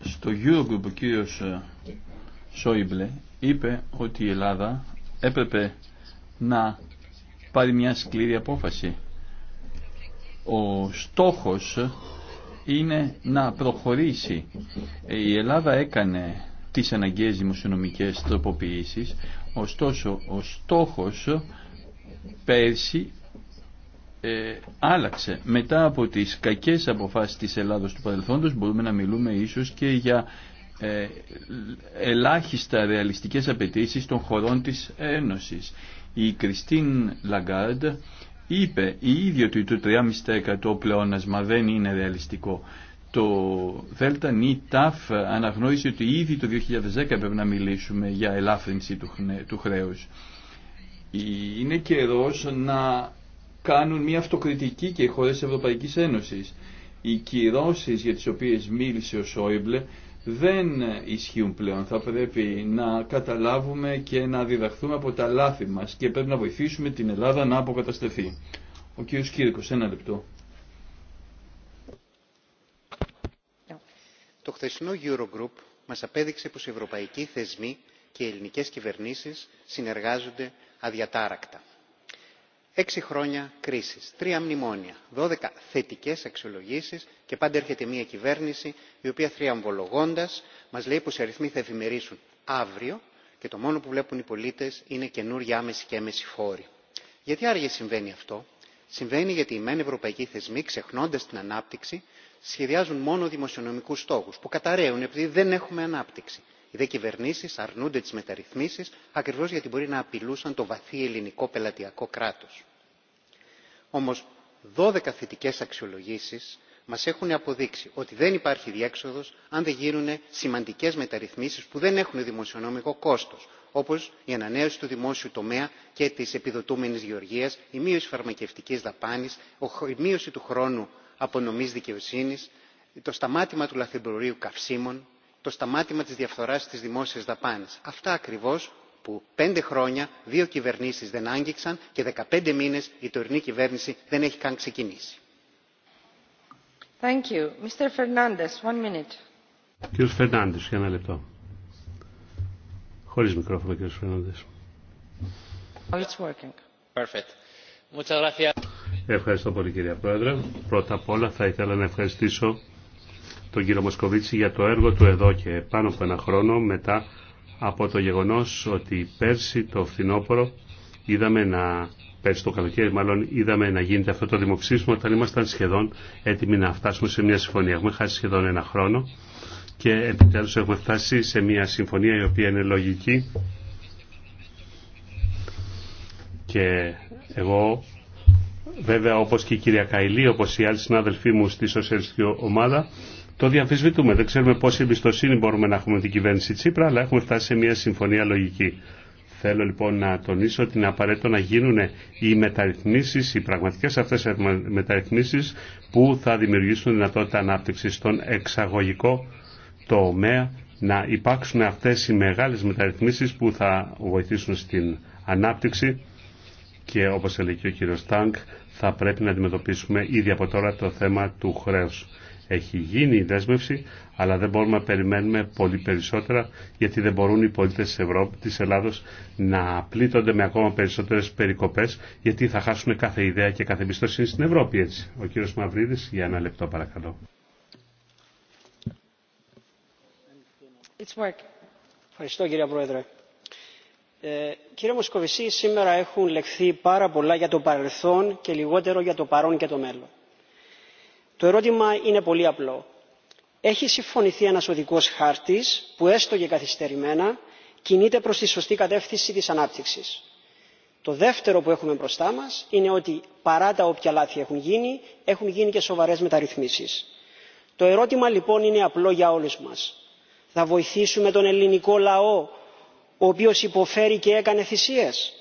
Στο Eurogroup ο κύριος ε, Σόιμπλε είπε ότι η Ελλάδα έπρεπε να πάρει μια σκληρή απόφαση. Ο στόχος είναι να προχωρήσει. Η Ελλάδα έκανε τις αναγκαίες δημοσιονομικές τροποποιήσεις, ωστόσο ο στόχος πέρσι ε, άλλαξε. Μετά από τις κακές αποφάσεις της Ελλάδος του παρελθόντος μπορούμε να μιλούμε ίσως και για ε, ελάχιστα ρεαλιστικές απαιτήσεις των χωρών της Ένωσης. Η Κριστίν Λαγκάρντ είπε η ίδια ότι το 3,5% πλεόνασμα δεν είναι ρεαλιστικό. Το Δέλτα Νι Ταφ αναγνώρισε ότι ήδη το 2010 πρέπει να μιλήσουμε για ελάφρυνση του χρέους. Είναι καιρός να κάνουν μια αυτοκριτική και οι χώρες Ευρωπαϊκής Ένωσης. Οι κυρώσεις για τις οποίες μίλησε ο Σόιμπλε δεν ισχύουν πλέον. Θα πρέπει να καταλάβουμε και να διδαχθούμε από τα λάθη μας και πρέπει να βοηθήσουμε την Ελλάδα να αποκατασταθεί. Ο κύριος Κύρικος, ένα λεπτό. Το χθεσινό Eurogroup μας απέδειξε πως οι ευρωπαϊκοί θεσμοί και οι ελληνικές κυβερνήσεις συνεργάζονται αδιατάρακτα. Έξι χρόνια κρίση, τρία μνημόνια, δώδεκα θετικέ αξιολογήσει και πάντα έρχεται μια κυβέρνηση η οποία θριαμβολογώντα μα λέει πω οι αριθμοί θα ευημερήσουν αύριο και το μόνο που βλέπουν οι πολίτε είναι καινούργια άμεση και έμεση φόρη. Γιατί άργια συμβαίνει αυτό. Συμβαίνει γιατί οι μεν ευρωπαϊκοί θεσμοί, ξεχνώντα την ανάπτυξη, σχεδιάζουν μόνο δημοσιονομικού στόχου που καταραίουν επειδή δεν έχουμε ανάπτυξη. Οι δε κυβερνήσει αρνούνται τι μεταρρυθμίσει ακριβώ γιατί μπορεί να απειλούσαν το βαθύ ελληνικό πελατειακό κράτο. Όμω, 12 θετικέ αξιολογήσει μα έχουν αποδείξει ότι δεν υπάρχει διέξοδο αν δεν γίνουν σημαντικέ μεταρρυθμίσει που δεν έχουν δημοσιονομικό κόστο, όπω η ανανέωση του δημόσιου τομέα και τη επιδοτούμενη γεωργία, η μείωση φαρμακευτική δαπάνη, η μείωση του χρόνου απονομή δικαιοσύνη, το σταμάτημα του λαθρεμπορίου καυσίμων το σταμάτημα της διαφθοράς στις δημόσιες δαπάνες. Αυτά ακριβώς που πέντε χρόνια δύο κυβερνήσεις δεν άγγιξαν και δεκαπέντε μήνες η τωρινή κυβέρνηση δεν έχει καν ξεκινήσει. Thank you. Mr. Fernandez, one minute. Κύριος Φερνάντες, για ένα λεπτό. Χωρίς μικρόφωνο, κύριος Φερνάντες. Oh, it's working. Perfect. Muchas gracias. Ευχαριστώ πολύ, κύριε Πρόεδρε. Πρώτα απ' όλα θα ήθελα να ευχαριστήσω τον κύριο Μοσκοβίτση για το έργο του εδώ και πάνω από ένα χρόνο μετά από το γεγονός ότι πέρσι το φθινόπωρο είδαμε να πέρσι το καλοκαίρι μάλλον είδαμε να γίνεται αυτό το δημοψήφισμα όταν ήμασταν σχεδόν έτοιμοι να φτάσουμε σε μια συμφωνία. Έχουμε χάσει σχεδόν ένα χρόνο και επιτέλους έχουμε φτάσει σε μια συμφωνία η οποία είναι λογική και εγώ βέβαια όπως και η κυρία Καηλή, όπως οι άλλοι συνάδελφοί μου στη σοσιαλιστική ομάδα το διαμφισβητούμε. Δεν ξέρουμε πόση εμπιστοσύνη μπορούμε να έχουμε την κυβέρνηση Τσίπρα, αλλά έχουμε φτάσει σε μια συμφωνία λογική. Θέλω λοιπόν να τονίσω ότι είναι απαραίτητο να γίνουν οι μεταρρυθμίσει, οι πραγματικέ αυτέ μεταρρυθμίσει που θα δημιουργήσουν δυνατότητα ανάπτυξη στον εξαγωγικό τομέα, να υπάρξουν αυτέ οι μεγάλε μεταρρυθμίσει που θα βοηθήσουν στην ανάπτυξη και όπω έλεγε και ο κύριο Τάγκ θα πρέπει να αντιμετωπίσουμε ήδη από τώρα το θέμα του χρέου. Έχει γίνει η δέσμευση, αλλά δεν μπορούμε να περιμένουμε πολύ περισσότερα, γιατί δεν μπορούν οι πολίτε τη Ευρώπης, της Ελλάδος να πλήττονται με ακόμα περισσότερε περικοπέ, γιατί θα χάσουν κάθε ιδέα και κάθε εμπιστοσύνη στην Ευρώπη έτσι. Ο κύριος Μαυρίδη, για ένα λεπτό παρακαλώ. Ευχαριστώ κύριε Πρόεδρε. Ε, κύριε Μοσκοβισή, σήμερα έχουν λεχθεί πάρα πολλά για το παρελθόν και λιγότερο για το παρόν και το μέλλον το ερώτημα είναι πολύ απλό έχει συμφωνηθεί ένας οδικός χάρτης που έστω και καθυστερημένα κινείται προς τη σωστή κατεύθυνση της ανάπτυξης. το δεύτερο που έχουμε μπροστά μας είναι ότι παρά τα όποια λάθη έχουν γίνει έχουν γίνει και σοβαρές μεταρρυθμίσεις. το ερώτημα λοιπόν είναι απλό για όλους μας θα βοηθήσουμε τον ελληνικό λαό ο οποίος υποφέρει και έκανε θυσίες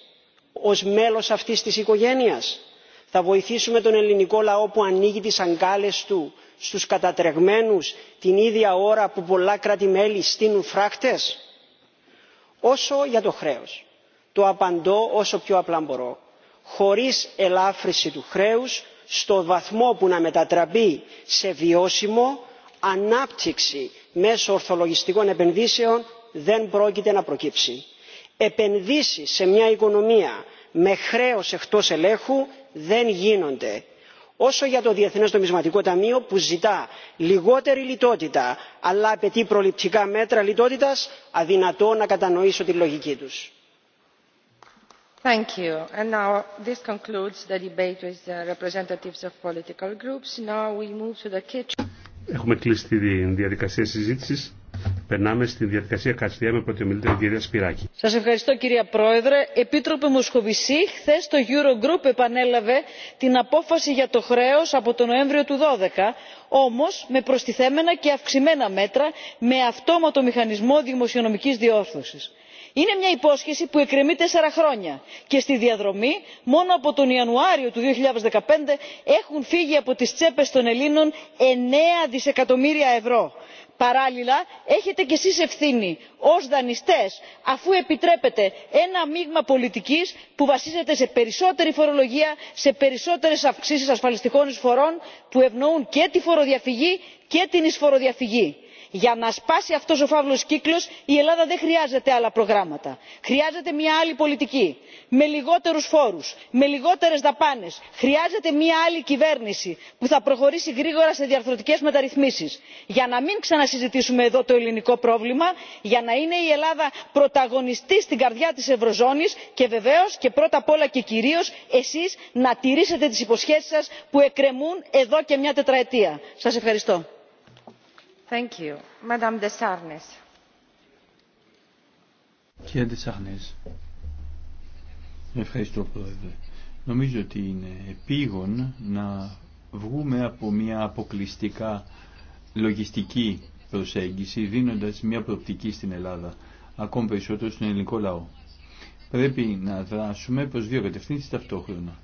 ως μέλος αυτής της οικογένειας; θα βοηθήσουμε τον ελληνικό λαό που ανοίγει τις αγκάλες του στους κατατρεγμένους την ίδια ώρα που πολλά κράτη μέλη στείνουν φράχτες. όσο για το χρέος το απαντώ όσο πιο απλά μπορώ χωρίς ελάφρυση του χρέους στο βαθμό που να μετατραπεί σε βιώσιμο ανάπτυξη μέσω ορθολογιστικών επενδύσεων δεν πρόκειται να προκύψει. επενδύσεις σε μια οικονομία με χρέος εκτός ελέγχου δεν γίνονται. όσο για το διεθνές νομισματικό ταμείο που ζητά λιγότερη λιτότητα αλλά απαιτεί προληπτικά μέτρα λιτότητας αδυνατό να κατανοήσω τη λογική τους. Thank you. And now this concludes the debate with the representatives of political groups. Now we move to the kitchen. Έχουμε κλείσει τη διαδικασία συζήτησης. Περνάμε στην διαδικασία καστία με πρώτη την κυρία Σπυράκη. Σα ευχαριστώ κυρία Πρόεδρε. Επίτροπε Μοσχοβησή, χθε το Eurogroup επανέλαβε την απόφαση για το χρέο από τον Νοέμβριο του 2012, όμω, με προστιθέμενα και αυξημένα μέτρα με αυτόματο μηχανισμό δημοσιονομική διόρθωση. είναι μια υπόσχεση που εκκρεμεί τέσσερα χρόνια και στη διαδρομή μόνο από τον ιανουάριο του 2015 έχουν φύγει από τις τσέπες των ελλήνων 9 δισεκατομμύρια ευρώ παράλληλα έχετε κι εσείς ευθύνη ως δανειστές αφού επιτρέπετε ένα μείγμα πολιτικής που βασίζεται σε περισσότερη φορολογία σε περισσότερες αυξήσεις ασφαλιστικών εισφορών που ευνοούν και τη φοροδιαφυγή και την εισφοροδιαφυγή για να σπάσει αυτός ο φαύλος κύκλος η ελλάδα δεν χρειάζεται άλλα προγράμματα χρειάζεται μια άλλη πολιτική με λιγότερους φόρους με λιγότερες δαπάνες χρειάζεται μια άλλη κυβέρνηση που θα προχωρήσει γρήγορα σε διαρθρωτικές μεταρρυθμίσεις για να μην ξανασυζητήσουμε εδώ το ελληνικό πρόβλημα για να είναι η ελλάδα πρωταγωνιστής στην καρδιά της ευρωζώνης και βεβαίως και πρώτα απ' όλα και κυρίως εσείς να τηρήσετε τις υποσχέσεις σας που εκκρεμούν εδώ και μια τετραετία. σας ευχαριστώ ευχαριστώ πρόεδρε. Νομίζω ότι είναι επίγον να βγούμε από μια αποκλειστικά λογιστική προσέγγιση δίνοντας μια προοπτική στην Ελλάδα, ακόμη περισσότερο στον ελληνικό λαό. Πρέπει να δράσουμε προς δύο κατευθύνσεις ταυτόχρονα.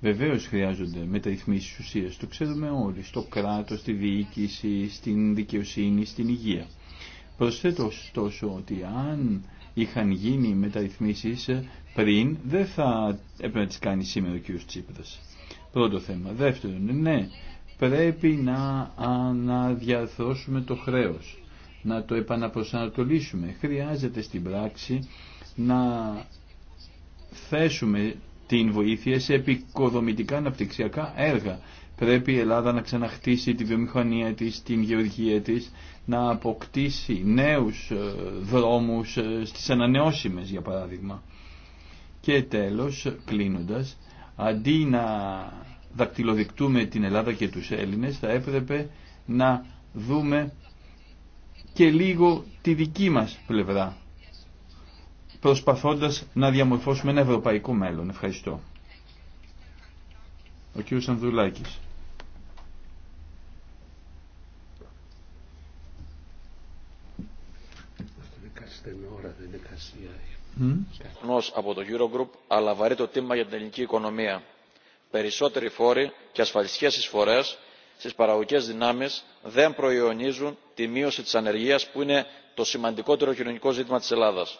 Βεβαίω χρειάζονται μεταρρυθμίσει ουσία το ξέρουμε όλοι, στο κράτο, στη διοίκηση, στην δικαιοσύνη, στην υγεία. Προσθέτω ωστόσο ότι αν είχαν γίνει μεταρρυθμίσει πριν, δεν θα έπρεπε να τι κάνει σήμερα ο κ. Τσίπρα. Πρώτο θέμα. Δεύτερον, ναι, πρέπει να αναδιαρθρώσουμε το χρέος, να το επαναπροσανατολίσουμε. Χρειάζεται στην πράξη να θέσουμε την βοήθεια σε επικοδομητικά αναπτυξιακά έργα. Πρέπει η Ελλάδα να ξαναχτίσει τη βιομηχανία της, την γεωργία της, να αποκτήσει νέους ε, δρόμους ε, στις ανανεώσιμες για παράδειγμα. Και τέλος, κλείνοντας, αντί να δακτυλοδεικτούμε την Ελλάδα και τους Έλληνες, θα έπρεπε να δούμε και λίγο τη δική μας πλευρά προσπαθώντας να διαμορφώσουμε ένα ευρωπαϊκό μέλλον. Ευχαριστώ. Ο κύριος Ανδρουλάκης. Καθώς από το Eurogroup, αλλά βαρύ το τίμημα για την ελληνική οικονομία. Περισσότεροι φόροι και ασφαλιστικές εισφορές στις παραγωγικές δυνάμεις δεν προϊονίζουν τη μείωση της ανεργίας που είναι το σημαντικότερο κοινωνικό ζήτημα της Ελλάδας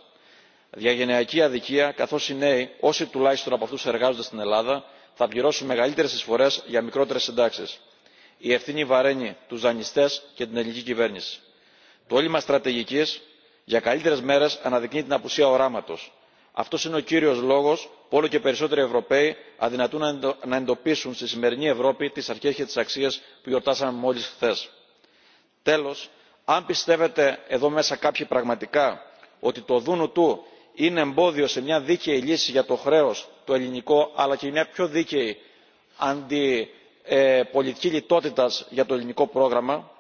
διαγενειακή αδικία καθώς οι νέοι όσοι τουλάχιστον από αυτούς εργάζονται στην ελλάδα θα πληρώσουν μεγαλύτερες εισφορές για μικρότερες συντάξεις. η ευθύνη βαραίνει του δανειστές και την ελληνική κυβέρνηση. το όλημα στρατηγικής για καλύτερες μέρες αναδεικνύει την απουσία οράματος. αυτό είναι ο κύριος λόγος που όλο και περισσότεροι ευρωπαίοι αδυνατούν να εντοπίσουν στη σημερινή ευρώπη τις αρχές και τις αξίες που γιορτάσαμε μόλις χθε. τέλος αν πιστεύετε εδώ μέσα κάποιοι πραγματικά ότι το δούνου του είναι εμπόδιο σε μια δίκαιη λύση για το χρέο το ελληνικό αλλά και μια πιο δίκαιη αντιπολιτική λιτότητα για το ελληνικό πρόγραμμα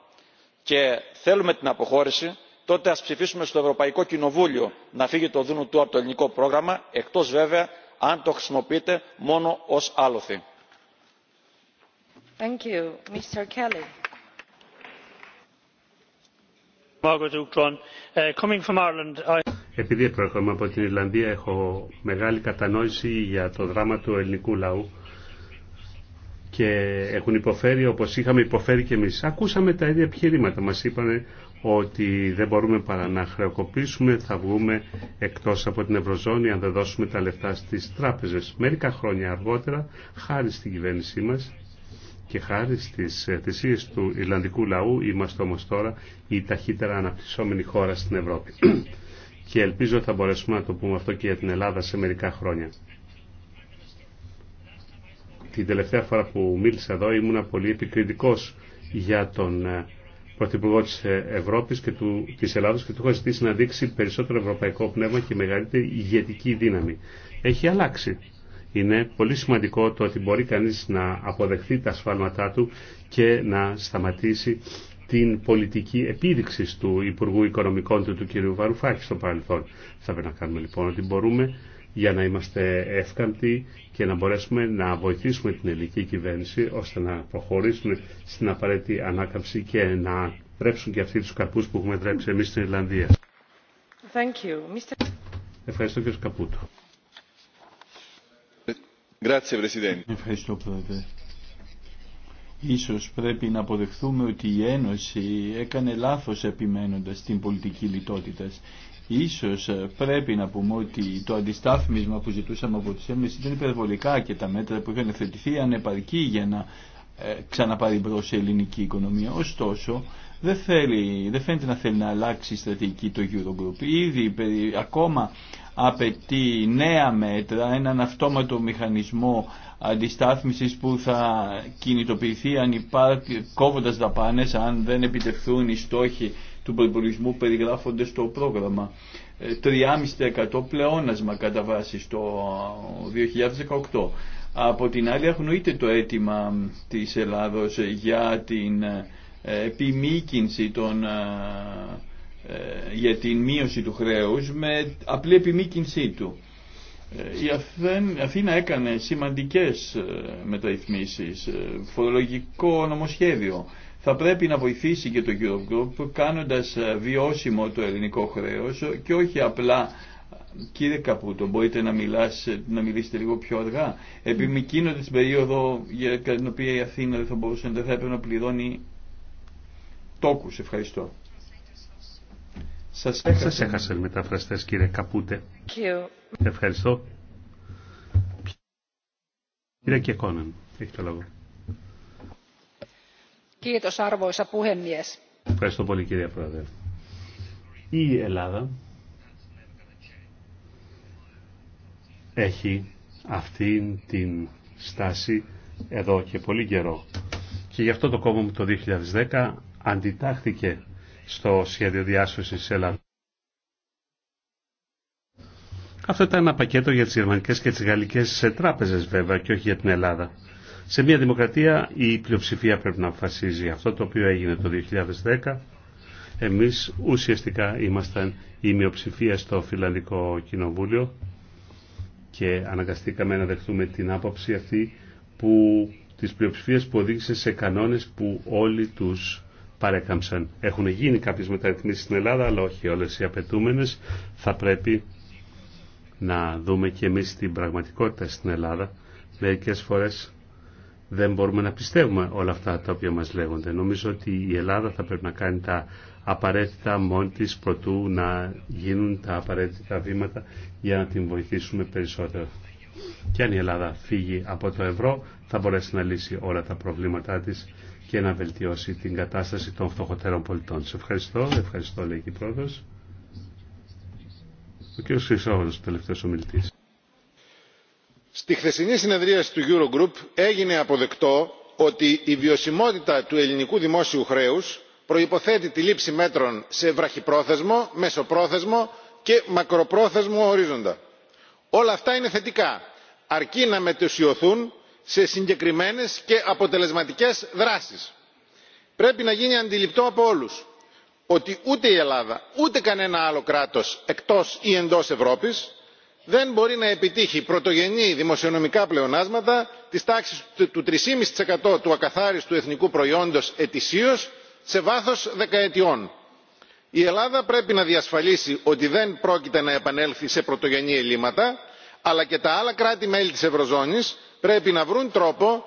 και θέλουμε την αποχώρηση τότε α ψηφίσουμε στο ευρωπαϊκό κοινοβούλιο να φύγει το δούνου του από το ελληνικό πρόγραμμα εκτό βέβαια αν το χρησιμοποιείτε μόνο ω άλοθη. Επειδή προέρχομαι από την Ιρλανδία, έχω μεγάλη κατανόηση για το δράμα του ελληνικού λαού και έχουν υποφέρει όπως είχαμε υποφέρει και εμείς. Ακούσαμε τα ίδια επιχειρήματα. Μας είπαν ότι δεν μπορούμε παρά να χρεοκοπήσουμε, θα βγούμε εκτός από την Ευρωζώνη αν δεν δώσουμε τα λεφτά στις τράπεζες. Μερικά χρόνια αργότερα, χάρη στην κυβέρνησή μας και χάρη στις θυσίες του Ιρλανδικού λαού, είμαστε όμως τώρα η ταχύτερα αναπτυσσόμενη χώρα στην Ευρώπη και ελπίζω θα μπορέσουμε να το πούμε αυτό και για την Ελλάδα σε μερικά χρόνια. Την τελευταία φορά που μίλησα εδώ ήμουνα πολύ επικριτικός για τον ε, Πρωθυπουργό της ε, Ευρώπης και του, της Ελλάδος και του έχω ζητήσει να δείξει περισσότερο ευρωπαϊκό πνεύμα και μεγαλύτερη ηγετική δύναμη. Έχει αλλάξει. Είναι πολύ σημαντικό το ότι μπορεί κανείς να αποδεχθεί τα ασφάλματά του και να σταματήσει την πολιτική επίδειξη του Υπουργού Οικονομικών του, του κ. Βαρουφάκη στο παρελθόν. Θα πρέπει να κάνουμε λοιπόν ό,τι μπορούμε για να είμαστε εύκαμπτοι και να μπορέσουμε να βοηθήσουμε την ελληνική κυβέρνηση ώστε να προχωρήσουμε στην απαραίτητη ανάκαμψη και να τρέψουν και αυτοί τους καρπούς που έχουμε τρέψει εμείς στην Ιρλανδία. Thank you. Mr. Ευχαριστώ κ. πρόεδρε. Ίσως πρέπει να αποδεχθούμε ότι η Ένωση έκανε λάθος επιμένοντας την πολιτική λιτότητας. Ίσως ε, πρέπει να πούμε ότι το αντιστάθμισμα που ζητούσαμε από τις Ένωσες ήταν υπερβολικά και τα μέτρα που είχαν θετηθεί ανεπαρκή για να ε, ξαναπάρει μπρο η ελληνική οικονομία. Ωστόσο, δεν, θέλει, δεν φαίνεται να θέλει να αλλάξει η στρατηγική το Eurogroup. Ήδη ακόμα απαιτεί νέα μέτρα, έναν αυτόματο μηχανισμό αντιστάθμισης που θα κινητοποιηθεί αν υπάρχει, κόβοντας δαπάνες, αν δεν επιτευχθούν οι στόχοι του προπολογισμού που περιγράφονται στο πρόγραμμα. 3,5% ε, πλεόνασμα κατά βάση στο 2018. Ε, από την άλλη αγνοείται το αίτημα της Ελλάδος για την ε, επιμήκυνση των ε, ε, για την μείωση του χρέους με απλή επιμήκυνσή του. Η Αθήνα έκανε σημαντικές μεταρρυθμίσεις, φορολογικό νομοσχέδιο. Θα πρέπει να βοηθήσει και το Eurogroup κάνοντας βιώσιμο το ελληνικό χρέος και όχι απλά Κύριε Καπούτο, μπορείτε να, μιλάς, να μιλήσετε λίγο πιο αργά. εκείνο mm. την περίοδο για την οποία η Αθήνα δεν θα, μπορούσε, δεν θα έπρεπε να πληρώνει τόκους. Ευχαριστώ. Σας έχασα. Σας έχασα μεταφραστές κύριε Καπούτε. Ευχαριστώ. Κύριε Κεκόνεν, έχει το λόγο. Ευχαριστώ πολύ κύριε Πρόεδρε. Η Ελλάδα έχει αυτή την στάση εδώ και πολύ καιρό. Και γι' αυτό το κόμμα μου το 2010 αντιτάχθηκε στο σχέδιο διάσωσης της Ελλάδας. Αυτό ήταν ένα πακέτο για τις γερμανικές και τις γαλλικές τράπεζες βέβαια και όχι για την Ελλάδα. Σε μια δημοκρατία η πλειοψηφία πρέπει να αποφασίζει αυτό το οποίο έγινε το 2010. Εμείς ουσιαστικά ήμασταν η μειοψηφία στο Φιλανδικό Κοινοβούλιο και αναγκαστήκαμε να δεχτούμε την άποψη αυτή που, τις πλειοψηφίας που οδήγησε σε κανόνες που όλοι τους παρέκαμψαν. Έχουν γίνει κάποιες μεταρρυθμίσεις στην Ελλάδα, αλλά όχι όλες οι απαιτούμενε. Θα πρέπει να δούμε και εμείς την πραγματικότητα στην Ελλάδα. Μερικές φορές δεν μπορούμε να πιστεύουμε όλα αυτά τα οποία μας λέγονται. Νομίζω ότι η Ελλάδα θα πρέπει να κάνει τα απαραίτητα μόνη της προτού να γίνουν τα απαραίτητα βήματα για να την βοηθήσουμε περισσότερο. Και αν η Ελλάδα φύγει από το ευρώ θα μπορέσει να λύσει όλα τα προβλήματά της και να βελτιώσει την κατάσταση των φτωχότερων πολιτών. Σε ευχαριστώ, ευχαριστώ λέει και η πρόεδρος. Ο κ. Χρυσόγονος, τελευταίος ομιλητής. Στη χθεσινή συνεδρίαση του Eurogroup έγινε αποδεκτό ότι η βιωσιμότητα του ελληνικού δημόσιου χρέους προϋποθέτει τη λήψη μέτρων σε βραχυπρόθεσμο μεσοπρόθεσμο και μακροπρόθεσμο ορίζοντα. όλα αυτά είναι θετικά αρκεί να μετουσιωθούν σε συγκεκριμένες και αποτελεσματικές δράσεις. πρέπει να γίνει αντιληπτό από όλους ότι ούτε η ελλάδα ούτε κανένα άλλο κράτος εκτός ή εντός ευρώπης δεν μπορεί να επιτύχει πρωτογενή δημοσιονομικά πλεονάσματα της τάξης του 3,5% του ακαθάριστου εθνικού προϊόντος ετησίως σε βάθος δεκαετιών. η ελλάδα πρέπει να διασφαλίσει ότι δεν πρόκειται να επανέλθει σε πρωτογενή ελλείμματα αλλά και τα άλλα κράτη μέλη της ευρωζώνης πρέπει να βρουν τρόπο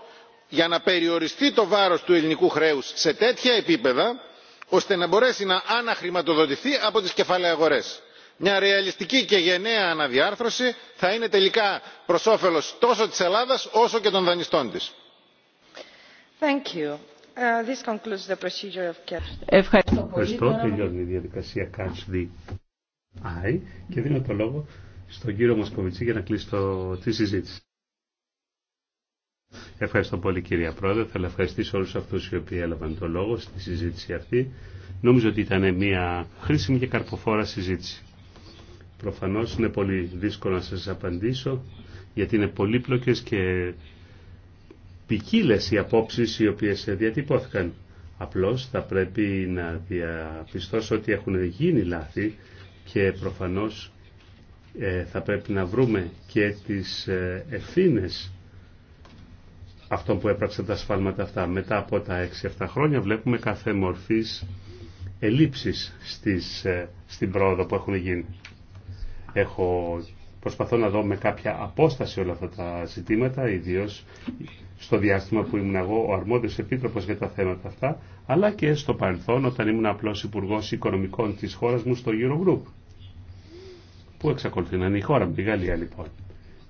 για να περιοριστεί το βάρος του ελληνικού χρέους σε τέτοια επίπεδα ώστε να μπορέσει να αναχρηματοδοτηθεί από τις κεφαλαίες αγορές. μια ρεαλιστική και γενναία αναδιάρθρωση θα είναι τελικά προς όφελος τόσο της ελλάδας όσο και των δανειστών της. Uh, Ευχαριστώ πολύ. Ευχαριστώ. Τελειώνει διαδικασία Catch the Eye και δίνω το λόγο στον κύριο Μοσκοβιτσί για να κλείσει το, τη συζήτηση. Ευχαριστώ πολύ κυρία Πρόεδρε. Θέλω ευχαριστήσω όλους αυτούς οι οποίοι έλαβαν το λόγο στη συζήτηση αυτή. Νομίζω ότι ήταν μια χρήσιμη και καρποφόρα συζήτηση. Προφανώς είναι πολύ δύσκολο να σας απαντήσω γιατί είναι πολύπλοκες και ποικίλε οι απόψει οι οποίε διατυπώθηκαν. Απλώς θα πρέπει να διαπιστώσω ότι έχουν γίνει λάθη και προφανώς ε, θα πρέπει να βρούμε και τις ε, ευθύνε αυτών που έπραξαν τα σφάλματα αυτά. Μετά από τα 6-7 χρόνια βλέπουμε κάθε μορφή ελλείψεις ε, στην πρόοδο που έχουν γίνει. Έχω, προσπαθώ να δω με κάποια απόσταση όλα αυτά τα ζητήματα, ιδίως στο διάστημα που ήμουν εγώ ο αρμόδιος επίτροπος για τα θέματα αυτά, αλλά και στο παρελθόν όταν ήμουν απλός υπουργό οικονομικών της χώρας μου στο Eurogroup, που εξακολουθεί να είναι η χώρα μου, η Γαλλία λοιπόν.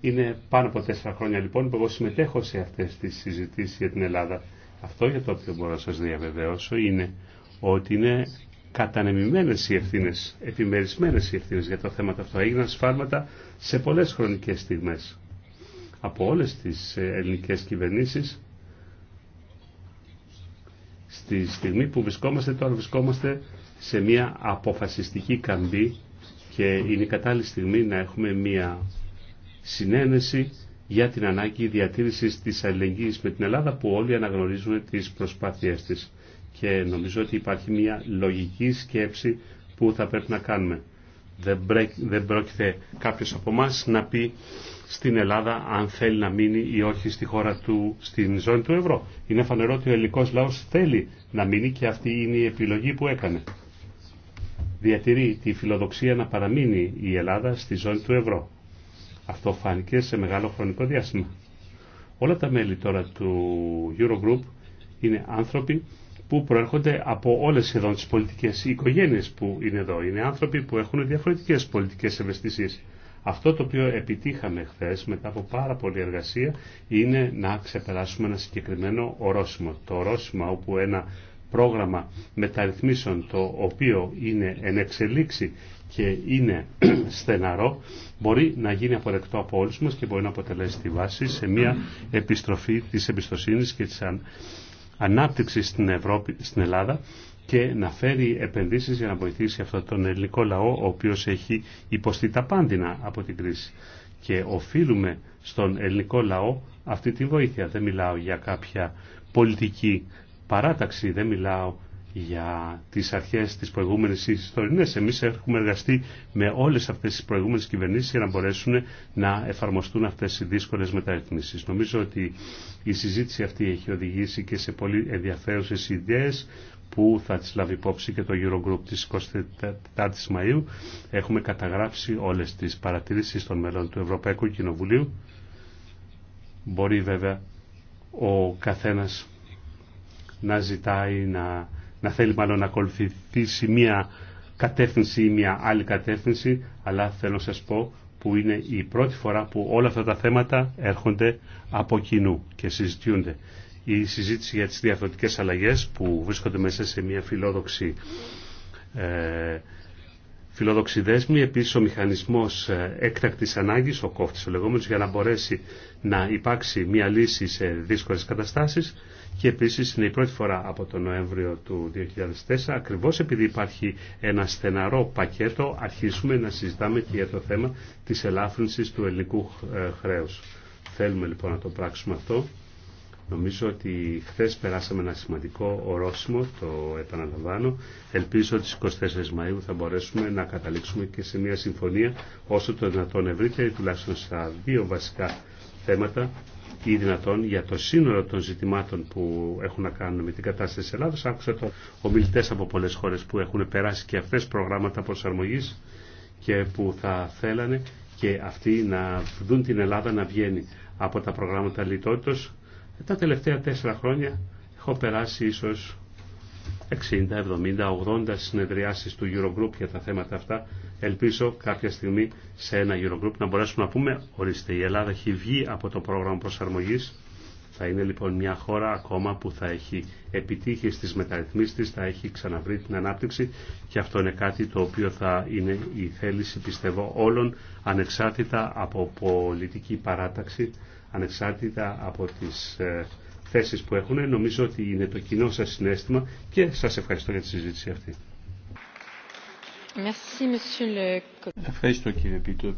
Είναι πάνω από τέσσερα χρόνια λοιπόν που εγώ συμμετέχω σε αυτές τις συζητήσεις για την Ελλάδα. Αυτό για το οποίο μπορώ να σας διαβεβαιώσω είναι ότι είναι κατανεμημένες οι ευθύνες, επιμερισμένες οι ευθύνες για τα θέματα αυτά. Έγιναν σφάλματα σε πολλές χρονικές στιγμές από όλες τις ε, ελληνικές κυβερνήσεις στη στιγμή που βρισκόμαστε τώρα βρισκόμαστε σε μια αποφασιστική καμπή και είναι η κατάλληλη στιγμή να έχουμε μια συνένεση για την ανάγκη διατήρησης της αλληλεγγύης με την Ελλάδα που όλοι αναγνωρίζουν τις προσπάθειές της. Και νομίζω ότι υπάρχει μια λογική σκέψη που θα πρέπει να κάνουμε. Δεν, πρόκειται κάποιος από εμά να πει στην Ελλάδα αν θέλει να μείνει ή όχι στη χώρα του, στην ζώνη του ευρώ. Είναι φανερό ότι ο ελληνικός λαός θέλει να μείνει και αυτή είναι η επιλογή που έκανε. Διατηρεί τη φιλοδοξία να παραμείνει η Ελλάδα στη ζώνη του ευρώ. Αυτό φάνηκε σε μεγάλο χρονικό διάστημα. Όλα τα μέλη τώρα του Eurogroup είναι άνθρωποι που προέρχονται από όλες σχεδόν τις πολιτικές οικογένειες που είναι εδώ. Είναι άνθρωποι που έχουν διαφορετικές πολιτικές ευαισθησίες. Αυτό το οποίο επιτύχαμε χθε μετά από πάρα πολλή εργασία είναι να ξεπεράσουμε ένα συγκεκριμένο ορόσημο. Το ορόσημο όπου ένα πρόγραμμα μεταρρυθμίσεων το οποίο είναι εν εξελίξη και είναι στεναρό μπορεί να γίνει αποδεκτό από όλους μας και μπορεί να αποτελέσει τη βάση σε μια επιστροφή της εμπιστοσύνης και της ανάπτυξης στην, Ευρώπη, στην Ελλάδα και να φέρει επενδύσεις για να βοηθήσει αυτόν τον ελληνικό λαό ο οποίος έχει υποστεί τα πάντινα από την κρίση. Και οφείλουμε στον ελληνικό λαό αυτή τη βοήθεια. Δεν μιλάω για κάποια πολιτική παράταξη, δεν μιλάω για τις αρχές της προηγούμενης ιστορίας. Εμείς έχουμε εργαστεί με όλες αυτές τις προηγούμενες κυβερνήσεις για να μπορέσουν να εφαρμοστούν αυτές οι δύσκολες μεταρρυθμίσεις. Νομίζω ότι η συζήτηση αυτή έχει οδηγήσει και σε πολύ ενδιαφέρουσες ιδέες που θα τις λάβει υπόψη και το Eurogroup της 24ης Μαΐου. Έχουμε καταγράψει όλες τις παρατηρήσεις των μελών του Ευρωπαϊκού Κοινοβουλίου. Μπορεί βέβαια ο καθένας να ζητάει, να, να θέλει μάλλον να ακολουθήσει μία κατεύθυνση ή μία άλλη κατεύθυνση, αλλά θέλω να σας πω που είναι η πρώτη φορά που όλα αυτά τα θέματα έρχονται από κοινού και συζητιούνται η συζήτηση για τις διαφορετικές αλλαγές που βρίσκονται μέσα σε μια φιλόδοξη ε, φιλόδοξη δέσμη, επίσης ο μηχανισμός ε, έκτακτης ανάγκης, ο κόφτης ο λεγόμενος, για να μπορέσει να υπάρξει μια λύση σε δύσκολες καταστάσεις και επίσης είναι η πρώτη φορά από τον Νοέμβριο του 2004, ακριβώς επειδή υπάρχει ένα στεναρό πακέτο, αρχίσουμε να συζητάμε και για το θέμα της ελάφρυνσης του ελληνικού ε, χρέους. Θέλουμε λοιπόν να το πράξουμε αυτό Νομίζω ότι χθε περάσαμε ένα σημαντικό ορόσημο, το επαναλαμβάνω. Ελπίζω ότι στις 24 Μαΐου θα μπορέσουμε να καταλήξουμε και σε μια συμφωνία όσο το δυνατόν ευρύτερη, τουλάχιστον στα δύο βασικά θέματα ή δυνατόν για το σύνολο των ζητημάτων που έχουν να κάνουν με την κατάσταση της Ελλάδας. Άκουσα το ομιλητές από πολλές χώρες που έχουν περάσει και αυτές προγράμματα προσαρμογής και που θα θέλανε και αυτοί να δουν την Ελλάδα να βγαίνει από τα προγράμματα λιτότητος ε, τα τελευταία τέσσερα χρόνια έχω περάσει ίσως 60, 70, 80 συνεδριάσεις του Eurogroup για τα θέματα αυτά. Ελπίζω κάποια στιγμή σε ένα Eurogroup να μπορέσουμε να πούμε ορίστε η Ελλάδα έχει βγει από το πρόγραμμα προσαρμογής. Θα είναι λοιπόν μια χώρα ακόμα που θα έχει επιτύχει στις μεταρρυθμίσεις της, θα έχει ξαναβρει την ανάπτυξη και αυτό είναι κάτι το οποίο θα είναι η θέληση πιστεύω όλων ανεξάρτητα από πολιτική παράταξη ανεξάρτητα από τις ε, θέσεις που έχουν. Νομίζω ότι είναι το κοινό σας συνέστημα και σας ευχαριστώ για τη συζήτηση αυτή. Ευχαριστώ κύριε